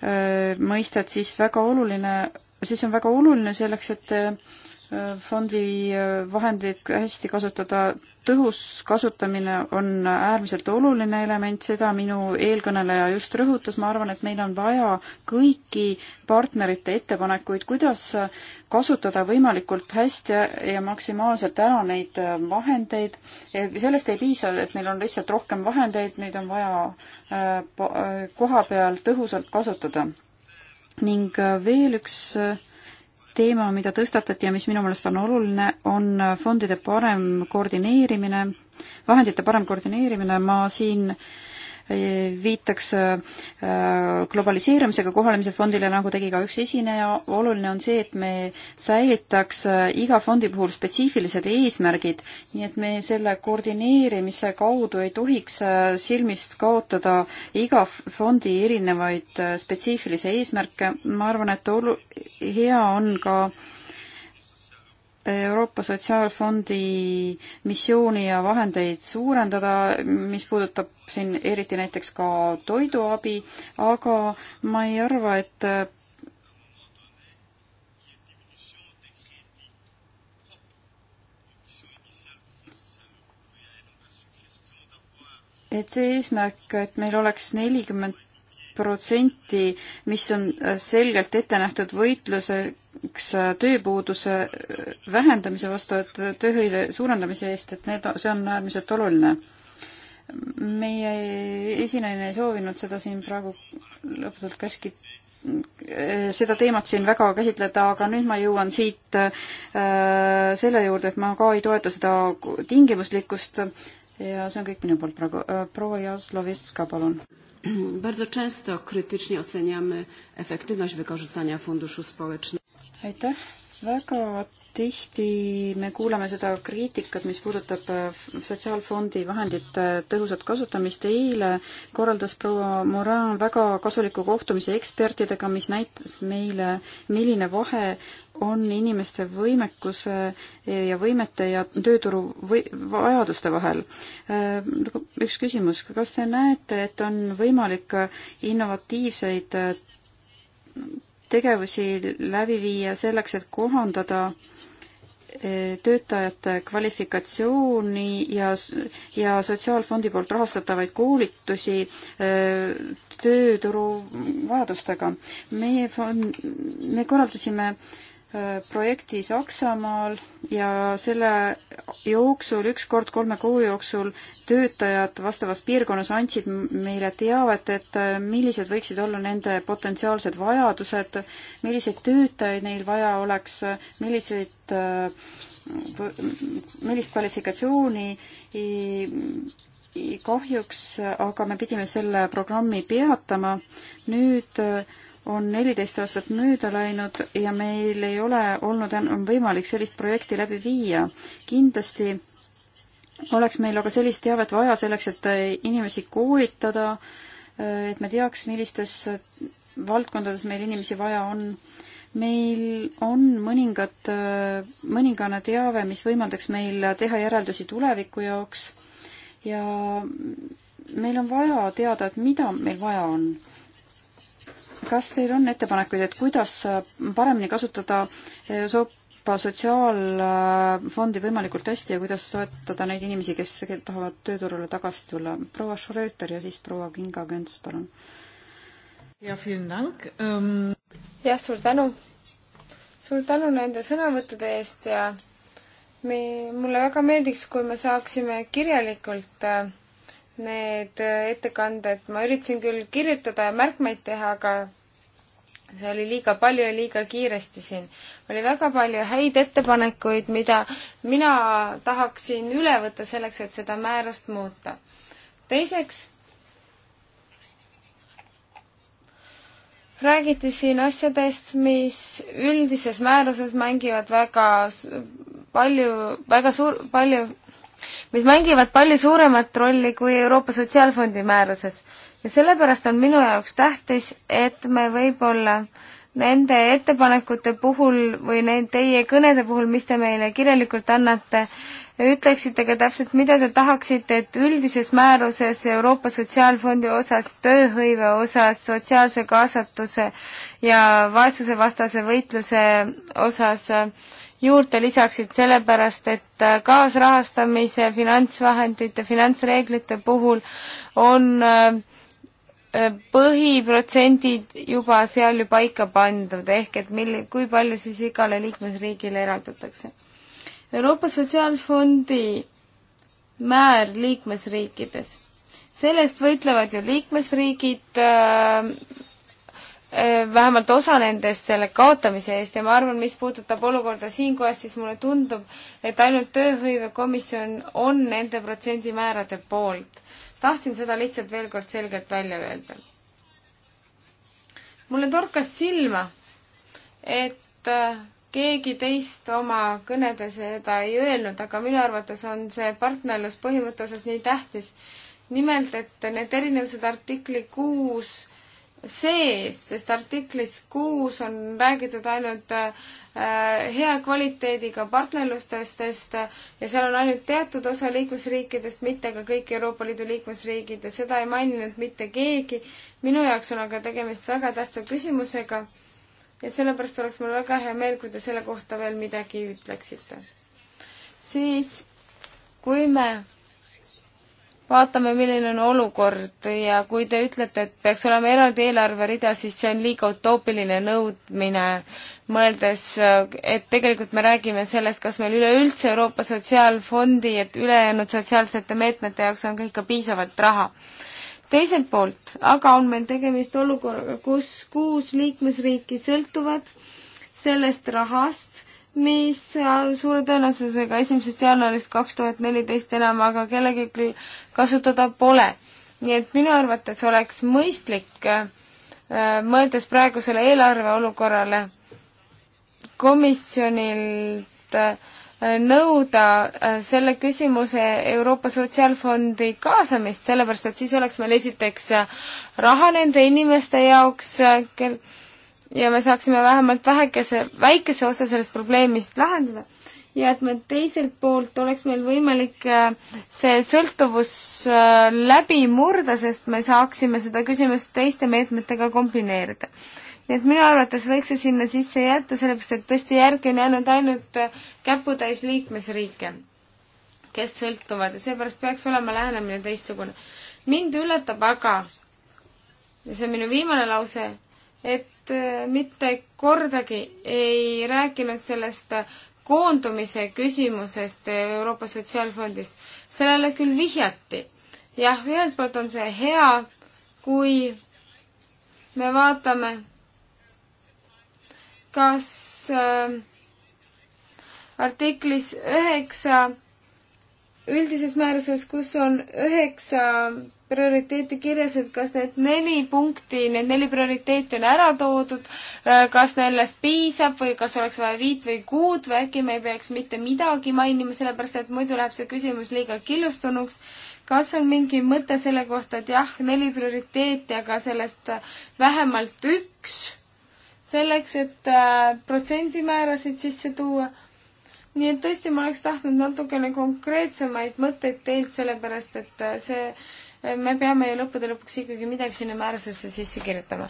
äh, mõistet, siis väga oluline, siis on väga oluline selleks, et äh, fondi äh, vahendeid hästi kasutada, tõhus kasutamine on äärmiselt oluline element, seda minu eelkõneleja just rõhutas, ma arvan, et meil on vaja kõiki partnerite ettepanekuid, kuidas kasutada võimalikult hästi ja maksimaalselt ära neid vahendeid. sellest ei piisa, et meil on lihtsalt rohkem vahendeid, neid on vaja äh, koha peal tõhusalt kasutada. ning äh, veel üks äh, teema, mida tõstatati ja mis minu meelest on oluline, on fondide parem koordineerimine, vahendite parem koordineerimine, ma siin äh, Äh, viitaks äh, globaliseerumisega kohalemise fondile, nagu tegi ka üks esineja, oluline on see, et me säilitaks äh, iga fondi puhul spetsiifilised eesmärgid, nii et me selle koordineerimise kaudu ei tohiks silmist kaotada iga fondi erinevaid spetsiifilisi eesmärke, ma arvan, et olu-, hea on ka äh, Euroopa Sotsiaalfondi missiooni ja vahendeid suurendada, mis puudutab siin eriti näiteks ka toiduabi, aga ma ei arva, et et see eesmärk, et meil oleks nelikümmend protsenti, mis on selgelt ette nähtud võitluse võitleks äh, tööpuuduse äh, vähendamise vastu, et äh, tööhõive suurendamise eest, et need, see on äärmiselt oluline. meie esinaine ei soovinud seda siin praegu lõputult käski, seda teemat siin väga käsitleda, aga nüüd ma jõuan siit äh, selle juurde, et ma ka ei toeta seda tingimuslikkust ja see on kõik minu poolt praegu. proua Jaslovitska, palun bardzo często krytycznie oceniamy efektywność wykorzystania funduszu społecznego aitäh, väga tihti me kuuleme seda kriitikat, mis puudutab äh, Sotsiaalfondi vahendite äh, tõhusat kasutamist. eile korraldas proua Morin väga kasuliku kohtumise ekspertidega, mis näitas meile, milline vahe on inimeste võimekuse äh, ja võimete ja tööturu või vajaduste vahel. üks küsimus, kas te näete, et on võimalik innovatiivseid tegevusi läbi viia selleks, et kohandada eh, töötajate kvalifikatsiooni ja, ja Sotsiaalfondi poolt rahastatavaid koolitusi eh, tööturu vajadustega. meie fond, me korraldasime äh, projekti Saksamaal ja selle jooksul, üks kord kolme kuu jooksul, töötajad vastavas piirkonnas andsid meile teavet, et äh, millised võiksid olla nende potentsiaalsed vajadused, milliseid töötajaid neil vaja oleks, milliseid, äh, millist kvalifikatsiooni kahjuks aga me pidime selle programmi peatama. nüüd äh, on neliteist aastat mööda läinud ja meil ei ole olnud enam võimalik sellist projekti läbi viia. kindlasti oleks meil aga sellist teavet vaja selleks, et inimesi koolitada, et me teaks, millistes valdkondades meil inimesi vaja on. meil on mõningad, mõningane teave, mis võimaldaks meil teha järeldusi tuleviku jaoks ja meil on vaja teada, et mida meil vaja on kas teil on ettepanekuid, et kuidas paremini kasutada Euroopa Sotsiaalfondi võimalikult hästi ja kuidas toetada neid inimesi, kes tahavad tööturule tagasi tulla? proua Schröter ja siis proua Kinga Künts, palun. Ähm, jah, suur tänu. suur tänu nende sõnavõttude eest ja me, mulle väga meeldiks, kui me saaksime kirjalikult äh, need ettekanded, ma üritasin küll kirjutada ja märkmeid teha, aga see oli liiga palju ja liiga kiiresti siin. oli väga palju häid ettepanekuid, mida mina tahaksin üle võtta selleks, et seda määrust muuta. teiseks räägiti siin asjadest, mis üldises määruses mängivad väga palju, väga suur, palju mis mängivad palju suuremat rolli kui Euroopa Sotsiaalfondi määruses. ja sellepärast on minu jaoks tähtis, et me võib-olla nende ettepanekute puhul või neid teie kõnede puhul, mis te meile kirjalikult annate, ütleksite ka täpselt, mida te tahaksite, et üldises määruses Euroopa Sotsiaalfondi osas, tööhõive osas, sotsiaalse kaasatuse ja vaesusevastase võitluse osas äh, juurde lisaksid, sellepärast et äh, kaasrahastamise finantsvahendite, finantsreeglite puhul on äh, äh, põhiprotsendid juba seal ju paika pandud, ehk et milli-, kui palju siis igale liikmesriigile eraldatakse. Euroopa Sotsiaalfondi määr liikmesriikides. selle eest võitlevad ju liikmesriigid äh, Äh, vähemalt osa nendest selle kaotamise eest ja ma arvan, mis puudutab olukorda siinkohas, siis mulle tundub, et ainult tööhõivekomisjon on nende protsendimäärade poolt. tahtsin seda lihtsalt veel kord selgelt välja öelda. mulle torkas silma, et äh, keegi teist oma kõnede seda ei öelnud, aga minu arvates on see partnerluspõhimõtte osas nii tähtis. nimelt, et need erinevused artikli kuus 6 sees, sest artiklis kuus on räägitud ainult äh, hea kvaliteediga partnerlustest ja seal on ainult teatud osa liikmesriikidest, mitte ka kõik Euroopa Liidu liikmesriigid ja seda ei maininud mitte keegi. minu jaoks on aga tegemist väga tähtsa küsimusega ja sellepärast oleks mul väga hea meel, kui te selle kohta veel midagi ütleksite. siis, kui me vaatame, milline on olukord ja kui te ütlete, et peaks olema eraldi eelarverida, siis see on liiga utoopiline nõudmine, mõeldes, et tegelikult me räägime sellest, kas meil üleüldse Euroopa Sotsiaalfondi, et ülejäänud sotsiaalsete meetmete jaoks on ka ikka piisavalt raha. teiselt poolt aga on meil tegemist olukorraga, kus kuus liikmesriiki sõltuvad sellest rahast mis äh, suure tõenäosusega esimesest jaanuarist kaks tuhat neliteist enam aga kellelgi kasutada pole. nii et minu arvates oleks mõistlik, äh, mõeldes praegusele eelarve olukorrale, komisjonilt äh, nõuda selle küsimuse Euroopa Sotsiaalfondi kaasamist, sellepärast et siis oleks meil esiteks raha nende inimeste jaoks, kel-, ja me saaksime vähemalt vähekese, väikese osa sellest probleemist lahendada. ja et me teiselt poolt oleks meil võimalik äh, see sõltuvus äh, läbi murda, sest me saaksime seda küsimust teiste meetmetega kombineerida nii et minu arvates võiks see sinna sisse jätta, sellepärast et tõesti järgi on jäänud ainult äh, käputäis liikmesriike, kes sõltuvad ja seepärast peaks olema lähenemine teistsugune. mind üllatab aga, ja see on minu viimane lause, et Eh, mitte kordagi ei rääkinud sellest koondumise küsimusest Euroopa Sotsiaalfondist. sellele küll vihjati. jah, ühelt poolt on see hea, kui me vaatame, kas äh, artiklis üheksa üldises määruses, kus on üheksa prioriteeti kirjas, et kas need neli punkti, need neli prioriteeti on ära toodud, äh, kas nendest piisab või kas oleks vaja viit või kuud või äkki me ei peaks mitte midagi mainima, sellepärast et muidu läheb see küsimus liiga killustunuks. kas on mingi mõte selle kohta, et jah, neli prioriteeti, aga sellest äh, vähemalt üks, selleks, et äh, protsendimäärasid sisse tuua nii et tõesti, ma oleks tahtnud natukene konkreetsemaid mõtteid teilt, sellepärast et see me peame ju lõppude lõpuks ikkagi midagi sinna määrusesse sisse kirjutama.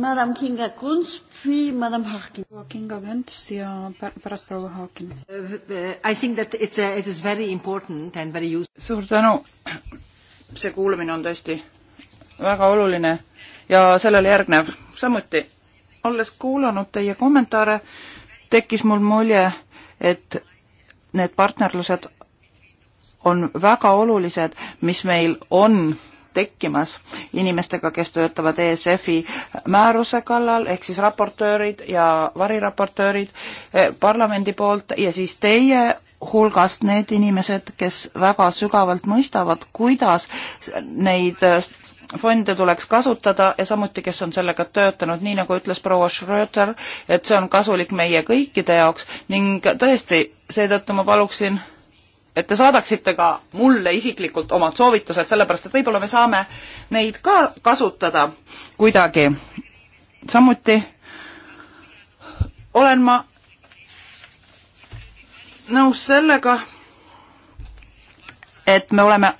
Madam Kinga Kunst, puis Madam Harkin. Kinga Kunst ja pärast proua Harkin. Uh, I think that it's a, uh, it is very important and very useful. suur tänu. see kuulamine on tõesti väga oluline ja sellele järgnev samuti. olles kuulanud teie kommentaare, tekkis mul mulje, et need partnerlused on väga olulised, mis meil on tekkimas inimestega, kes töötavad ESF-i määruse kallal, ehk siis raportöörid ja variraportöörid eh, parlamendi poolt ja siis teie hulgast need inimesed, kes väga sügavalt mõistavad, kuidas neid eh, fonde tuleks kasutada ja samuti, kes on sellega töötanud, nii nagu ütles proua Schröter, et see on kasulik meie kõikide jaoks ning tõesti, seetõttu ma paluksin et te saadaksite ka mulle isiklikult omad soovitused, sellepärast et võib-olla me saame neid ka kasutada kuidagi. samuti olen ma nõus sellega, et me oleme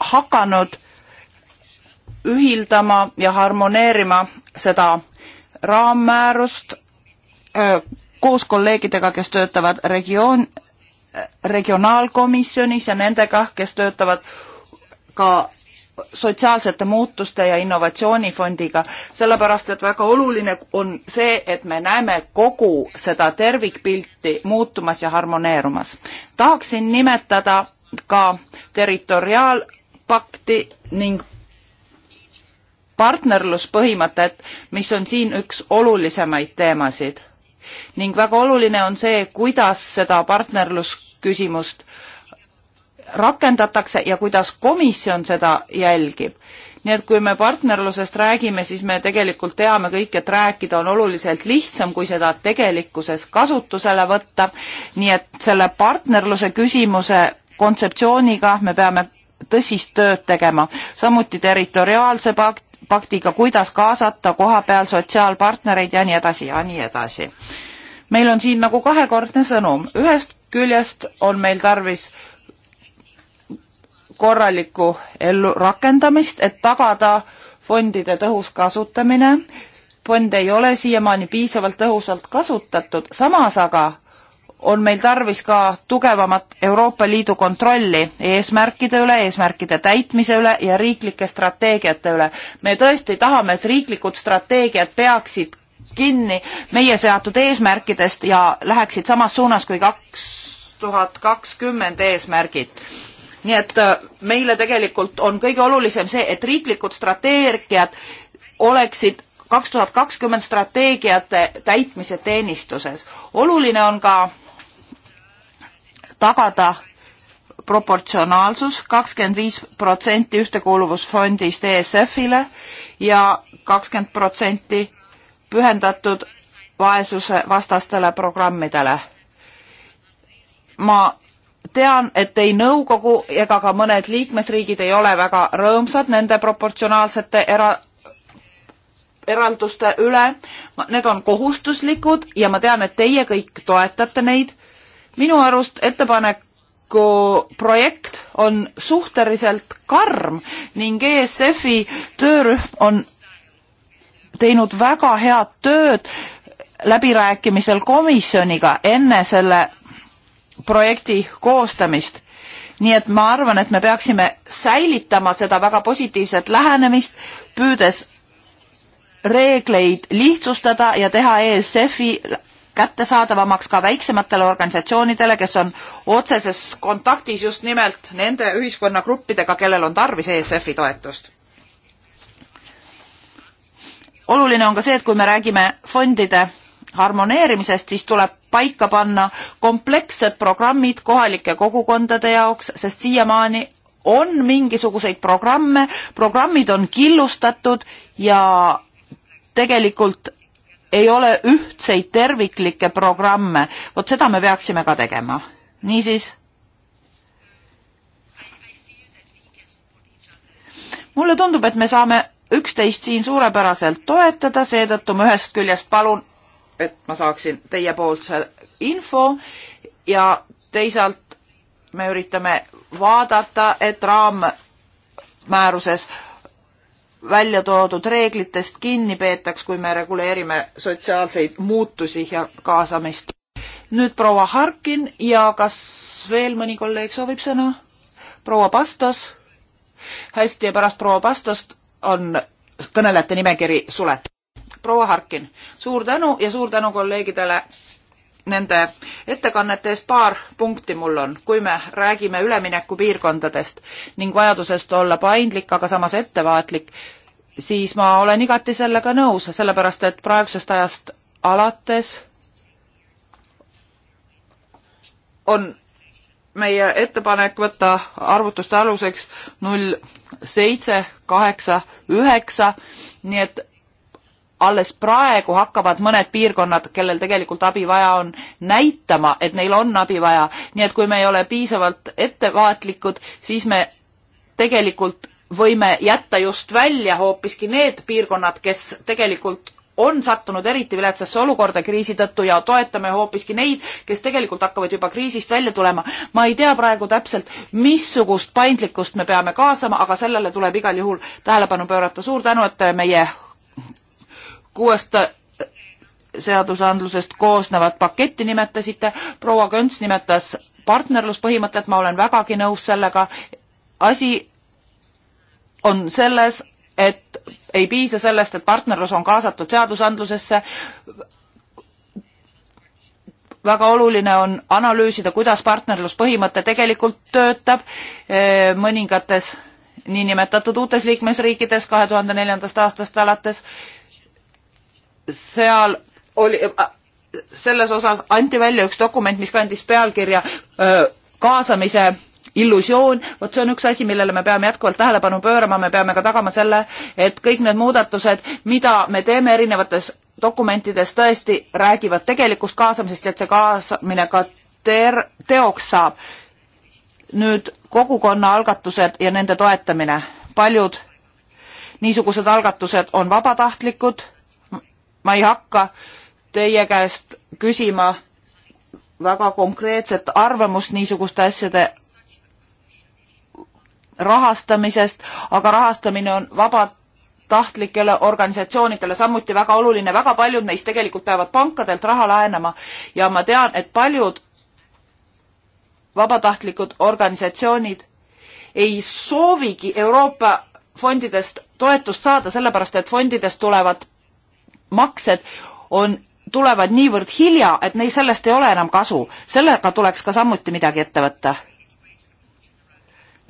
hakanud ühildama ja harmoneerima seda raammäärust öö, äh, koos kolleegidega, kes töötavad regioon, regionaalkomisjonis ja nendega, kes töötavad ka sotsiaalsete muutuste ja innovatsioonifondiga, sellepärast et väga oluline on see, et me näeme kogu seda tervikpilti muutumas ja harmoneerumas. tahaksin nimetada ka territoriaalpakti ning partnerluspõhimõtet, mis on siin üks olulisemaid teemasid. ning väga oluline on see, kuidas seda partnerlus küsimust rakendatakse ja kuidas komisjon seda jälgib. nii et kui me partnerlusest räägime, siis me tegelikult teame kõik, et rääkida on oluliselt lihtsam, kui seda tegelikkuses kasutusele võtta. nii et selle partnerluse küsimuse kontseptsiooniga me peame tõsist tööd tegema, samuti territoriaalse pakt, paktiga, kuidas kaasata koha peal sotsiaalpartnereid ja nii edasi ja nii edasi. meil on siin nagu kahekordne sõnum, ühest küljest on meil tarvis korralikku ellu rakendamist, et tagada fondide tõhus kasutamine. Fonde ei ole siiamaani piisavalt tõhusalt kasutatud, samas aga on meil tarvis ka tugevamat Euroopa Liidu kontrolli eesmärkide üle, eesmärkide täitmise üle ja riiklike strateegiate üle. me tõesti tahame, et riiklikud strateegiad peaksid kinni meie seatud eesmärkidest ja läheksid samas suunas kui kaks tuhat kakskümmend eesmärgid. nii et äh, meile tegelikult on kõige olulisem see, et riiklikud strateegiad oleksid kaks tuhat kakskümmend strateegiate täitmise teenistuses. oluline on ka tagada proportsionaalsus, kakskümmend viis protsenti ühtekuuluvusfondist ESF-ile ja kakskümmend protsenti pühendatud vaesuse vastastele programmidele. ma tean, et ei nõukogu ega ka mõned liikmesriigid ei ole väga rõõmsad nende proportsionaalsete era-, eralduste üle. Need on kohustuslikud ja ma tean, et teie kõik toetate neid. minu arust ettepaneku projekt on suhteliselt karm ning ESF-i töörühm on teinud väga head tööd läbirääkimisel komisjoniga enne selle projekti koostamist. nii et ma arvan, et me peaksime säilitama seda väga positiivset lähenemist, püüdes reegleid lihtsustada ja teha ESF-i kättesaadavamaks ka väiksematele organisatsioonidele, kes on otseses kontaktis just nimelt nende ühiskonnagruppidega, kellel on tarvis ESF-i toetust oluline on ka see, et kui me räägime fondide harmoneerimisest, siis tuleb paika panna komplekssed programmid kohalike kogukondade jaoks, sest siiamaani on mingisuguseid programme, programmid on killustatud ja tegelikult ei ole ühtseid terviklikke programme. vot seda me peaksime ka tegema. niisiis. mulle tundub, et me saame üksteist siin suurepäraselt toetada, seetõttu ma ühest küljest palun, et ma saaksin teiepoolse info ja teisalt me üritame vaadata, et raammääruses välja toodud reeglitest kinni peetaks, kui me reguleerime sotsiaalseid muutusi ja kaasamist. nüüd proua Harkin ja kas veel mõni kolleeg soovib sõna? proua Pastos. hästi ja pärast proua Pastost on kõnelejate nimekiri suletud. proua Harkin, suur tänu ja suur tänu kolleegidele nende ettekannete eest paar punkti mul on, kui me räägime üleminekupiirkondadest ning vajadusest olla paindlik, aga samas ettevaatlik, siis ma olen igati sellega nõus, sellepärast et praegusest ajast alates on meie ettepanek võtta arvutuste aluseks null seitse, kaheksa, üheksa, nii et alles praegu hakkavad mõned piirkonnad, kellel tegelikult abi vaja on, näitama, et neil on abi vaja. nii et kui me ei ole piisavalt ettevaatlikud, siis me tegelikult võime jätta just välja hoopiski need piirkonnad, kes tegelikult on sattunud eriti viletsasse olukorda kriisi tõttu ja toetame hoopiski neid, kes tegelikult hakkavad juba kriisist välja tulema. ma ei tea praegu täpselt, missugust paindlikkust me peame kaasama, aga sellele tuleb igal juhul tähelepanu pöörata. suur tänu, et te meie kuuest seadusandlusest koosnevat paketti nimetasite. proua Könts nimetas partnerluspõhimõtet, ma olen vägagi nõus sellega. asi on selles, et ei piisa sellest, et partnerlus on kaasatud seadusandlusesse. väga oluline on analüüsida, kuidas partnerluspõhimõte tegelikult töötab eh, mõningates niinimetatud uutes liikmesriikides kahe tuhande neljandast aastast alates. seal oli, eh, selles osas anti välja üks dokument, mis kandis pealkirja eh, kaasamise illusioon, vot see on üks asi, millele me peame jätkuvalt tähelepanu pöörama, me peame ka tagama selle, et kõik need muudatused, mida me teeme erinevates dokumentides tõesti räägivad tegelikust kaasamisest ja et see kaasamine ka ter-, teoks saab. nüüd kogukonna algatused ja nende toetamine. paljud niisugused algatused on vabatahtlikud, ma ei hakka teie käest küsima väga konkreetset arvamust niisuguste asjade rahastamisest, aga rahastamine on vabatahtlikele organisatsioonidele samuti väga oluline, väga paljud neist tegelikult peavad pankadelt raha laenama ja ma tean, et paljud vabatahtlikud organisatsioonid ei soovigi Euroopa fondidest toetust saada, sellepärast et fondidest tulevad maksed on, tulevad niivõrd hilja, et neil sellest ei ole enam kasu. sellega tuleks ka samuti midagi ette võtta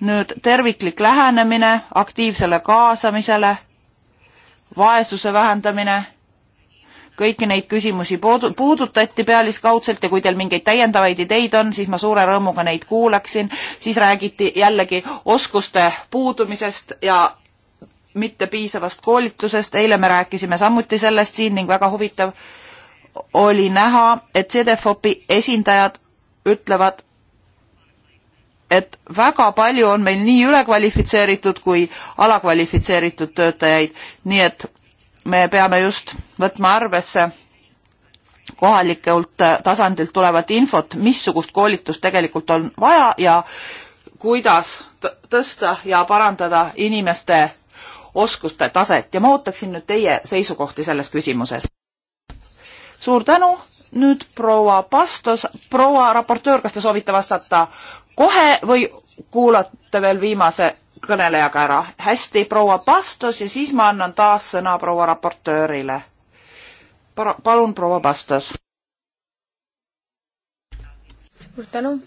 nüüd terviklik lähenemine aktiivsele kaasamisele, vaesuse vähendamine, kõiki neid küsimusi puudutati pealiskaudselt ja kui teil mingeid täiendavaid ideid on, siis ma suure rõõmuga neid kuulaksin, siis räägiti jällegi oskuste puudumisest ja mitte piisavast koolitusest, eile me rääkisime samuti sellest siin ning väga huvitav oli näha, et CDFOP-i esindajad ütlevad, et väga palju on meil nii ülekvalifitseeritud kui alakvalifitseeritud töötajaid, nii et me peame just võtma arvesse kohalikult tasandilt tulevat infot, missugust koolitust tegelikult on vaja ja kuidas tõsta ja parandada inimeste oskuste taset ja ma ootaksin nüüd teie seisukohti selles küsimuses. suur tänu, nüüd proua Pastos, proua raportöör, kas te soovite vastata kohe või kuulate veel viimase kõnelejaga ära? hästi, proua Pastos ja siis ma annan taas sõna proua raportöörile. palun, proua Pastos. suur tänu,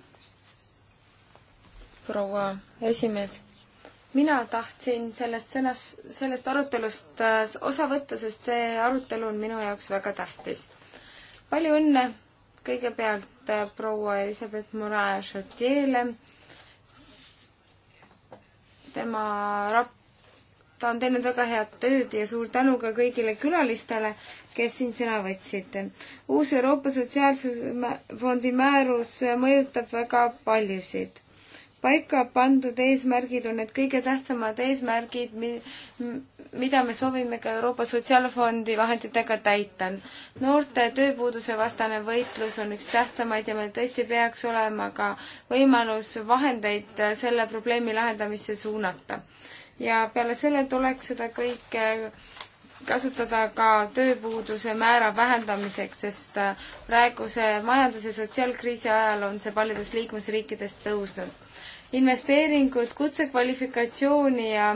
proua esimees mina tahtsin sellest sõnast, sellest arutelust äh, osa võtta, sest see arutelu on minu jaoks väga tähtis. palju õnne kõigepealt kõigepealt äh, proua Elizabeth Morin-Chartier'le. tema rap-, ta on teinud väga head tööd ja suur tänu ka kõigile külalistele, kes siin sõna võtsid. uus Euroopa Sotsiaalse Fondi määrus mõjutab väga paljusid paika pandud eesmärgid on need kõige tähtsamad eesmärgid, mida me soovime ka Euroopa Sotsiaalfondi vahenditega täita. noorte tööpuuduse vastane võitlus on üks tähtsamaid ja meil tõesti peaks olema ka võimalus vahendeid selle probleemi lahendamisse suunata. ja peale selle tuleks seda kõike kasutada ka tööpuuduse määra vähendamiseks, sest äh, praeguse majandus- ja sotsiaalkriisi ajal on see paljudes liikmesriikides tõusnud investeeringud kutsekvalifikatsiooni ja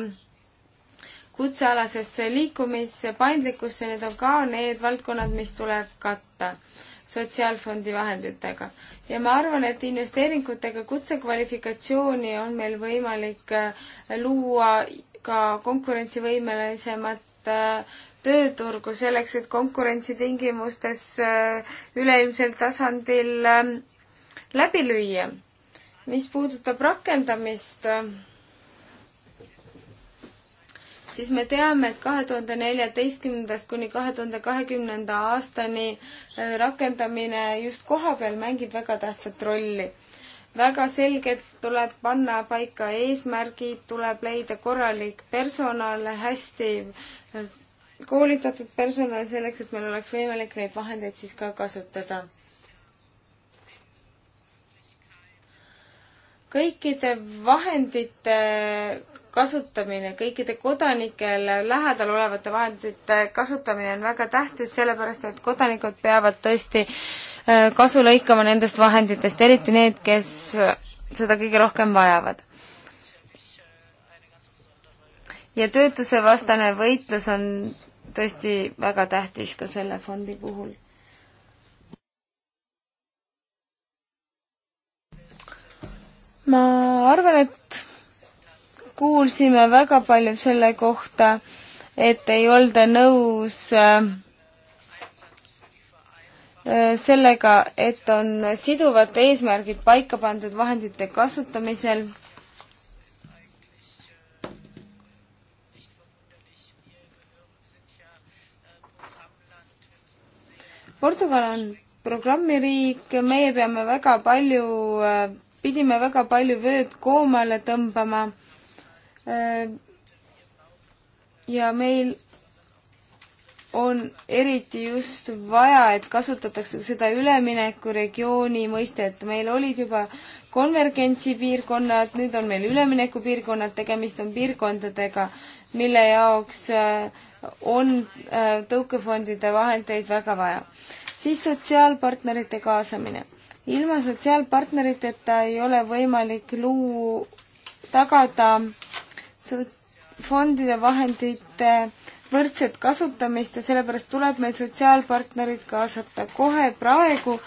kutsealasesse liikumisse, paindlikkusse, need on ka need valdkonnad, mis tuleb katta sotsiaalfondi vahenditega. ja ma arvan, et investeeringutega kutsekvalifikatsiooni on meil võimalik äh, luua ka konkurentsivõimelisemat äh, tööturgu selleks, et konkurentsitingimustes äh, üleilmsel tasandil ähm, läbi lüüa mis puudutab rakendamist, siis me teame, et kahe tuhande neljateistkümnendast kuni kahe tuhande kahekümnenda aastani äh, rakendamine just kohapeal mängib väga tähtsat rolli. väga selgelt tuleb panna paika eesmärgid, tuleb leida korralik personal, hästi äh, koolitatud personal selleks, et meil oleks võimalik neid vahendeid siis ka kasutada kõikide vahendite kasutamine, kõikide kodanikele lähedal olevate vahendite kasutamine on väga tähtis, sellepärast et kodanikud peavad tõesti äh, kasu lõikama nendest vahenditest, eriti need, kes seda kõige rohkem vajavad. ja töötusevastane võitlus on tõesti väga tähtis ka selle fondi puhul ma arvan, et kuulsime väga palju selle kohta, et ei olda nõus äh, äh, sellega, et on siduvad eesmärgid paika pandud vahendite kasutamisel Portugal on programmiriik, meie peame väga palju äh, pidime väga palju vööd koomale tõmbama. ja meil on eriti just vaja, et kasutatakse seda üleminekuregiooni mõistet, meil olid juba konvergentsipiirkonnad, nüüd on meil üleminekupiirkonnad, tegemist on piirkondadega, mille jaoks äh, on äh, tõukefondide vahendeid väga vaja. siis sotsiaalpartnerite kaasamine ilma sotsiaalpartneriteta ei ole võimalik luu-, tagada fondide vahendite võrdset kasutamist ja sellepärast tuleb meil sotsiaalpartnerid kaasata kohe praegu,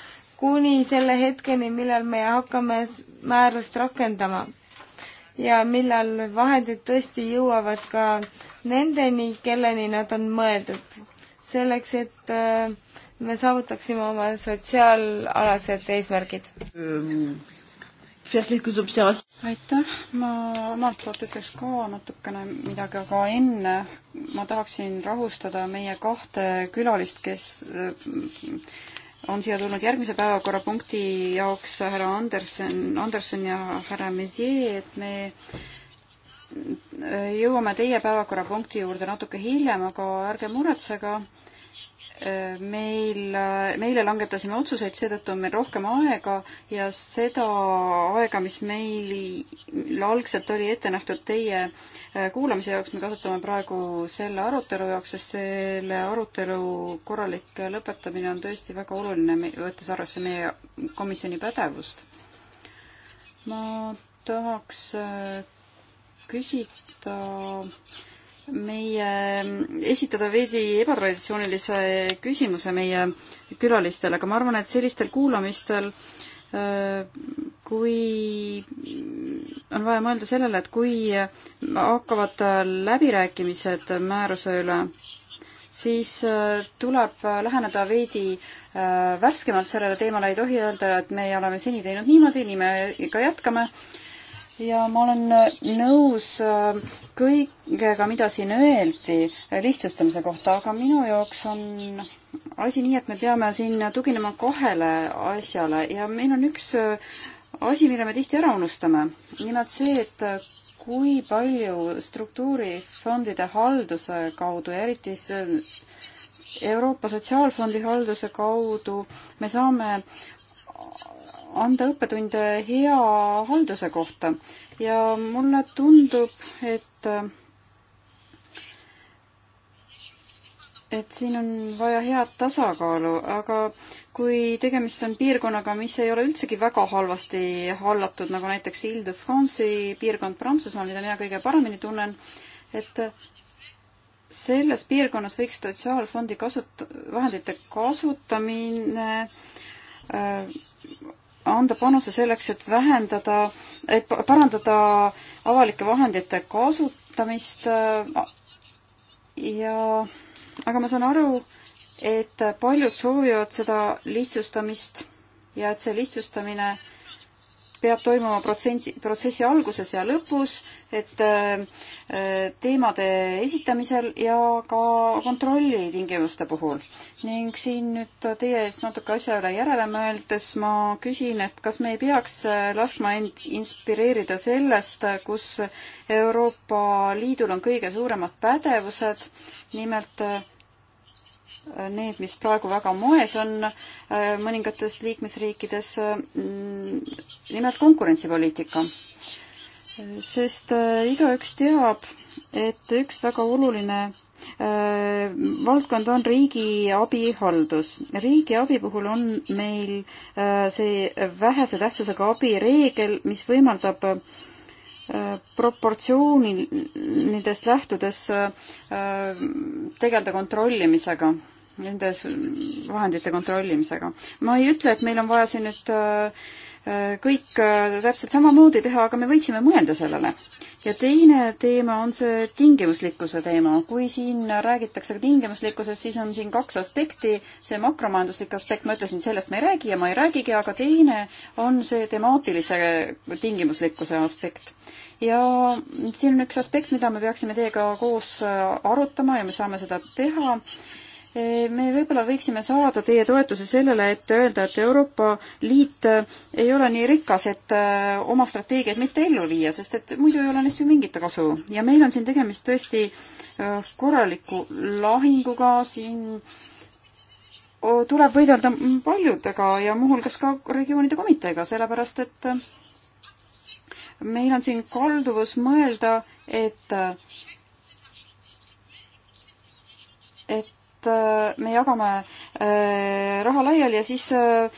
kuni selle hetkeni, millal me hakkame määrust rakendama. ja millal vahendid tõesti jõuavad ka nendeni, kelleni nad on mõeldud. selleks, et äh, me saavutaksime oma sotsiaalalased eesmärgid. Ehm, aitäh, ma omalt poolt ütleks ka natukene midagi, aga enne ma tahaksin rahustada meie kahte külalist, kes ehm, on siia tulnud järgmise päevakorrapunkti jaoks, härra Anderson, Anderson ja härra Messier, et me ehm, jõuame teie päevakorrapunkti juurde natuke hiljem, aga ärge muretsege meil, meile langetasime otsuseid, seetõttu on meil rohkem aega ja seda aega, mis meil algselt oli ette nähtud teie äh, kuulamise jaoks, me kasutame praegu selle arutelu jaoks, sest selle arutelu korralik lõpetamine on tõesti väga oluline, võttes arvesse meie komisjoni pädevust. ma tahaks äh, küsida meie, esitada veidi ebatraditsioonilise küsimuse meie külalistele, aga ma arvan, et sellistel kuulamistel äh, kui on vaja mõelda sellele, et kui hakkavad läbirääkimised määruse üle, siis äh, tuleb läheneda veidi äh, värskemalt sellele teemale, ei tohi öelda, et meie oleme seni teinud niimoodi, nii me ka jätkame ja ma olen äh, nõus äh, kõigega, mida siin öeldi äh, lihtsustamise kohta, aga minu jaoks on asi nii, et me peame siin tuginema kahele asjale ja meil on üks asi, mille me tihti ära unustame. nimelt see, et kui palju struktuurifondide halduse kaudu ja eriti Euroopa Sotsiaalfondi halduse kaudu me saame anda õppetunde hea halduse kohta ja mulle tundub, et et siin on vaja head tasakaalu, aga kui tegemist on piirkonnaga, mis ei ole üldsegi väga halvasti hallatud, nagu näiteks Ile-de-France'i piirkond Prantsusmaal, mida mina kõige paremini tunnen, et selles piirkonnas võiks sotsiaalfondi kasut-, vahendite kasutamine äh, anda panuse selleks, et vähendada, et parandada avalike vahendite kasutamist äh, ja aga ma saan aru, et paljud soovivad seda lihtsustamist ja et see lihtsustamine äh, peab toimuma protsentsi, protsessi alguses ja lõpus, et äh, teemade esitamisel ja ka kontrolli tingimuste puhul. ning siin nüüd teie eest natuke asja üle järele mõeldes ma küsin, et kas me ei peaks äh, laskma end inspireerida sellest, kus Euroopa Liidul on kõige suuremad pädevused, nimelt äh, need, mis praegu väga moes on äh, mõningates liikmesriikides, mm, nimelt konkurentsipoliitika. sest äh, igaüks teab, et üks väga oluline äh, valdkond on riigiabi haldus. riigiabi puhul on meil see vähese tähtsusega abi reegel, mis võimaldab proportsioonidest lähtudes tegeleda kontrollimisega nende vahendite kontrollimisega. ma ei ütle, et meil on vaja siin nüüd äh, äh, kõik äh, täpselt samamoodi teha, aga me võiksime mõelda sellele. ja teine teema on see tingimuslikkuse teema. kui siin räägitakse tingimuslikkusest, siis on siin kaks aspekti. see makromajanduslik aspekt, ma ütlesin, sellest me ei räägi ja ma ei räägigi, aga teine on see temaatilise tingimuslikkuse aspekt ja siin on üks aspekt, mida me peaksime teiega koos arutama ja me saame seda teha. Eh, me võib-olla võiksime saada teie toetuse sellele, et öelda, et Euroopa Liit eh, ei ole nii rikas, et eh, oma strateegiaid mitte ellu viia, sest et muidu ei ole neist ju mingit kasu ja meil on siin tegemist tõesti korraliku lahinguga siin tuleb võidelda paljudega ja muuhulgas ka regioonide komiteega, sellepärast et meil on siin kalduvus mõelda, et et äh, me jagame äh, raha laiali ja siis äh,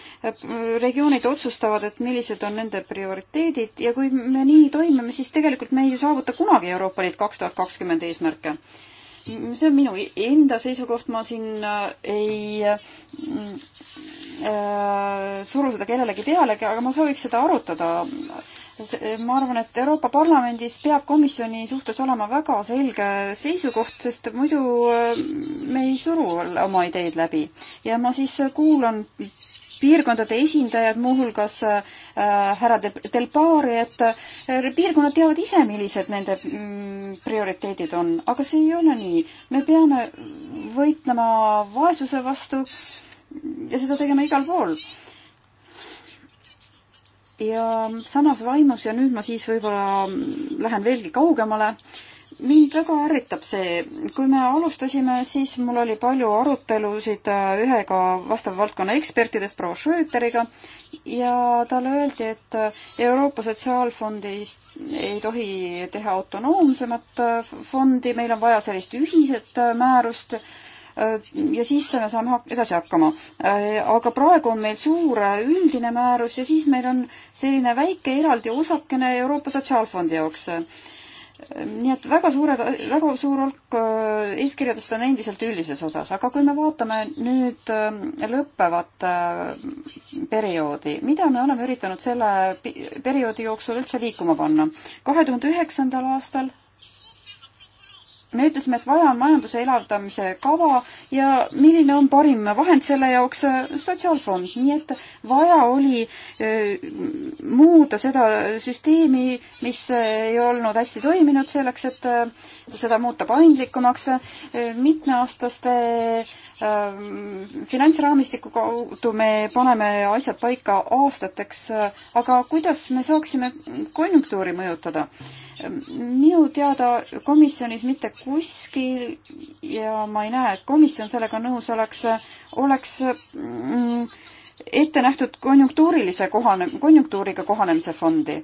regioonid otsustavad, et millised on nende prioriteedid ja kui me nii toimime, siis tegelikult me ei saavuta kunagi Euroopa Liit kaks tuhat kakskümmend eesmärke. see on minu enda seisukoht, ma siin ei mm, suru seda kellelegi peale, aga ma sooviks seda arutada ma arvan, et Euroopa Parlamendis peab komisjoni suhtes olema väga selge seisukoht, sest muidu äh, me ei suru oma ideid läbi. ja ma siis kuulan piirkondade esindajad, muuhulgas äh, härra Del Pari, et äh, piirkonnad teavad ise, millised nende mm, prioriteedid on, aga see ei ole nii. me peame võitlema vaesuse vastu ja seda tegema igal pool äh, ja samas vaimus ja nüüd ma siis võib-olla lähen veelgi kaugemale mind väga ärritab see, kui me alustasime, siis mul oli palju arutelusid äh, ühega vastava valdkonna ekspertidest, proua Schröteriga, ja talle öeldi, et äh, Euroopa Sotsiaalfondist ei tohi teha autonoomsemat äh, fondi, meil on vaja sellist ühiset määrust Äh, ja siis me saame edasi hakkama. Äh, aga praegu on meil suur äh, üldine määrus ja siis meil on selline väike eraldi osakene Euroopa Sotsiaalfondi jaoks. nii et väga suured, väga suur hulk eeskirjadest on endiselt üldises osas, aga kui me vaatame nüüd lõppevat perioodi, mida me oleme üritanud selle perioodi jooksul üldse liikuma panna? kahe tuhande üheksandal aastal me ütlesime, et vaja on majanduse elavdamise kava ja milline on parim vahend selle jaoks, sotsiaalfond, nii et vaja oli muuta seda süsteemi, mis ei olnud hästi toiminud, selleks et seda muuta paindlikumaks, mitmeaastaste finantsraamistiku kaudu me paneme asjad paika aastateks, aga kuidas me saaksime konjunktuuri mõjutada? minu teada komisjonis mitte kuskil ja ma ei näe, et komisjon sellega nõus oleks, oleks mm, ette nähtud konjunktuurilise kohane, konjunktuuriga kohanemise fondi.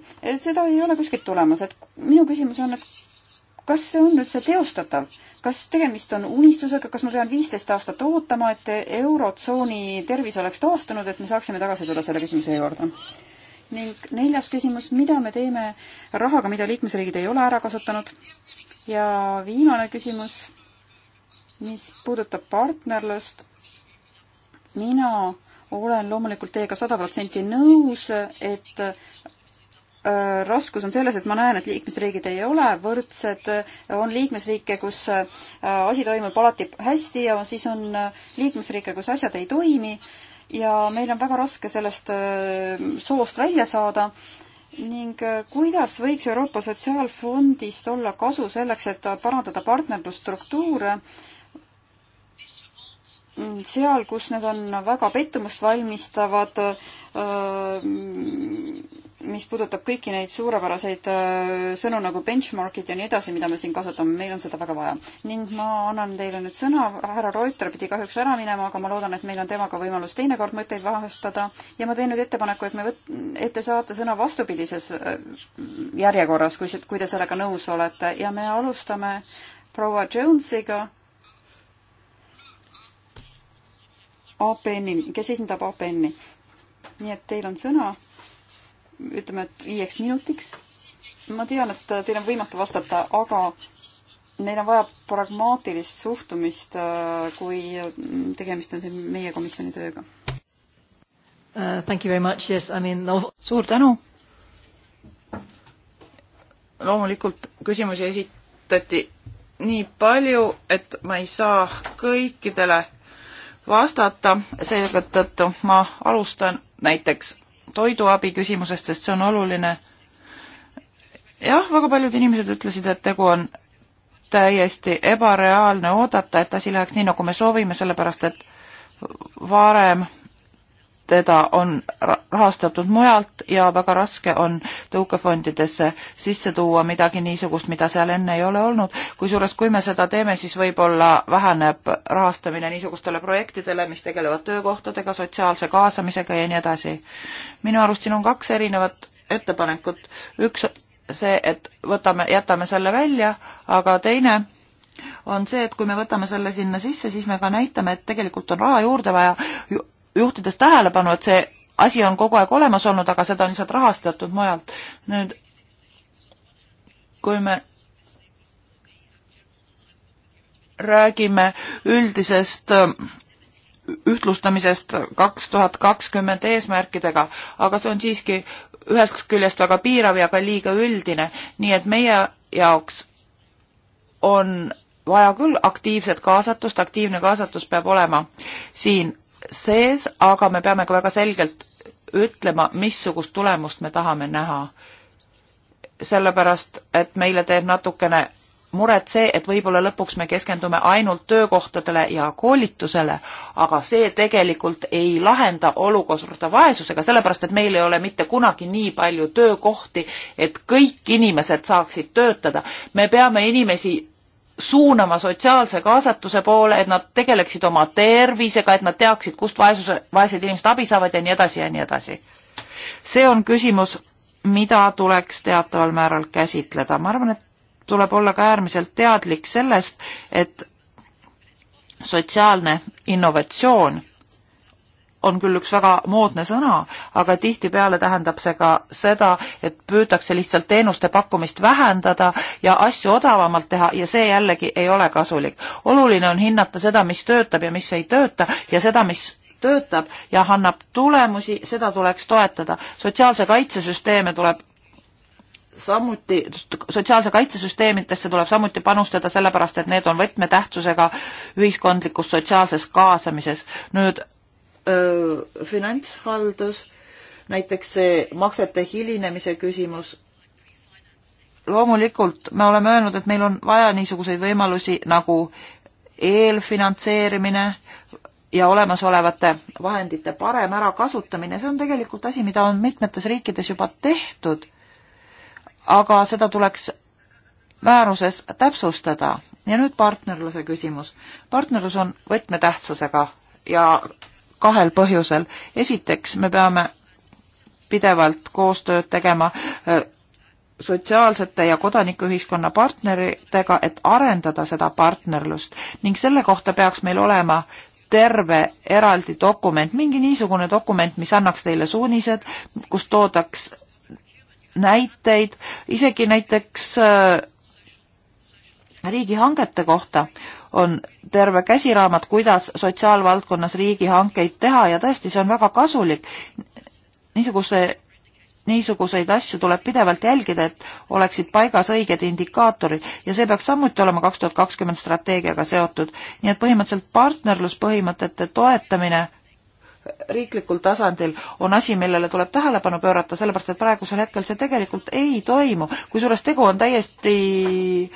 seda ei ole kuskilt tulemas, et minu küsimus on, et kas see on üldse teostatav, kas tegemist on unistusega, kas ma pean viisteist aastat ootama, et Eurotsooni tervis oleks taastunud, et me saaksime tagasi tulla selle küsimuse juurde? ning neljas küsimus, mida me teeme rahaga, mida liikmesriigid ei ole ära kasutanud? ja viimane küsimus, mis puudutab partnerlust. mina olen loomulikult teiega sada protsenti nõus, et äh, raskus on selles, et ma näen, et liikmesriigid ei ole võrdsed, on liikmesriike, kus äh, asi toimub alati hästi ja siis on äh, liikmesriike, kus asjad ei toimi ja meil on väga raske sellest äh, soost välja saada ning äh, kuidas võiks Euroopa Sotsiaalfondist olla kasu selleks, et parandada partnerlusstruktuure mm, seal, kus need on väga pettumust valmistavad öö, äh, mis puudutab kõiki neid suurepäraseid äh, sõnu nagu benchmarkid ja nii edasi, mida me siin kasutame, meil on seda väga vaja. ning ma annan teile nüüd sõna, härra Reuter pidi kahjuks ära minema, aga ma loodan, et meil on temaga võimalus teinekord mõtteid vahestada ja ma teen nüüd ettepaneku, et me võt-, et te saate sõna vastupidises äh, järjekorras, kui see, kui te sellega nõus olete ja me alustame proua Jonesiga, APN-i, kes esindab APN-i. nii et teil on sõna ütleme, et viieks minutiks. ma tean, et teil on võimatu vastata, aga meil on vaja pragmaatilist suhtumist, äh, kui tegemist on siin meie komisjoni tööga uh,. Thank you very much, yes, I mean no. suur tänu. loomulikult küsimusi esitati nii palju, et ma ei saa kõikidele vastata, seetõttu ma alustan näiteks toiduabi küsimusest, sest see on oluline. jah, väga paljud inimesed ütlesid, et tegu on täiesti ebareaalne oodata, et asi läheks nii, nagu me soovime, sellepärast et varem teda on rahastatud mujalt ja väga raske on tõukefondidesse sisse tuua midagi niisugust, mida seal enne ei ole olnud. kusjuures, kui me seda teeme, siis võib-olla väheneb rahastamine niisugustele projektidele, mis tegelevad töökohtadega, sotsiaalse kaasamisega ja nii edasi. minu arust siin on kaks erinevat ettepanekut. üks see, et võtame, jätame selle välja, aga teine on see, et kui me võtame selle sinna sisse, siis me ka näitame, et tegelikult on raha juurde vaja ju juhtides tähelepanu, et see asi on kogu aeg olemas olnud, aga seda on lihtsalt rahastatud mujalt. nüüd kui me räägime üldisest äh, ühtlustamisest kaks tuhat kakskümmend eesmärkidega, aga see on siiski ühest küljest väga piirav ja ka liiga üldine, nii et meie jaoks on vaja küll aktiivset kaasatust, aktiivne kaasatus peab olema siin sees, aga me peame ka väga selgelt ütlema, missugust tulemust me tahame näha. sellepärast, et meile teeb natukene muret see, et võib-olla lõpuks me keskendume ainult töökohtadele ja koolitusele, aga see tegelikult ei lahenda olukorda vaesusega, sellepärast et meil ei ole mitte kunagi nii palju töökohti, et kõik inimesed saaksid töötada. me peame inimesi suunama sotsiaalse kaasatuse poole, et nad tegeleksid oma tervisega, et nad teaksid, kust vaesuse, vaesed inimesed abi saavad ja nii edasi ja nii edasi. see on küsimus, mida tuleks teataval määral käsitleda. ma arvan, et tuleb olla ka äärmiselt teadlik sellest, et sotsiaalne innovatsioon on küll üks väga moodne sõna, aga tihtipeale tähendab see ka seda, et püütakse lihtsalt teenuste pakkumist vähendada ja asju odavamalt teha ja see jällegi ei ole kasulik. oluline on hinnata seda, mis töötab ja mis ei tööta ja seda, mis töötab ja annab tulemusi, seda tuleks toetada. sotsiaalse kaitsesüsteeme tuleb samuti, sotsiaalse kaitsesüsteemidesse tuleb samuti panustada, sellepärast et need on võtmetähtsusega ühiskondlikus sotsiaalses kaasamises. nüüd finantshaldus, näiteks see maksete hilinemise küsimus. loomulikult me oleme öelnud, et meil on vaja niisuguseid võimalusi nagu eelfinantseerimine ja olemasolevate vahendite parem ärakasutamine, see on tegelikult asi, mida on mitmetes riikides juba tehtud, aga seda tuleks määruses täpsustada. ja nüüd partnerluse küsimus. partnerlus on võtmetähtsusega ja kahel põhjusel. esiteks, me peame pidevalt koostööd tegema äh, sotsiaalsete ja kodanikuühiskonna partneritega, et arendada seda partnerlust ning selle kohta peaks meil olema terve eraldi dokument, mingi niisugune dokument, mis annaks teile suunised, kus toodaks näiteid, isegi näiteks äh, riigihangete kohta on terve käsiraamat, kuidas sotsiaalvaldkonnas riigihankeid teha ja tõesti, see on väga kasulik. niisuguse, niisuguseid asju tuleb pidevalt jälgida, et oleksid paigas õiged indikaatorid ja see peaks samuti olema kaks tuhat kakskümmend strateegiaga seotud. nii et põhimõtteliselt partnerluspõhimõtete toetamine riiklikul tasandil on asi, millele tuleb tähelepanu pöörata, sellepärast et praegusel hetkel see tegelikult ei toimu. kusjuures tegu on täiesti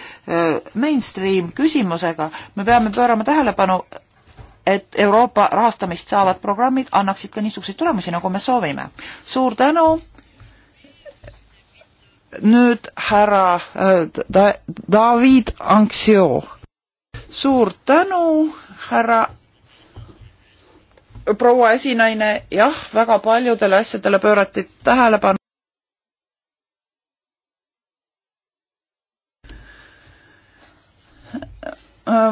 mainstream küsimusega, me peame pöörama tähelepanu, et Euroopa rahastamist saavad programmid annaksid ka niisuguseid tulemusi, nagu me soovime. suur tänu! nüüd härra äh, David Anxio. suur tänu, härra proua esinaine, jah, väga paljudele asjadele pöörati tähelepanu.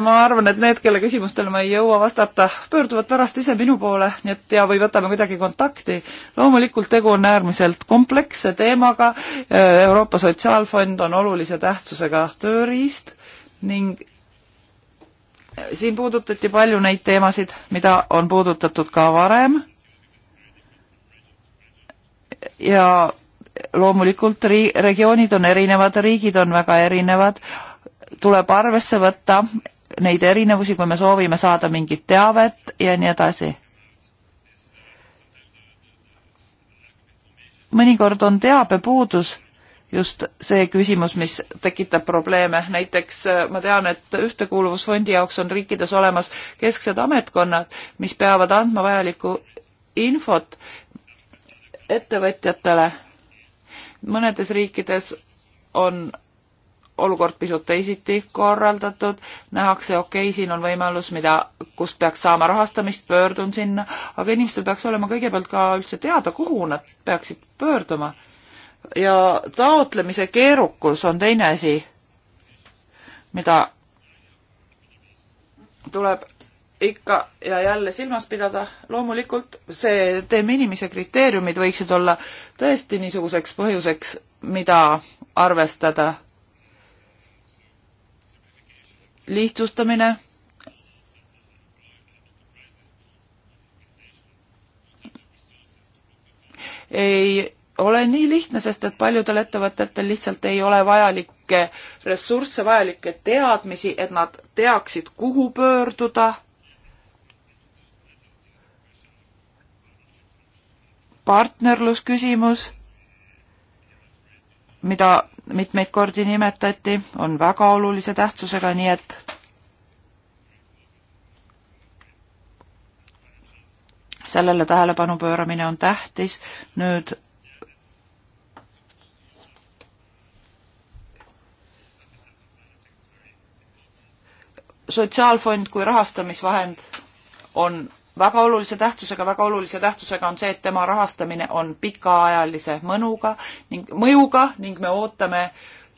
ma arvan, et need, kelle küsimustele ma ei jõua vastata, pöörduvad pärast ise minu poole, nii et ja, või võtame kuidagi kontakti. loomulikult tegu on äärmiselt kompleksse teemaga, Euroopa Sotsiaalfond on olulise tähtsusega tööriist ning siin puudutati palju neid teemasid, mida on puudutatud ka varem. ja loomulikult ri-, regioonid on erinevad, riigid on väga erinevad, tuleb arvesse võtta neid erinevusi, kui me soovime saada mingit teavet ja nii edasi. mõnikord on teabepuudus just see küsimus, mis tekitab probleeme. näiteks äh, ma tean, et Ühtekuuluvusfondi jaoks on riikides olemas kesksed ametkonnad, mis peavad andma vajalikku infot ettevõtjatele. mõnedes riikides on olukord pisut teisiti korraldatud, nähakse, okei okay,, siin on võimalus, mida, kust peaks saama rahastamist, pöördun sinna, aga inimestel peaks olema kõigepealt ka üldse teada, kuhu nad peaksid pöörduma ja taotlemise keerukus on teine asi, mida tuleb ikka ja jälle silmas pidada, loomulikult see de minimise kriteeriumid võiksid olla tõesti niisuguseks põhjuseks, mida arvestada. lihtsustamine. ei ole nii lihtne, sest et paljudel ettevõtetel lihtsalt ei ole vajalikke ressursse, vajalikke teadmisi, et nad teaksid, kuhu pöörduda. partnerlusküsimus, mida mitmeid kordi nimetati, on väga olulise tähtsusega, nii et sellele tähelepanu pööramine on tähtis. nüüd sotsiaalfond kui rahastamisvahend on väga olulise tähtsusega, väga olulise tähtsusega on see, et tema rahastamine on pikaajalise mõnuga ning mõjuga ning me ootame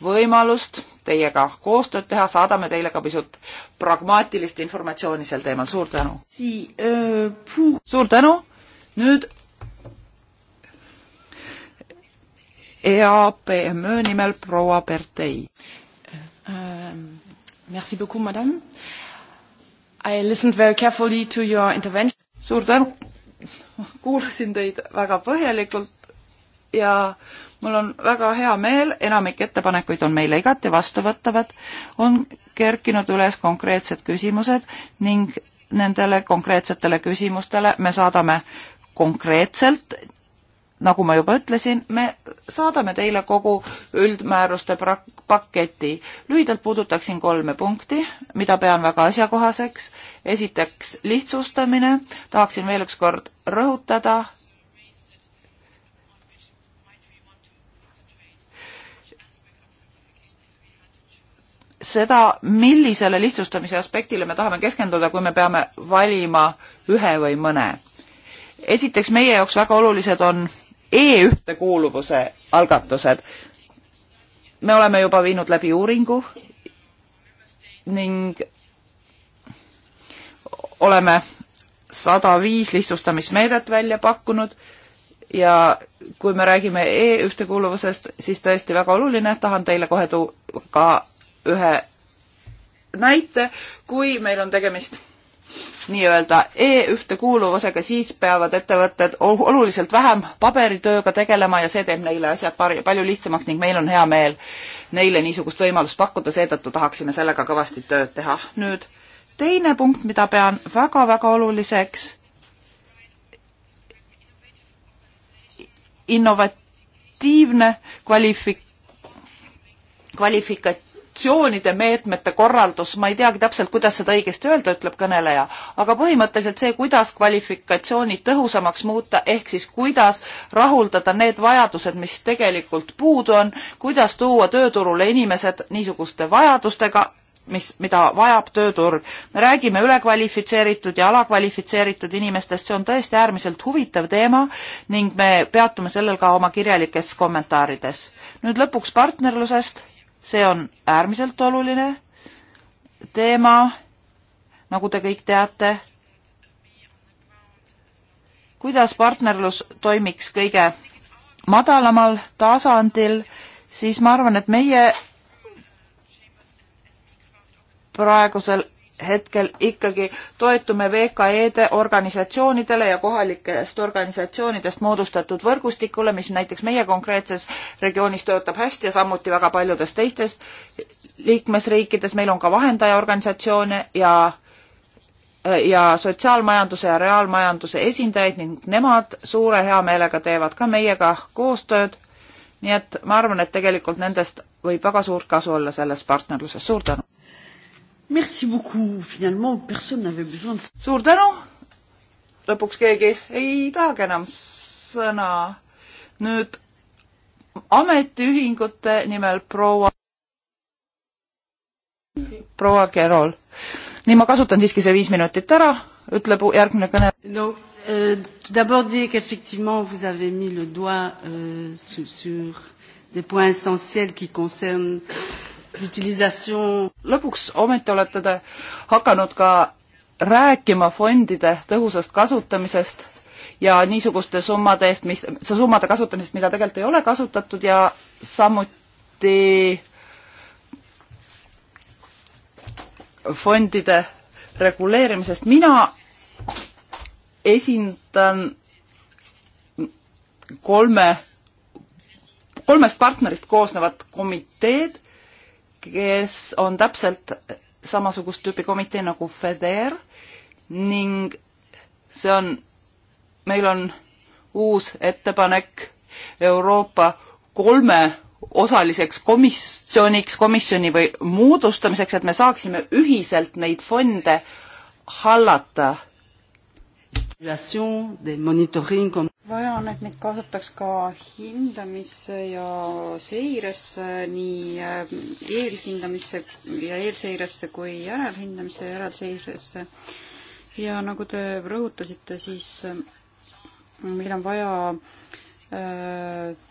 võimalust teiega koostööd teha, saadame teile ka pisut pragmaatilist informatsiooni sel teemal, suur tänu si,. Äh, puh... suur tänu, nüüd EAPMÖ nimel proua Bertei äh, ähm Merci beaucoup, madam. I listened very carefully to your intervention. suur tänu. kuulasin teid väga põhjalikult ja mul on väga hea meel, enamik ettepanekuid on meile igati vastuvõtavad, on kerkinud üles konkreetsed küsimused ning nendele konkreetsetele küsimustele me saadame konkreetselt nagu ma juba ütlesin, me saadame teile kogu üldmääruste paketi. lühidalt puudutaksin kolme punkti, mida pean väga asjakohaseks. esiteks lihtsustamine, tahaksin veel ükskord rõhutada, seda, millisele lihtsustamise aspektile me tahame keskenduda, kui me peame valima ühe või mõne. esiteks, meie jaoks väga olulised on e-ühtekuuluvuse algatused. me oleme juba viinud läbi uuringu ning oleme sada viis lihtsustamismeedet välja pakkunud ja kui me räägime e-ühtekuuluvusest, siis tõesti väga oluline, tahan teile kohe tuua ka ühe näite, kui meil on tegemist nii-öelda e-ühtekuuluvusega, siis peavad ettevõtted oluliselt vähem paberitööga tegelema ja see teeb neile asjad palju lihtsamaks ning meil on hea meel neile niisugust võimalust pakkuda, seetõttu tahaksime sellega kõvasti tööd teha. nüüd teine punkt, mida pean väga-väga oluliseks, innovatiivne kvalifik-, kvalifikat-, sanktsioonide meetmete korraldus, ma ei teagi täpselt, kuidas seda õigesti öelda, ütleb kõneleja, aga põhimõtteliselt see, kuidas kvalifikatsioonid tõhusamaks muuta, ehk siis kuidas rahuldada need vajadused, mis tegelikult puudu on, kuidas tuua tööturule inimesed niisuguste vajadustega, mis, mida vajab tööturg. me räägime ülekvalifitseeritud ja alakvalifitseeritud inimestest, see on tõesti äärmiselt huvitav teema ning me peatume sellel ka oma kirjalikes kommentaarides. nüüd lõpuks partnerlusest see on äärmiselt oluline teema, nagu te kõik teate. kuidas partnerlus toimiks kõige madalamal tasandil, siis ma arvan, et meie praegusel hetkel ikkagi toetume VKE-de organisatsioonidele ja kohalikest organisatsioonidest moodustatud võrgustikule, mis näiteks meie konkreetses regioonis töötab hästi ja samuti väga paljudes teistes liikmesriikides. meil on ka vahendajaorganisatsioone ja ja sotsiaalmajanduse ja reaalmajanduse esindajaid ning nemad suure heameelega teevad ka meiega koostööd. nii et ma arvan, et tegelikult nendest võib väga suurt kasu olla selles partnerluses. suur tänu! Merci beaucoup, finalement personne n'avait besoin de... suur tänu, lõpuks keegi ei tahagi enam sõna. nüüd ametiühingute nimel proua, proua Kerol. nii, ma kasutan siiski see viis minutit ära, ütleb järgmine kõne. no euh, tout d'abord dire qu'effectivement vous avez mis le doigt euh, sur, sur des points essentiels qui concernent euh, utilisatsioon. lõpuks ometi olete te hakanud ka rääkima fondide tõhusast kasutamisest ja niisuguste summade eest, mis, summade kasutamisest, mida tegelikult ei ole kasutatud ja samuti fondide reguleerimisest. mina esindan kolme, kolmest partnerist koosnevat komiteed kes on täpselt samasugust tüüpi komitee nagu FEDER ning see on, meil on uus ettepanek Euroopa kolme osaliseks komisjoniks, komisjoni või moodustamiseks, et me saaksime ühiselt neid fonde hallata vaja on, et meid kaasataks ka hindamisse ja seiresse, nii äh, eelhindamisse ja eelseiresse kui järelhindamisse ja järelseiresse. ja nagu te rõhutasite, siis äh, meil on vaja äh,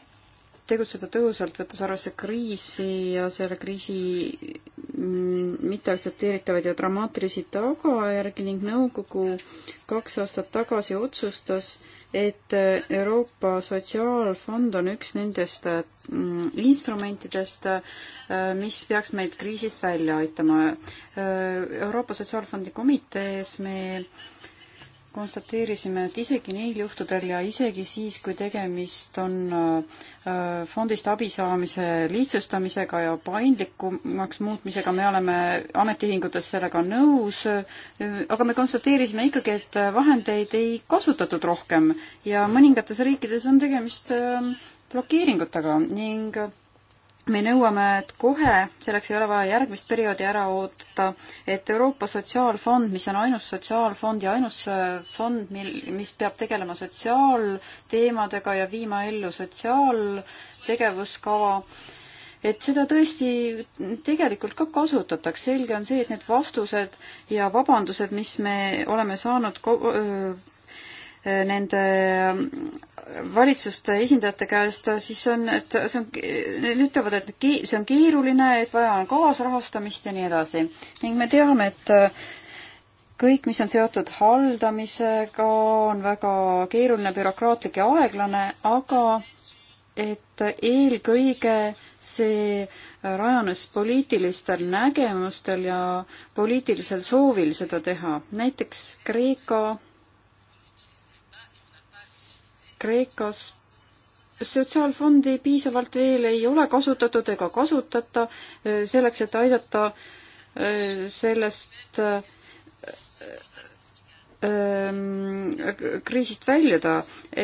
tegutseda tõhusalt, võttes arvesse kriisi ja selle kriisi mm, mitteaktsepteeritavaid ja dramaatilisi tagajärgi ning nõukogu kaks aastat tagasi otsustas, et äh, Euroopa Sotsiaalfond on üks nendest äh, mm, instrumentidest, äh, mis peaks meid kriisist välja aitama. Euroopa Sotsiaalfondi komitees me konstateerisime, et isegi neil juhtudel ja isegi siis, kui tegemist on äh, fondist abi saamise lihtsustamisega ja paindlikumaks muutmisega, me oleme ametiühingutes sellega nõus, aga me konstateerisime ikkagi, et vahendeid ei kasutatud rohkem ja mõningates riikides on tegemist äh, blokeeringutega ning me nõuame, et kohe, selleks ei ole vaja järgmist perioodi ära oodata, et Euroopa Sotsiaalfond, mis on ainus sotsiaalfond ja ainus äh, fond, mil, mis peab tegelema sotsiaalteemadega ja viima ellu sotsiaaltegevuskava, et seda tõesti tegelikult ka kasutatakse, selge on see, et need vastused ja vabandused, mis me oleme saanud ko-, öö, nende äh, valitsuste esindajate käest, siis on, et see on, need ütlevad, et see on keeruline, et vaja on kaasrahastamist ja nii edasi. ning me teame, et äh, kõik, mis on seotud haldamisega, on väga keeruline, bürokraatlik ja aeglane, aga et eelkõige see rajanes poliitilistel nägemustel ja poliitilisel soovil seda teha. näiteks Kreeka Kreekas sotsiaalfondi piisavalt veel ei ole kasutatud ega kasutata eh, selleks, et aidata eh, sellest eh, ehm, kriisist väljuda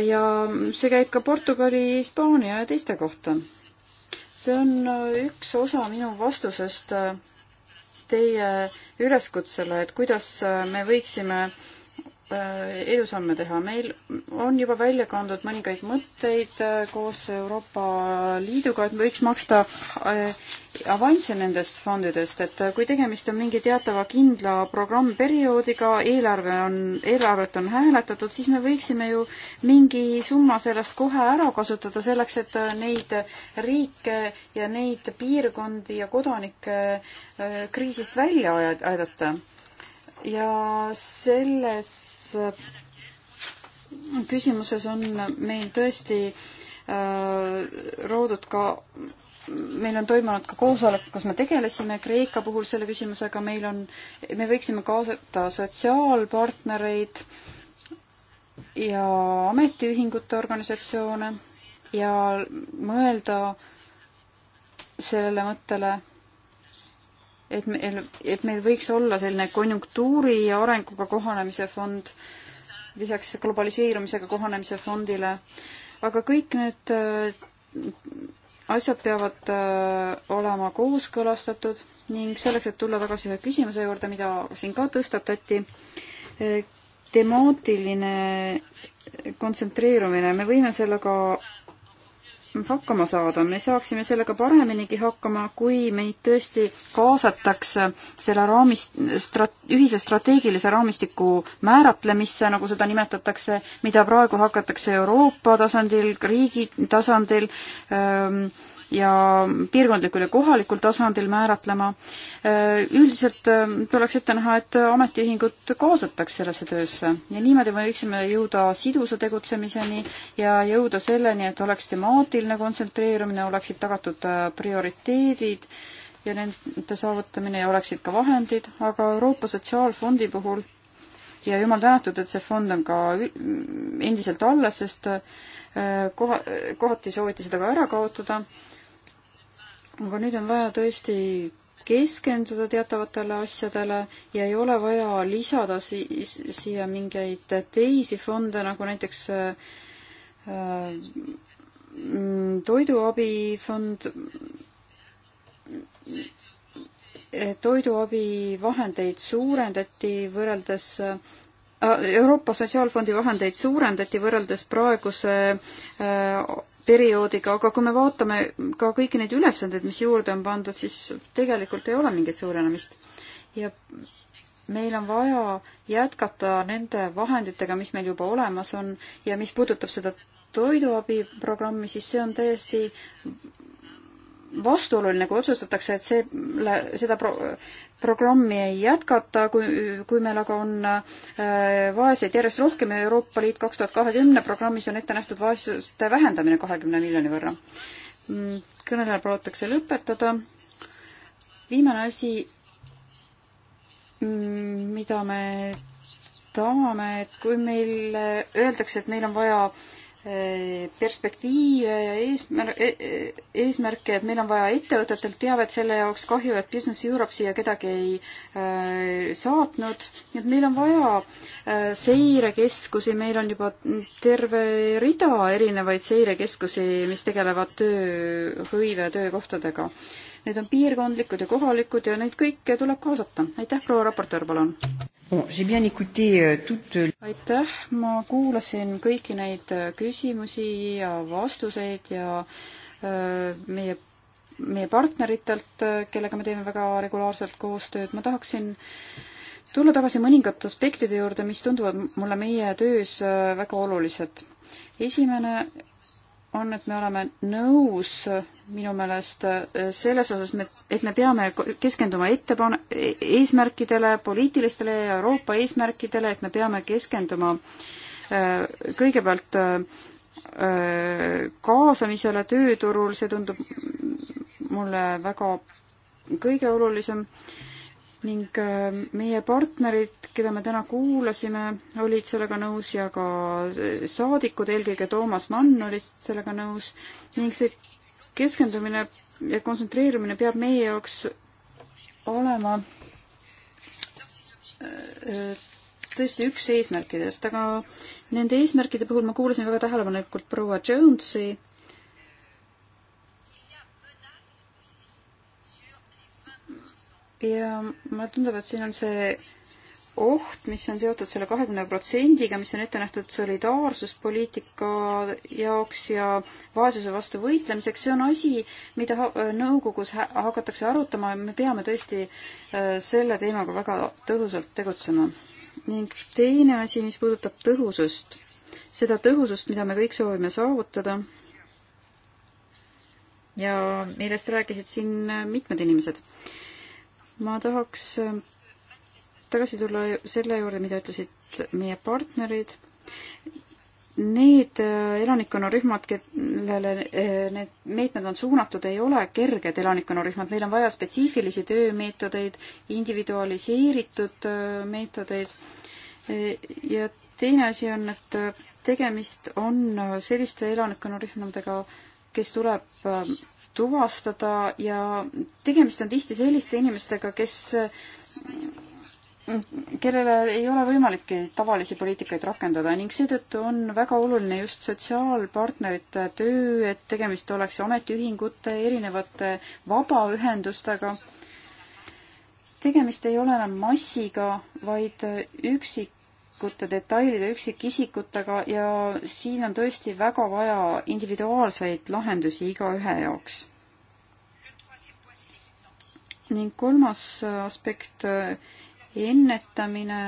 ja see käib ka Portugali, Hispaania ja teiste kohta. see on üks osa minu vastusest teie üleskutsele, et kuidas me võiksime äh, Äh, edusamme teha. meil on juba välja kandnud mõningaid mõtteid äh, koos Euroopa Liiduga, et võiks maksta äh, avansse nendest fondidest, et kui tegemist on mingi teatava kindla programmperioodiga, eelarve on, eelarvet on hääletatud, siis me võiksime ju mingi summa sellest kohe ära kasutada selleks, et neid riike ja neid piirkondi ja kodanikke kriisist välja aidata ja selles küsimuses on meil tõesti roodud äh, ka meil on toimunud ka koosolek, kus me tegelesime Kreeka puhul selle küsimusega, meil on, me võiksime kaasata sotsiaalpartnereid ja ametiühingute organisatsioone ja mõelda sellele mõttele et meil, et meil võiks olla selline konjunktuuri ja arenguga kohanemise fond, lisaks globaliseerumisega kohanemise fondile, aga kõik need äh, asjad peavad äh, olema kooskõlastatud ning selleks, et tulla tagasi ühe küsimuse juurde, mida siin ka tõstatati, äh, temaatiline kontsentreerumine, me võime sellega hakkama saada, me saaksime sellega pareminigi hakkama, kui meid tõesti kaasatakse selle raamis-, strat-, ühise strateegilise raamistiku määratlemisse, nagu seda nimetatakse, mida praegu hakatakse Euroopa tasandil, riigi tasandil ähm, ja piirkondlikul ja kohalikul tasandil määratlema. Äh, üldiselt äh, tuleks ette näha, et ametiühingud kaasataks sellesse töösse ja niimoodi me võiksime jõuda sidusa tegutsemiseni ja jõuda selleni, et oleks temaatiline kontsentreerumine, oleksid tagatud äh, prioriteedid ja nende saavutamine ja oleksid ka vahendid, aga Euroopa Sotsiaalfondi puhul ja jumal tänatud, et see fond on ka endiselt alles, sest koha, kohati sooviti seda ka ära kaotada aga nüüd on vaja tõesti keskenduda teatavatele asjadele ja ei ole vaja lisada si siia mingeid teisi fonde, nagu näiteks äh, toiduabifond, toiduabivahendeid suurendati võrreldes äh, Euroopa Sotsiaalfondi vahendeid suurendati võrreldes praeguse äh, perioodiga, aga kui me vaatame ka kõiki neid ülesandeid, mis juurde on pandud, siis tegelikult ei ole mingit suurenemist. ja meil on vaja jätkata nende vahenditega, mis meil juba olemas on ja mis puudutab seda toiduabiprogrammi, siis see on täiesti vastuoluline, kui otsustatakse, et see, seda pro-, programmi ei jätkata, kui, kui meil aga on äh, vaeseid järjest rohkem ja Euroopa Liit kaks tuhat kahekümne programmis on ette nähtud vaesuste vähendamine kahekümne miljoni võrra. Mm, kõnelejal palutakse lõpetada. viimane asi, mm, mida me tahame, et kui meil öeldakse, et meil on vaja äh, Eh, perspektiive ja eesmär-, e-, e-, eesmärke, et meil on vaja ettevõtetelt teavet selle jaoks, kahju, et Business Europe siia kedagi ei äh, saatnud, nii et meil on vaja äh, seirekeskusi, meil on juba terve rida erinevaid seirekeskusi, mis tegelevad tööhõive töökohtadega. Need on piirkondlikud ja kohalikud ja neid kõike tuleb kaasata. aitäh, proua raportöör, palun! Euh, aitäh, ma kuulasin kõiki neid äh, küsimusi ja vastuseid ja äh, meie, meie partneritelt, äh, kellega me teeme väga regulaarselt koostööd, ma tahaksin tulla tagasi mõningate aspektide juurde, mis tunduvad mulle meie töös väga olulised. esimene on, et me oleme nõus minu meelest selles osas, et me peame keskenduma ettepane-, eesmärkidele, poliitilistele ja Euroopa eesmärkidele, et me peame keskenduma äh, kõigepealt äh, kaasamisele tööturul, see tundub mulle väga kõige olulisem ning äh, meie partnerid, keda me täna kuulasime, olid sellega nõus ja ka äh, saadikud, eelkõige Toomas Mann oli sellega nõus ning see keskendumine ja kontsentreerumine peab meie jaoks olema äh, tõesti üks eesmärkidest, aga nende eesmärkide puhul ma kuulasin väga tähelepanelikult proua Jonesi ja mulle tundub, et siin on see oht, mis on seotud selle kahekümne protsendiga, mis on ette nähtud solidaarsuspoliitika jaoks ja vaesuse vastu võitlemiseks, see on asi, mida äh, nõukogus hakatakse arutama ja me peame tõesti äh, selle teemaga väga tõhusalt tegutsema. ning teine asi, mis puudutab tõhusust, seda tõhusust, mida me kõik soovime saavutada, ja millest rääkisid siin mitmed inimesed ma tahaks äh, tagasi tulla selle juurde, mida ütlesid meie partnerid. Need äh, elanikkonnarühmad, kellele äh, need meetmed on suunatud, ei ole kerged elanikkonnarühmad, meil on vaja spetsiifilisi töömeetodeid, individualiseeritud meetodeid. ja teine asi on, et tegemist on selliste elanikkonnarühmadega, kes tuleb tuvastada ja tegemist on tihti selliste inimestega, kes kellele ei ole võimalikki tavalisi poliitikaid rakendada ning seetõttu on väga oluline just sotsiaalpartnerite töö, et tegemist oleks ametiühingute, erinevate vabaühendustega. tegemist ei ole enam massiga, vaid üksik üksikute detailide, üksikisikutega ja siin on tõesti väga vaja individuaalseid lahendusi igaühe jaoks. ning kolmas aspekt, ennetamine.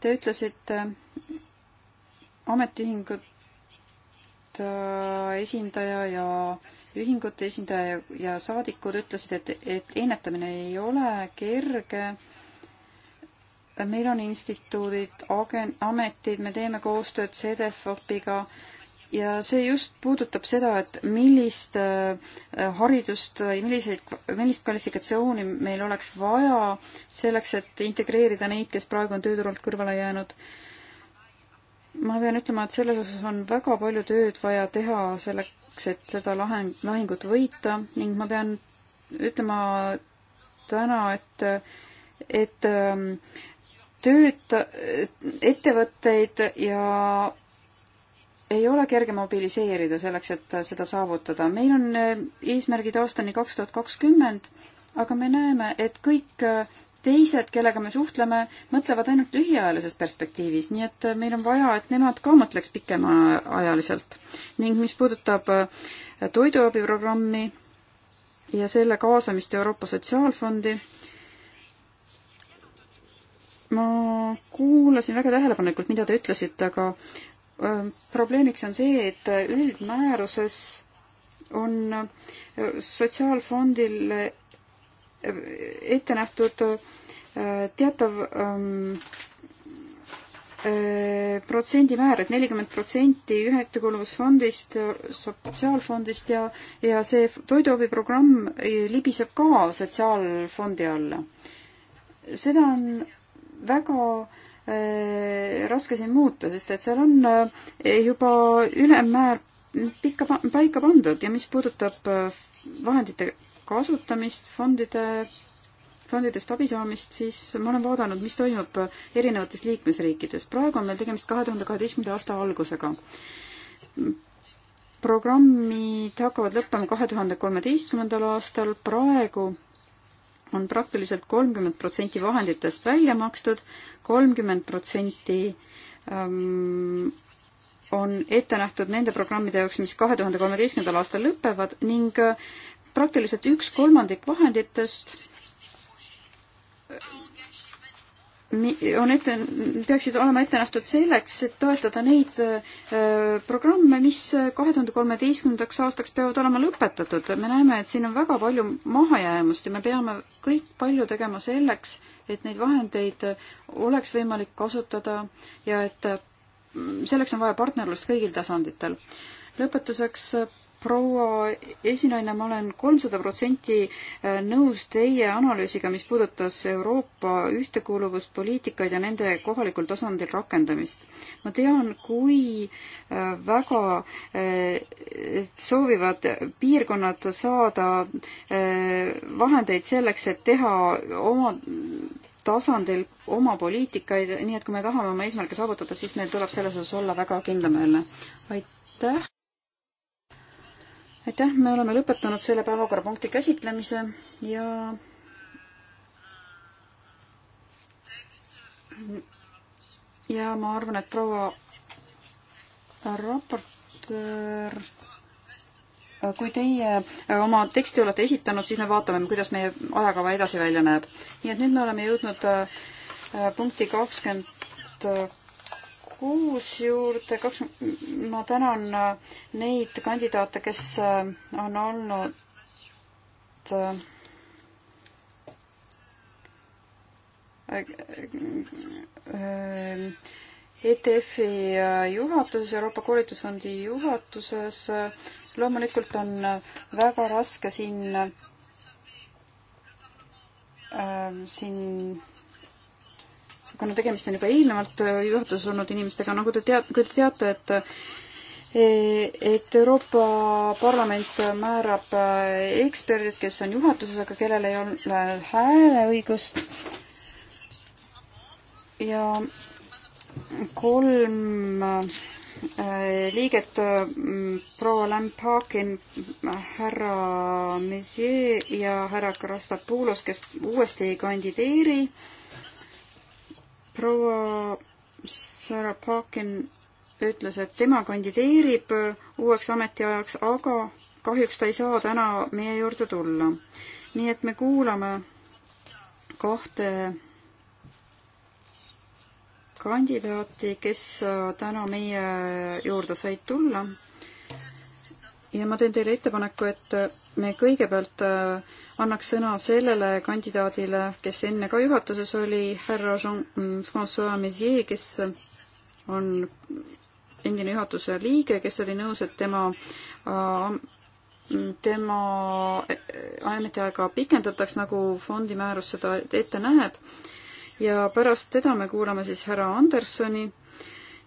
Te ütlesite, ametiühingud esindaja ja ühingute esindaja ja saadikud ütlesid, et, et ennetamine ei ole kerge meil on instituudid, agen-, ametid, me teeme koostööd CDFOP-iga ja see just puudutab seda, et millist äh, haridust ja milliseid, millist kvalifikatsiooni meil oleks vaja selleks, et integreerida neid, kes praegu on tööturult kõrvale jäänud. ma pean ütlema, et selles osas on väga palju tööd vaja teha selleks, et seda laheng, lahingut võita ning ma pean ütlema täna, et et ähm, tööta-, ettevõtteid ja ei ole kerge mobiliseerida selleks, et seda saavutada. meil on äh, eesmärgid aastani kaks tuhat kakskümmend, aga me näeme, et kõik äh, teised, kellega me suhtleme, mõtlevad ainult lühiajalises perspektiivis, nii et äh, meil on vaja, et nemad ka mõtleks pikemaajaliselt. ning mis puudutab toiduabiprogrammi ja selle kaasamist Euroopa Sotsiaalfondi, ma kuulasin väga tähelepanelikult, mida te ütlesite, aga ähm, probleemiks on see, et üldmääruses on äh, sotsiaalfondil äh, ette nähtud äh, teatav ähm, protsendimäär, et nelikümmend protsenti ühtekuuluvusfondist, sotsiaalfondist ja, ja see toiduabiprogramm libiseb ka sotsiaalfondi alla. seda on väga äh, raske siin muuta, sest et seal on äh, juba ülemmäär pikka paika pandud ja mis puudutab äh, vahendite kasutamist, fondide, fondidest abi saamist, siis ma olen vaadanud, mis toimub erinevates liikmesriikides. praegu on meil tegemist kahe tuhande kaheteistkümnenda aasta algusega. programmid hakkavad lõppema kahe tuhande kolmeteistkümnendal aastal, praegu on praktiliselt kolmkümmend protsenti vahenditest välja makstud, kolmkümmend protsenti ähm, on ette nähtud nende programmide jaoks, mis kahe tuhande kolmeteistkümnendal aastal lõpevad ning äh, praktiliselt üks kolmandik vahenditest on ette, peaksid olema ette nähtud selleks, et toetada neid äh, programme, mis äh, kahe tuhande kolmeteistkümnendaks aastaks peavad olema lõpetatud. me näeme, et siin on väga palju mahajäämust ja me peame kõik palju tegema selleks, et neid vahendeid äh, oleks võimalik kasutada ja et selleks on vaja partnerlust kõigil tasanditel. lõpetuseks proua esinaine, ma olen kolmsada protsenti äh, nõus teie analüüsiga, mis puudutas Euroopa ühtekuuluvuspoliitikaid ja nende kohalikul tasandil rakendamist. ma tean, kui äh, väga äh, soovivad piirkonnad saada vahendeid selleks, et teha oma tasandil oma poliitikaid, nii et kui me tahame oma eesmärke saavutada, siis meil tuleb selles osas olla väga kindlameelne. aitäh! aitäh, me oleme lõpetanud selle päevakorrapunkti käsitlemise ja ja ma arvan, et proua raportöör, kui teie oma teksti olete esitanud, siis me vaatame, kuidas meie ajakava edasi välja näeb. nii et nüüd me oleme jõudnud äh, punkti kakskümmend kuus juurde, kaks, ma tänan äh, neid kandidaate, kes äh, on olnud äh, ETF-i juhatuses, Euroopa Koolitusfondi juhatuses. loomulikult on väga raske siin, siin kuna tegemist on juba eelnevalt äh, juhatuses olnud inimestega, nagu te teate, kui te teate, et äh, et Euroopa Parlament määrab äh, eksperdid, kes on juhatuses, aga kellel ei ole hääleõigust. ja kolm liiget mm, proua Lämp-Haakin, härra Messier ja härra Krastapulos, kes uuesti ei kandideeri proua Sarah Parkin ütles, et tema kandideerib uueks ametiajaks, aga kahjuks ta ei saa täna meie juurde tulla. nii et me kuulame kahte kandidaati, kes täna meie juurde said tulla ja ma teen teile ettepaneku, et me kõigepealt äh, annaks sõna sellele kandidaadile, kes enne ka juhatuses oli, härra Jean-François Mézier, kes on endine juhatuse liige, kes oli nõus, et tema äh, tema äh, ametiaega pikendataks, nagu fondi määrus seda ette näeb. ja pärast teda me kuulame siis härra Andersoni.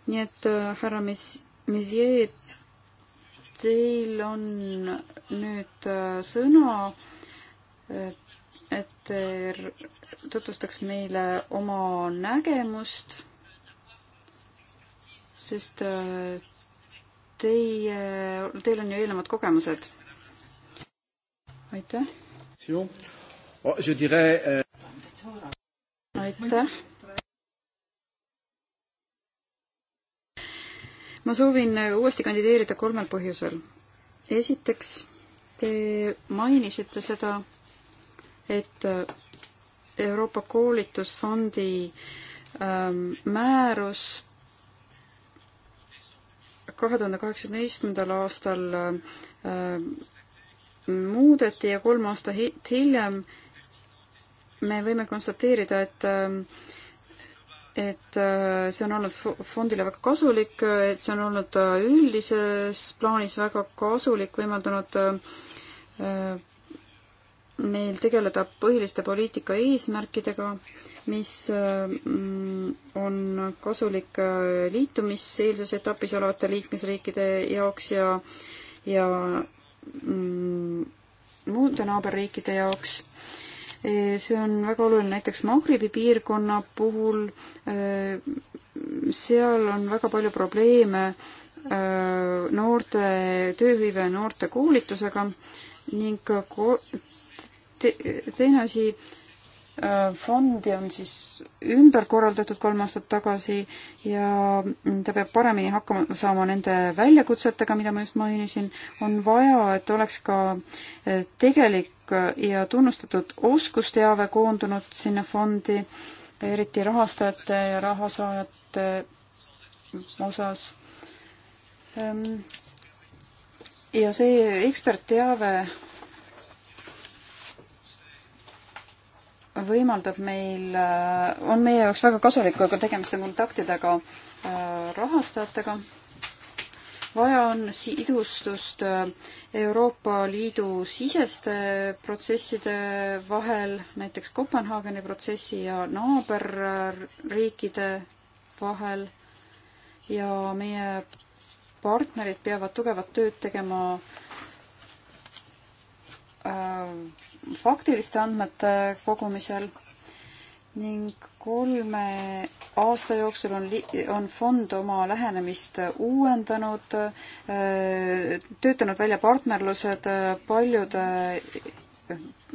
nii et härra Mézier Teil on nüüd äh, sõna, äh, et te tutvustaks meile oma nägemust, sest äh, teie, teil on ju eelnevad kogemused. aitäh. Euh, aitäh ma soovin äh, uuesti kandideerida kolmel põhjusel. esiteks, te mainisite seda, et äh, Euroopa koolitusfondi ähm, määrus kahe tuhande kaheksateistkümnendal aastal äh, muudeti ja kolm aastat hiljem me võime konstateerida, et ähm, Äh, äh, et see on olnud fondile väga kasulik, et see on olnud üldises plaanis väga kasulik, võimaldanud äh, meil tegeleda põhiliste poliitika eesmärkidega, mis mm, on kasulik liitumiseelses etapis olevate liikmesriikide jaoks ja, ja mm, muude naaberriikide jaoks see on väga oluline näiteks Magribi piirkonna puhul. seal on väga palju probleeme noorte tööhõive, noorte koolitusega ning ko te teine asi, fondi on siis ümber korraldatud kolm aastat tagasi ja ta peab paremini hakkama saama nende väljakutsetega, mida ma just mainisin. on vaja, et oleks ka tegelik teaduslik ja tunnustatud oskusteave koondunud sinna fondi, eriti rahastajate ja rahasaajate osas. Ehm, ja see ekspertteave võimaldab meil, äh, on meie jaoks väga kasulik, aga tegemist on kontaktidega äh, rahastajatega vaja on sidustust äh, Euroopa Liidu siseste protsesside vahel, näiteks Kopenhaageni protsessi ja naaberriikide vahel ja meie partnerid peavad tugevat tööd tegema äh, faktiliste andmete kogumisel ning kolme aasta jooksul on, on fond oma lähenemist uuendanud, töötanud välja partnerlused paljude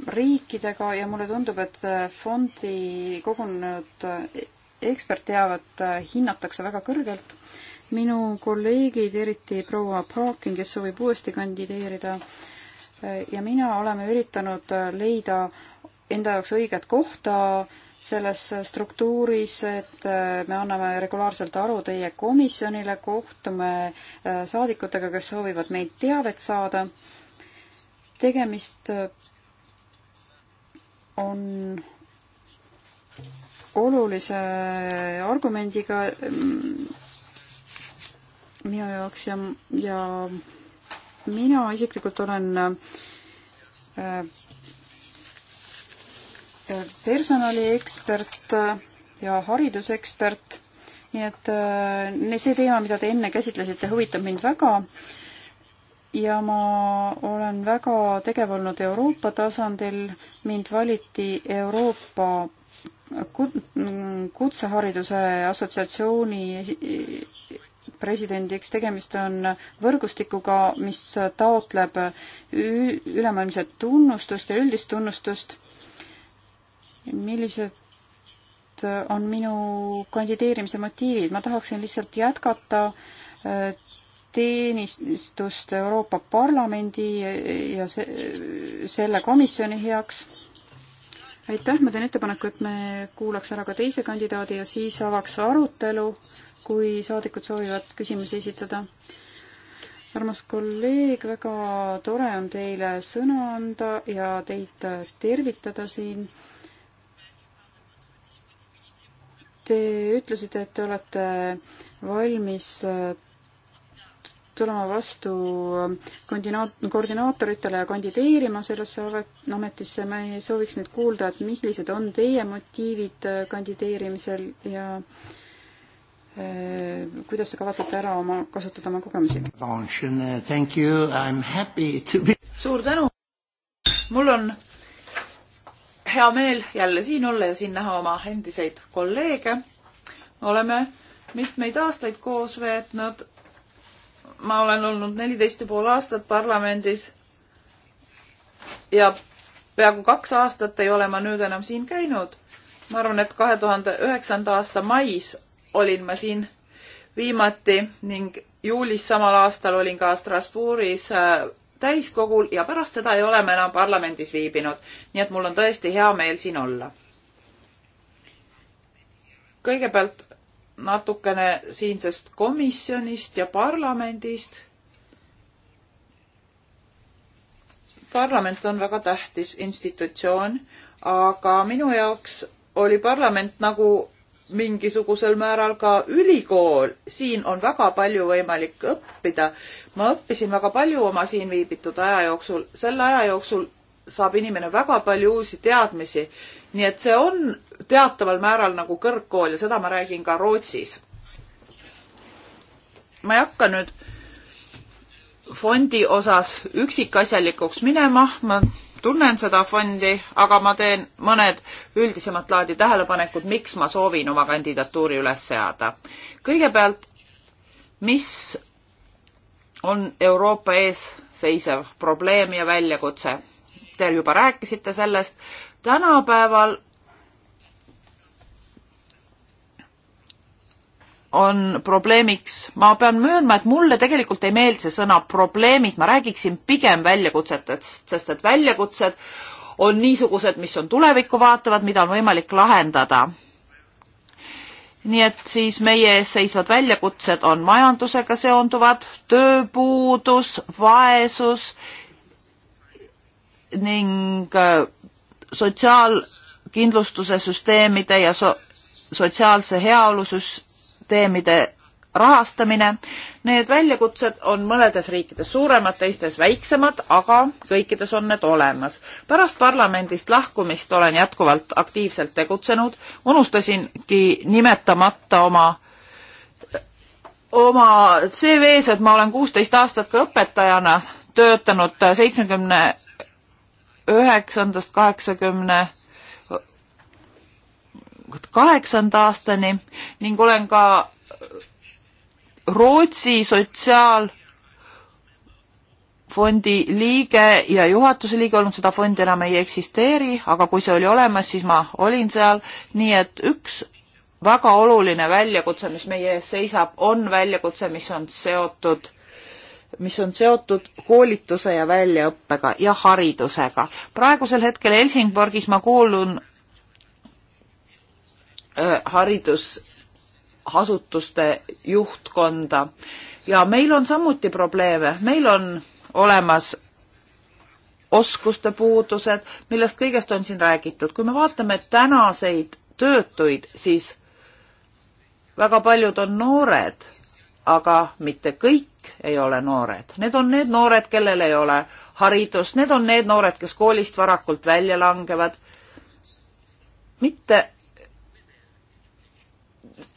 riikidega ja mulle tundub, et fondi kogunenud ekspertteavet hinnatakse väga kõrgelt. minu kolleegid, eriti proua Parkin, kes soovib uuesti kandideerida, ja mina oleme üritanud leida enda jaoks õiget kohta äh, selles struktuuris, et äh, me anname regulaarselt aru teie komisjonile, kohtume äh, saadikutega, kes soovivad meilt teavet saada. tegemist äh, on olulise argumendiga mm, minu jaoks ja, ja mina isiklikult olen äh, personaliekspert ja haridusekspert, nii et äh, see teema, mida te enne käsitlesite, huvitab mind väga ja ma olen väga tegev olnud Euroopa tasandil, mind valiti Euroopa Kutsehariduse Assotsiatsiooni presidendiks, tegemist on võrgustikuga, mis taotleb ülemaailmset tunnustust ja üldist tunnustust millised on minu kandideerimise motiivid, ma tahaksin lihtsalt jätkata äh, teenistust Euroopa Parlamendi ja se selle komisjoni heaks. aitäh, ma teen ettepaneku, et me kuulaks ära ka teise kandidaadi ja siis avaks arutelu, kui saadikud soovivad küsimusi esitada. armas kolleeg, väga tore on teile sõna anda ja teid tervitada siin Te ütlesite, et te olete valmis äh, tulema vastu äh, koordinaat-, koordinaatoritele ja kandideerima sellesse ametisse, me sooviks nüüd kuulda, et millised on teie motiivid äh, kandideerimisel ja kuidas te kavatsete ära oma, kasutada oma kogemusi? suur tänu! mul on hea meel jälle siin olla ja siin näha oma endiseid kolleege. oleme mitmeid aastaid koos veetnud. ma olen olnud neliteist ja pool aastat parlamendis. ja peaaegu kaks aastat ei ole ma nüüd enam siin käinud. ma arvan, et kahe tuhande üheksanda aasta mais olin ma siin viimati ning juulis samal aastal olin ka Strasbourgis äh, täiskogul ja pärast seda ei ole me enam parlamendis viibinud, nii et mul on tõesti hea meel siin olla. kõigepealt natukene siinsest komisjonist ja parlamendist. parlament on väga tähtis institutsioon, aga minu jaoks oli parlament nagu mingisugusel määral ka ülikool, siin on väga palju võimalik õppida. ma õppisin väga palju oma siin viibitud aja jooksul, selle aja jooksul saab inimene väga palju uusi teadmisi. nii et see on teataval määral nagu kõrgkool ja seda ma räägin ka Rootsis. ma ei hakka nüüd fondi osas üksikasjalikuks minema, ma tunnen seda fondi, aga ma teen mõned üldisemat laadi tähelepanekud, miks ma soovin oma kandidatuuri üles seada. kõigepealt, mis on Euroopa ees seisev probleem ja väljakutse? Te juba rääkisite sellest, tänapäeval on probleemiks, ma pean möönma, et mulle tegelikult ei meeldi see sõna probleemid, ma räägiksin pigem väljakutsetest, sest et väljakutsed on niisugused, mis on tulevikku vaatavad, mida on võimalik lahendada. nii et siis meie ees seisvad väljakutsed on majandusega seonduvad, tööpuudus, vaesus ning äh, sotsiaalkindlustuse süsteemide ja so sotsiaalse heaolu süs-, süsteemide rahastamine. Need väljakutsed on mõnedes riikides suuremad, teistes väiksemad, aga kõikides on need olemas. pärast parlamendist lahkumist olen jätkuvalt aktiivselt tegutsenud, unustasingi nimetamata oma oma CV-s, et ma olen kuusteist aastat ka õpetajana töötanud seitsmekümne üheksandast kaheksakümne 80 kaheksanda aastani ning olen ka Rootsi sotsiaalfondi liige ja juhatuse liige olnud, seda fondi enam ei eksisteeri, aga kui see oli olemas, siis ma olin seal, nii et üks väga oluline väljakutse, mis meie ees seisab, on väljakutse, mis on seotud mis on seotud koolituse ja väljaõppega ja haridusega. praegusel hetkel Helsingborgis ma kuulun Äh, haridusasutuste juhtkonda ja meil on samuti probleeme, meil on olemas oskuste puudused, millest kõigest on siin räägitud. kui me vaatame tänaseid töötuid, siis väga paljud on noored, aga mitte kõik ei ole noored. Need on need noored, kellel ei ole haridust, need on need noored, kes koolist varakult välja langevad. mitte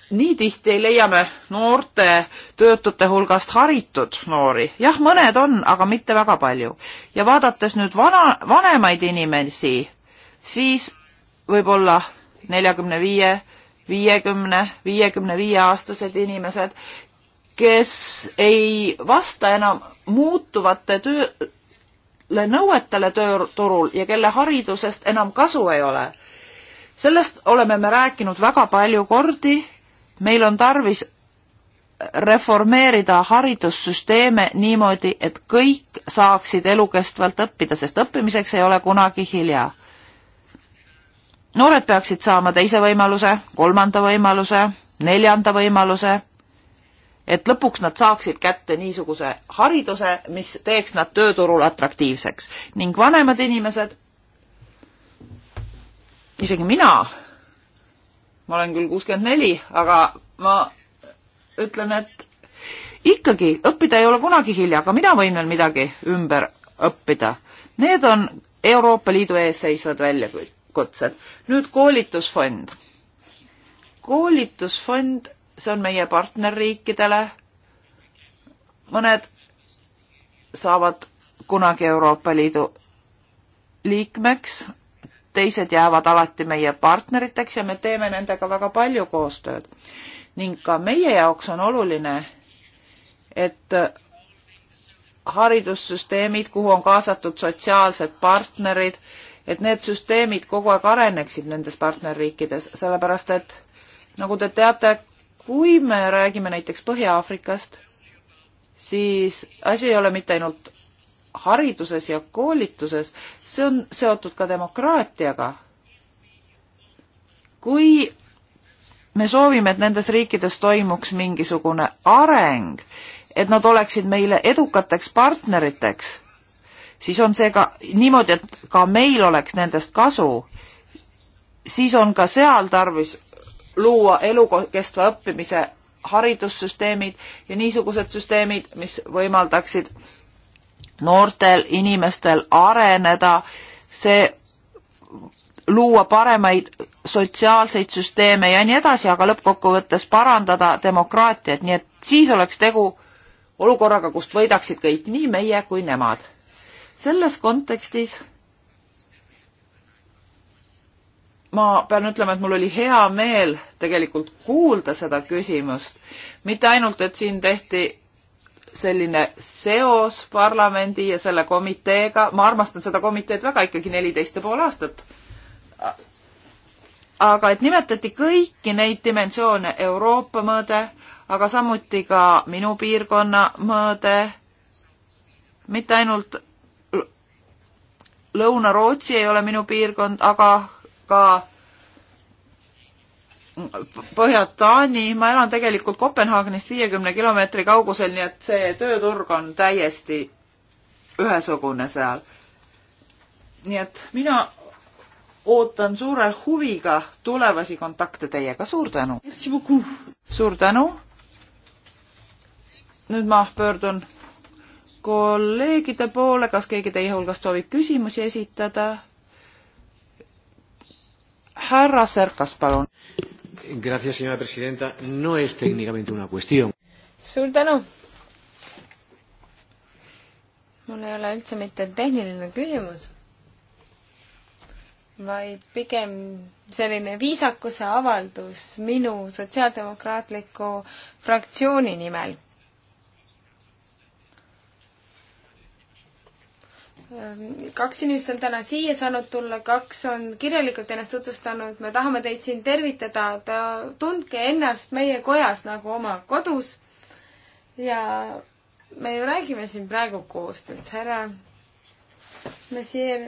nii tihti ei leia me noorte töötute hulgast haritud noori. jah, mõned on, aga mitte väga palju. ja vaadates nüüd vana, vanemaid inimesi, siis võib-olla neljakümne viie, viiekümne, viiekümne viie aastased inimesed, kes ei vasta enam muutuvate tööle nõuetele tööturul ja kelle haridusest enam kasu ei ole. sellest oleme me rääkinud väga palju kordi meil on tarvis reformeerida haridussüsteeme niimoodi, et kõik saaksid elukestvalt õppida, sest õppimiseks ei ole kunagi hilja. noored peaksid saama teise võimaluse, kolmanda võimaluse, neljanda võimaluse, et lõpuks nad saaksid kätte niisuguse hariduse, mis teeks nad tööturul atraktiivseks ning vanemad inimesed, isegi mina ma olen küll kuuskümmend neli, aga ma ütlen, et ikkagi õppida ei ole kunagi hilja, ka mina võin veel midagi ümber õppida. Need on Euroopa Liidu ees seisvad väljakutsed. nüüd koolitusfond. koolitusfond, see on meie partnerriikidele. mõned saavad kunagi Euroopa Liidu liikmeks, teised jäävad alati meie partneriteks ja me teeme nendega väga palju koostööd. ning ka meie jaoks on oluline, et haridussüsteemid, kuhu on kaasatud sotsiaalsed partnerid, et need süsteemid kogu aeg areneksid nendes partnerriikides, sellepärast et nagu te teate, kui me räägime näiteks Põhja-Aafrikast, siis asi ei ole mitte ainult hariduses ja koolituses, see on seotud ka demokraatiaga. kui me soovime, et nendes riikides toimuks mingisugune areng, et nad oleksid meile edukateks partneriteks, siis on see ka niimoodi, et ka meil oleks nendest kasu, siis on ka seal tarvis luua elukestva õppimise haridussüsteemid ja niisugused süsteemid, mis võimaldaksid noortel inimestel areneda, see luua paremaid sotsiaalseid süsteeme ja nii edasi, aga lõppkokkuvõttes parandada demokraatiat, nii et siis oleks tegu olukorraga, kust võidaksid kõik, nii meie kui nemad. selles kontekstis ma pean ütlema, et mul oli hea meel tegelikult kuulda seda küsimust, mitte ainult, et siin tehti selline seos parlamendi ja selle komiteega, ma armastan seda komiteed väga ikkagi neliteist ja pool aastat. aga et nimetati kõiki neid dimensioone, Euroopa mõõde, aga samuti ka minu piirkonna mõõde, mitte ainult Lõuna-Rootsi ei ole minu piirkond, aga ka Põhja-Taani, ma elan tegelikult Kopenhaagenist viiekümne kilomeetri kaugusel, nii et see tööturg on täiesti ühesugune seal. nii et mina ootan suure huviga tulevasi kontakte teiega, suur tänu! suur tänu! nüüd ma pöördun kolleegide poole, kas keegi teie hulgast soovib küsimusi esitada? härra Serkas, palun! Gracias, señora presidenta. No es técnicamente una cuestión. suur tänu! mul ei ole üldse mitte tehniline küsimus, vaid pigem selline viisakuse avaldus minu sotsiaaldemokraatliku fraktsiooni nimel Ehm, kaks inimest on täna siia saanud tulla, kaks on kirjalikult ennast tutvustanud, me tahame teid siin tervitada, tundke ennast meie kojas nagu oma kodus. ja me ju räägime siin praegu koostööst, härra Messier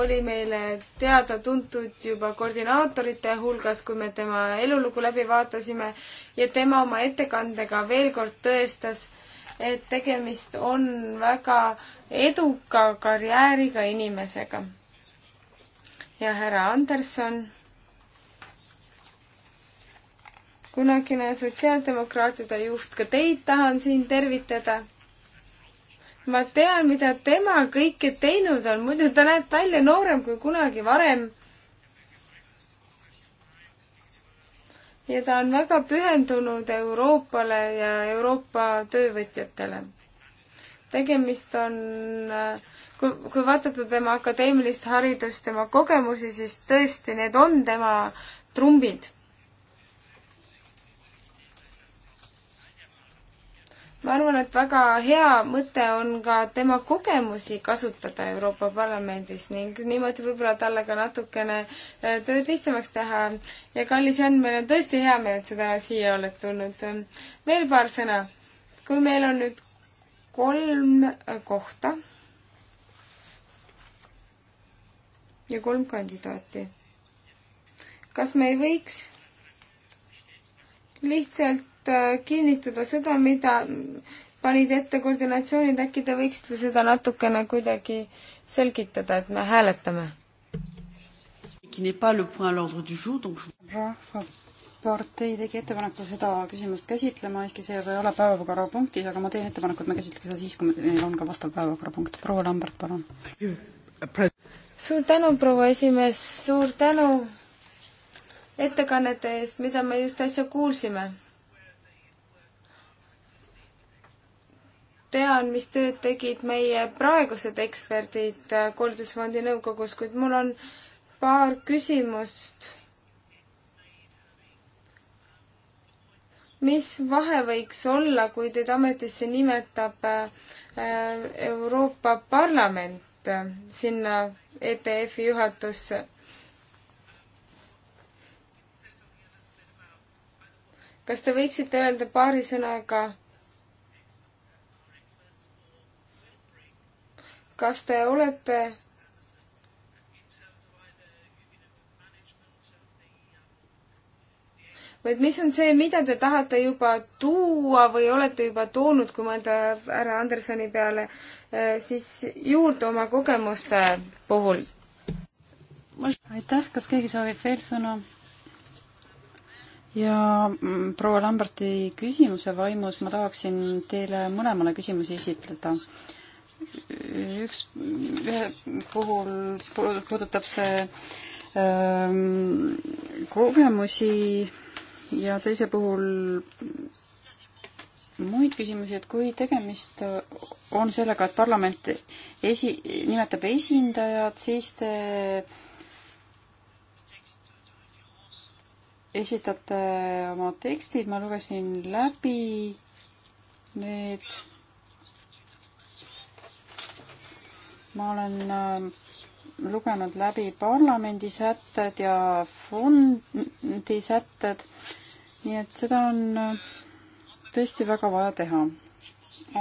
oli meile teada-tuntud juba koordinaatorite hulgas, kui me tema elulugu läbi vaatasime ja tema oma ettekandega veel kord tõestas, et tegemist on väga eduka karjääriga inimesega. ja härra Anderson, kunagine sotsiaaldemokraatide juht, ka teid tahan siin tervitada ma tean, mida tema kõike teinud on, muidu ta näeb välja noorem kui kunagi varem. ja ta on väga pühendunud Euroopale ja Euroopa töövõtjatele. tegemist on, kui, kui vaadata tema akadeemilist haridust, tema kogemusi, siis tõesti, need on tema trumbid ma arvan, et väga hea mõte on ka tema kogemusi kasutada Euroopa Parlamendis ning niimoodi võib-olla talle ka natukene äh, tööd lihtsamaks teha. ja kallis Jan, meil on tõesti hea meel, et sa täna siia oled tulnud. veel paar sõna. kui meil on nüüd kolm äh, kohta ja kolm kandidaati, kas me ei võiks lihtsalt Äh, kinnitada seda, mida panid ette koordinatsioonid, äkki te võiksite seda natukene kuidagi selgitada, et me hääletame? rahvapartei tegi ettepaneku seda küsimust käsitlema, ehkki see ei ole päevakorrapunktis, aga ma teen ettepaneku, et me käsitleme seda siis, kui meil on ka vastav päevakorrapunkt. proua Lambert, palun. suur tänu, proua esimees, suur tänu ettekannete eest, mida me just äsja kuulsime tean, mis tööd tegid meie praegused eksperdid Koolitusfondi nõukogus, kuid mul on paar küsimust. mis vahe võiks olla, kui teid ametisse nimetab äh, Euroopa Parlament äh, sinna ETF-i juhatusse? kas te võiksite öelda paari sõnaga kas te olete vaid mis on see, mida te tahate juba tuua või olete juba toonud, kui mõelda härra Andersoni peale, eh, siis juurde oma kogemuste puhul? aitäh, kas keegi soovib veel sõna? ja mm, proua Lamberti küsimuse vaimus ma tahaksin teile mõlemale küsimusi esitleda üks, ühe puhul puudutab see ähm, kogemusi ja teise puhul muid küsimusi, et kui tegemist on sellega, et parlament esi, nimetab esindajad, siis te esitate oma tekstid, ma lugesin läbi need ma olen äh, lugenud läbi parlamendi sätted ja fondi sätted, nii et seda on äh, tõesti väga vaja teha.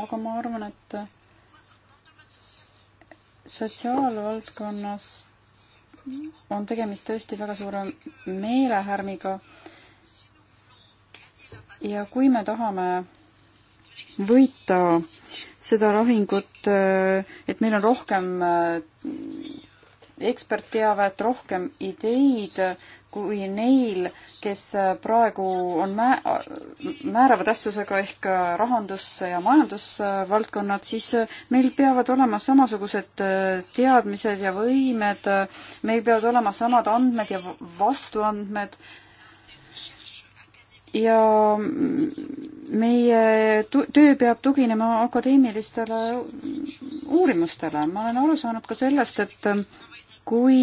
aga ma arvan, et äh, sotsiaalvaldkonnas on tegemist tõesti väga suure meelehärmiga. ja kui me tahame võita seda lahingut, äh, et meil on rohkem äh, ekspertteavet, rohkem ideid kui neil, kes äh, praegu on mä-, määrava tähtsusega ehk rahandus- ja majandusvaldkonnad, siis meil peavad olema samasugused teadmised ja võimed, meil peavad olema samad andmed ja vastuandmed ja meie töö peab tuginema akadeemilistele uurimustele. ma olen aru saanud ka sellest, et kui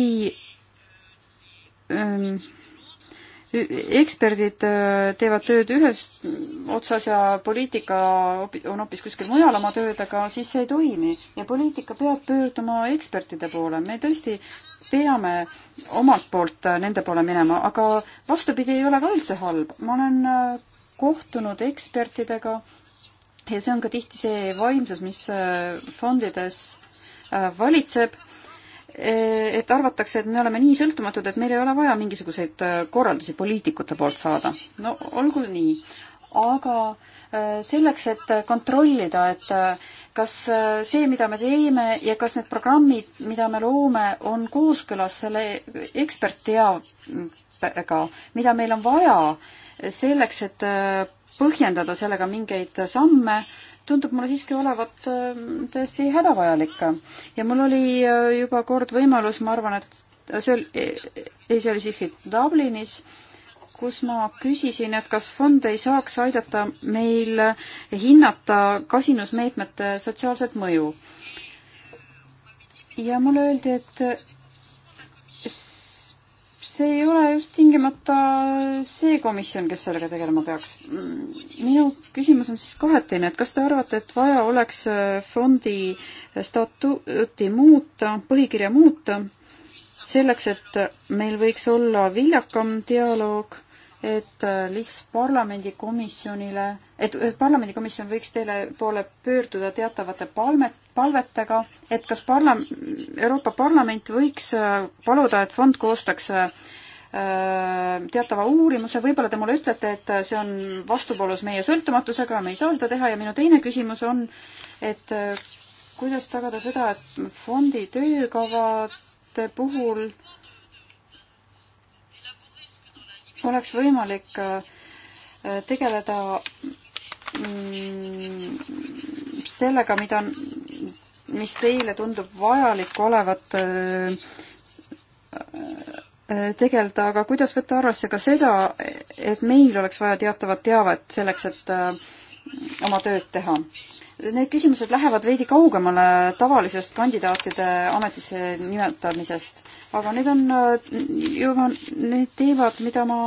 ähm, eksperdid äh, teevad tööd ühes otsas ja poliitika on hoopis kuskil mujal oma tööd, aga siis see ei toimi. ja poliitika peab pöörduma ekspertide poole, me tõesti peame omalt poolt äh, nende poole minema, aga vastupidi ei ole ka üldse halb. ma olen äh, kohtunud ekspertidega ja see on ka tihti see vaimsus, mis fondides valitseb Eh, et arvatakse, et me oleme nii sõltumatud, et meil ei ole vaja mingisuguseid eh, korraldusi poliitikute poolt saada. no olgu nii, aga eh, selleks, et kontrollida, et kas see, mida me teeme ja kas need programmid, mida me loome, on kooskõlas selle ekspertteabega, mida meil on vaja selleks, et põhjendada sellega mingeid samme, tundub mulle siiski olevat ähm, täiesti hädavajalik. ja mul oli äh, juba kord võimalus, ma arvan, et see oli, ei, e, e, see oli siiski Dublinis, kus ma küsisin, et kas fond ei saaks aidata meil hinnata kasinusmeetmete sotsiaalset mõju. ja mulle öeldi, et see ei ole just tingimata see komisjon, kes sellega tegelema peaks. minu küsimus on siis kahetine, et kas te arvate, et vaja oleks äh, fondi statuuti muuta, põhikirja muuta, selleks, et meil võiks olla viljakam dialoog, et lisaks äh, parlamendikomisjonile, et, et parlamendikomisjon võiks teile poole pöörduda teatavate palmet, palvetega, et kas parla-, Euroopa Parlament võiks äh, paluda, et fond koostaks äh, teatava uurimuse, võib-olla te mulle ütlete, et äh, see on vastuvoolus meie sõltumatusega, me ei saa seda teha ja minu teine küsimus on, et kuidas tagada seda, et fondi töökavade puhul oleks võimalik tegeleda mm, sellega, mida mis teile tundub vajalik olevat äh, äh, tegeleda, aga kuidas võtta arvesse ka seda, et meil oleks vaja teatavat teavet selleks, et äh, oma tööd teha? Need küsimused lähevad veidi kaugemale tavalisest kandidaatide ametisse nimetamisest, aga need on juba need teemad, mida ma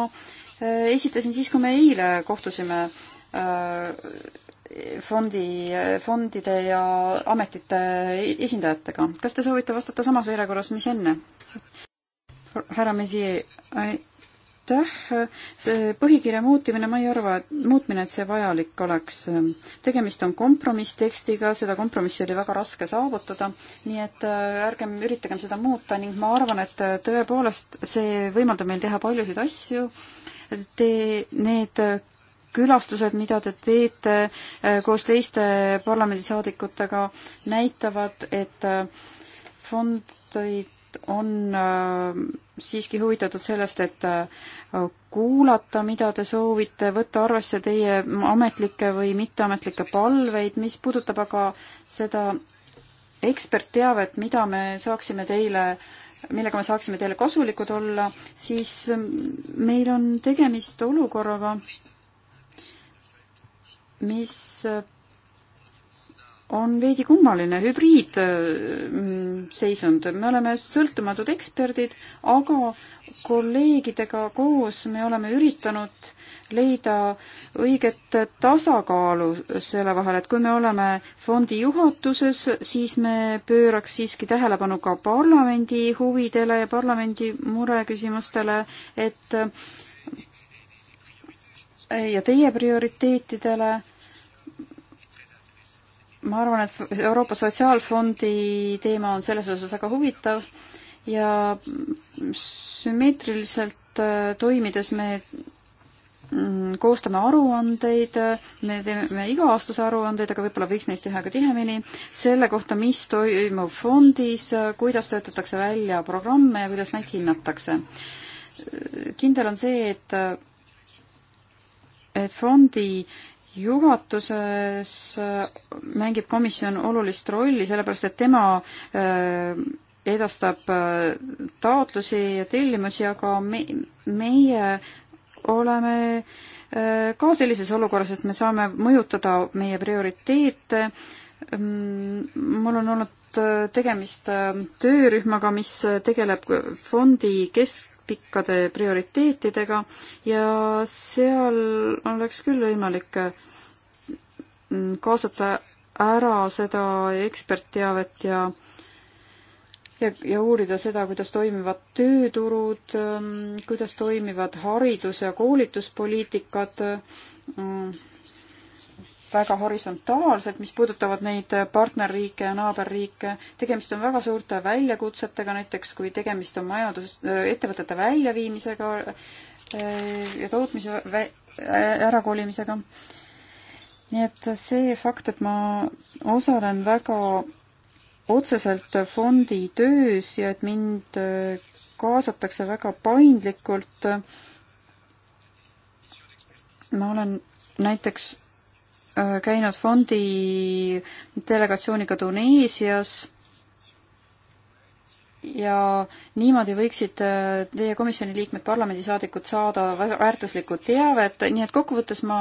esitasin siis, kui me eile kohtusime fondi, fondide ja ametite esindajatega. kas te soovite vastata samas järjekorras, mis enne? härra Mesier, aitäh. see põhikirja muutimine, ma ei arva, et muutmine, et see vajalik oleks. tegemist on kompromisstekstiga, seda kompromissi oli väga raske saavutada, nii et äh, ärgem üritagem seda muuta ning ma arvan, et äh, tõepoolest see võimaldab meil teha paljusid asju. Te, need külastused, mida te teete äh, koos teiste parlamendisaadikutega, näitavad, et äh, fondid on äh, siiski huvitatud sellest, et kuulata, mida te soovite, võtta arvesse teie ametlikke või mitteametlikke palveid, mis puudutab aga seda ekspertteavet, mida me saaksime teile millega me saaksime teile kasulikud olla, siis mm, meil on tegemist olukorraga, mis on veidi kummaline hübriidseisund. me oleme sõltumatud eksperdid, aga kolleegidega koos me oleme üritanud leida õiget tasakaalu selle vahel, et kui me oleme fondi juhatuses, siis me pööraks siiski tähelepanu ka parlamendi huvidele ja parlamendi mureküsimustele, et äh, ja teie prioriteetidele. ma arvan, et Euroopa Sotsiaalfondi teema on selles osas väga huvitav ja sümmeetriliselt äh, toimides me mm, koostame aruandeid, me teeme iga-aastase aruandeid, aga võib-olla võiks neid teha ka tihemini, selle kohta, mis toimub fondis, kuidas töötatakse välja programme ja kuidas neid hinnatakse. kindel on see, et et fondi juhatuses äh, mängib komisjon olulist rolli, sellepärast et tema äh, edastab äh, taotlusi ja tellimusi, aga me, meie oleme ka sellises olukorras, et me saame mõjutada meie prioriteete. Mm, mul on olnud tegemist töörühmaga, mis tegeleb fondi kesk, pikkade prioriteetidega ja seal oleks küll võimalik mm, kaasata ära seda ekspertteavet ja ja, ja uurida seda, kuidas toimivad tööturud, mm, kuidas toimivad haridus- ja koolituspoliitikad, mm, väga horisontaalselt, mis puudutavad neid partnerriike ja naaberriike. tegemist on väga suurte väljakutsetega, näiteks kui tegemist on majandus, ettevõtete väljaviimisega äh, ja tootmise äh, ärakolimisega. nii et see fakt, et ma osalen väga otseselt fondi töös ja et mind äh, kaasatakse väga paindlikult. ma olen näiteks Äh, käinud fondi delegatsiooniga Tuneesias ja niimoodi võiksid äh, teie komisjoni liikmed, parlamendisaadikud saada väärtuslikku teavet, nii et kokkuvõttes ma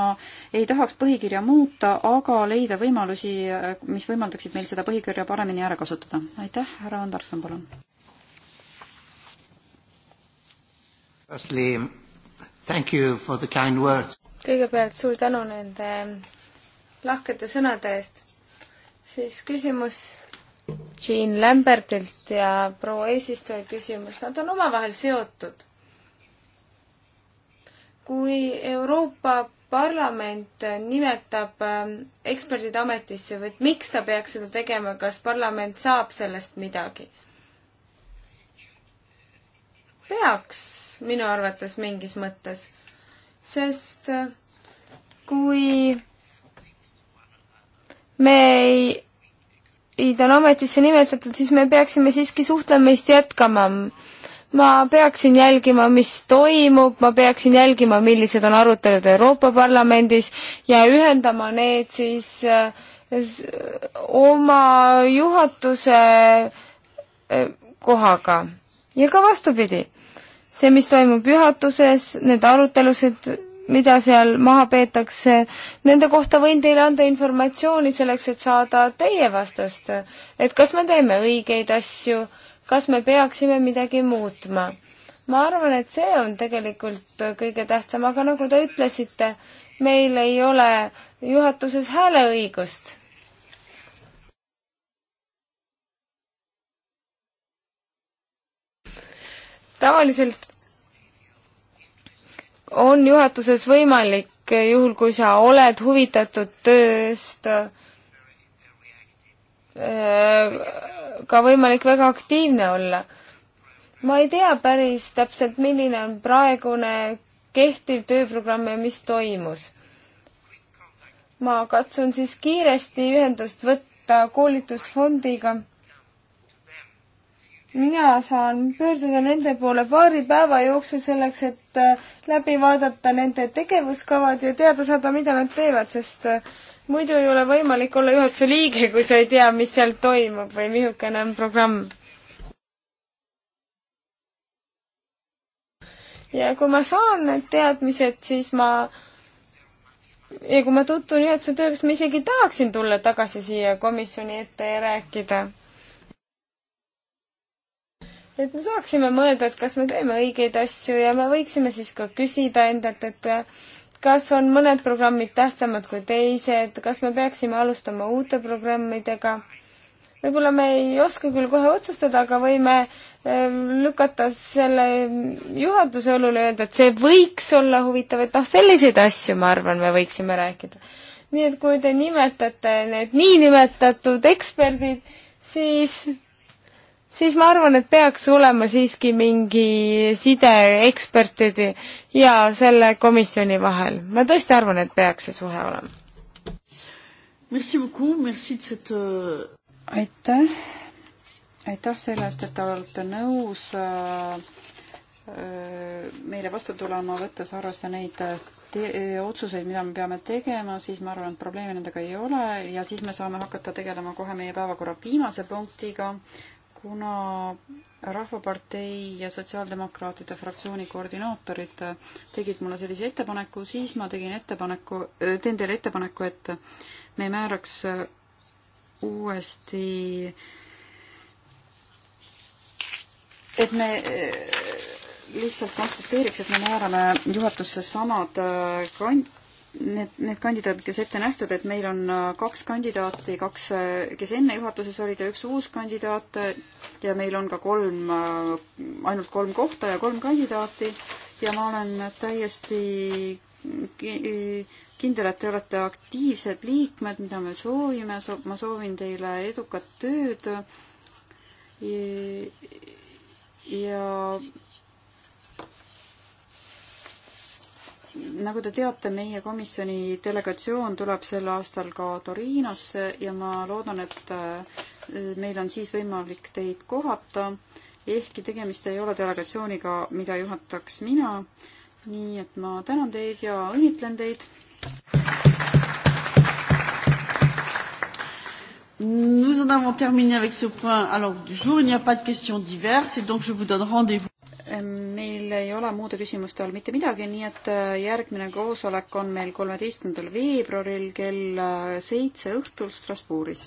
ei tahaks põhikirja muuta, aga leida võimalusi, äh, mis võimaldaksid meil seda põhikirja paremini ära kasutada. aitäh, härra Anderson, palun. kõigepealt suur tänu nende lahkete sõnade eest. siis küsimus Jean Lambertilt ja proua eesistuja küsimus, nad on omavahel seotud. kui Euroopa parlament nimetab ähm, eksperdid ametisse või et miks ta peaks seda tegema, kas parlament saab sellest midagi? peaks minu arvates mingis mõttes, sest äh, kui meid on ametisse nimetatud, siis me peaksime siiski suhtlemist jätkama. ma peaksin jälgima, mis toimub, ma peaksin jälgima, millised on arutelud Euroopa Parlamendis ja ühendama need siis eh, oma juhatuse eh, kohaga ja ka vastupidi. see, mis toimub juhatuses, need arutelused mida seal maha peetakse, nende kohta võin teile anda informatsiooni selleks, et saada teie vastust, et kas me teeme õigeid asju, kas me peaksime midagi muutma. ma arvan, et see on tegelikult kõige tähtsam, aga nagu te ütlesite, meil ei ole juhatuses hääleõigust tavaliselt on juhatuses võimalik, juhul kui sa oled huvitatud tööst, äh, ka võimalik väga aktiivne olla. ma ei tea päris täpselt, milline on praegune kehtiv tööprogramm ja mis toimus. ma katsun siis kiiresti ühendust võtta koolitusfondiga mina saan pöörduda nende poole paari päeva jooksul selleks, et äh, läbi vaadata nende tegevuskavad ja teada saada, mida nad teevad, sest äh, muidu ei ole võimalik olla juhatuse liige, kui sa ei tea, mis seal toimub või missugune on programm. ja kui ma saan need teadmised, siis ma ja kui ma tutvun juhatuse tööga, siis ma isegi tahaksin tulla tagasi siia komisjoni ette ja rääkida et me saaksime mõelda, et kas me teeme õigeid asju ja me võiksime siis ka küsida endalt, et kas on mõned programmid tähtsamad kui teised, kas me peaksime alustama uute programmidega. võib-olla me ei oska küll kohe otsustada, aga võime eh, lükata selle juhatuse õlule, öelda, et see võiks olla huvitav, et noh, selliseid asju, ma arvan, me võiksime rääkida. nii et kui te nimetate need niinimetatud eksperdid, siis siis ma arvan, et peaks olema siiski mingi side ekspertide ja selle komisjoni vahel. ma tõesti arvan, et peaks see suhe olema. Euh, aitäh, aitäh selle eest, et te olete nõus äh, äh, meile vastu tulema, võttes arvesse neid äh, otsuseid, mida me peame tegema, siis ma arvan, et probleeme nendega ei ole ja siis me saame hakata tegelema kohe meie päevakorra viimase punktiga, kuna Rahvapartei ja Sotsiaaldemokraatide fraktsiooni koordinaatorid tegid mulle sellise ettepaneku, siis ma tegin ettepaneku, teen teile ettepaneku, et me määraks uuesti, et me lihtsalt konstateeriks, et me määrame juhatusse samad äh, kand-, need, need kandidaadid, kes ette nähtud, et meil on äh, kaks kandidaati, kaks, äh, kes enne juhatuses olid ja üks uus kandidaat äh, ja meil on ka kolm, ainult kolm kohta ja kolm kandidaati ja ma olen täiesti kindel, et te olete aktiivsed liikmed, mida me soovime, ma soovin teile edukat tööd ja nagu te teate, meie komisjoni delegatsioon tuleb sel aastal ka Torinosse ja ma loodan, et äh, meil on siis võimalik teid kohata, ehkki tegemist ei ole delegatsiooniga, mida juhataks mina. nii et ma tänan teid ja õnnitlen teid. Nous en avons terminé avec ce point alors du jour. Il n'y a pas de questions diverses et donc je vous donne rendez-vous. meil ei ole muude küsimuste all mitte midagi, nii et äh, järgmine koosolek on meil kolmeteistkümnendal veebruaril kell äh, seitse õhtul Strasbourgis.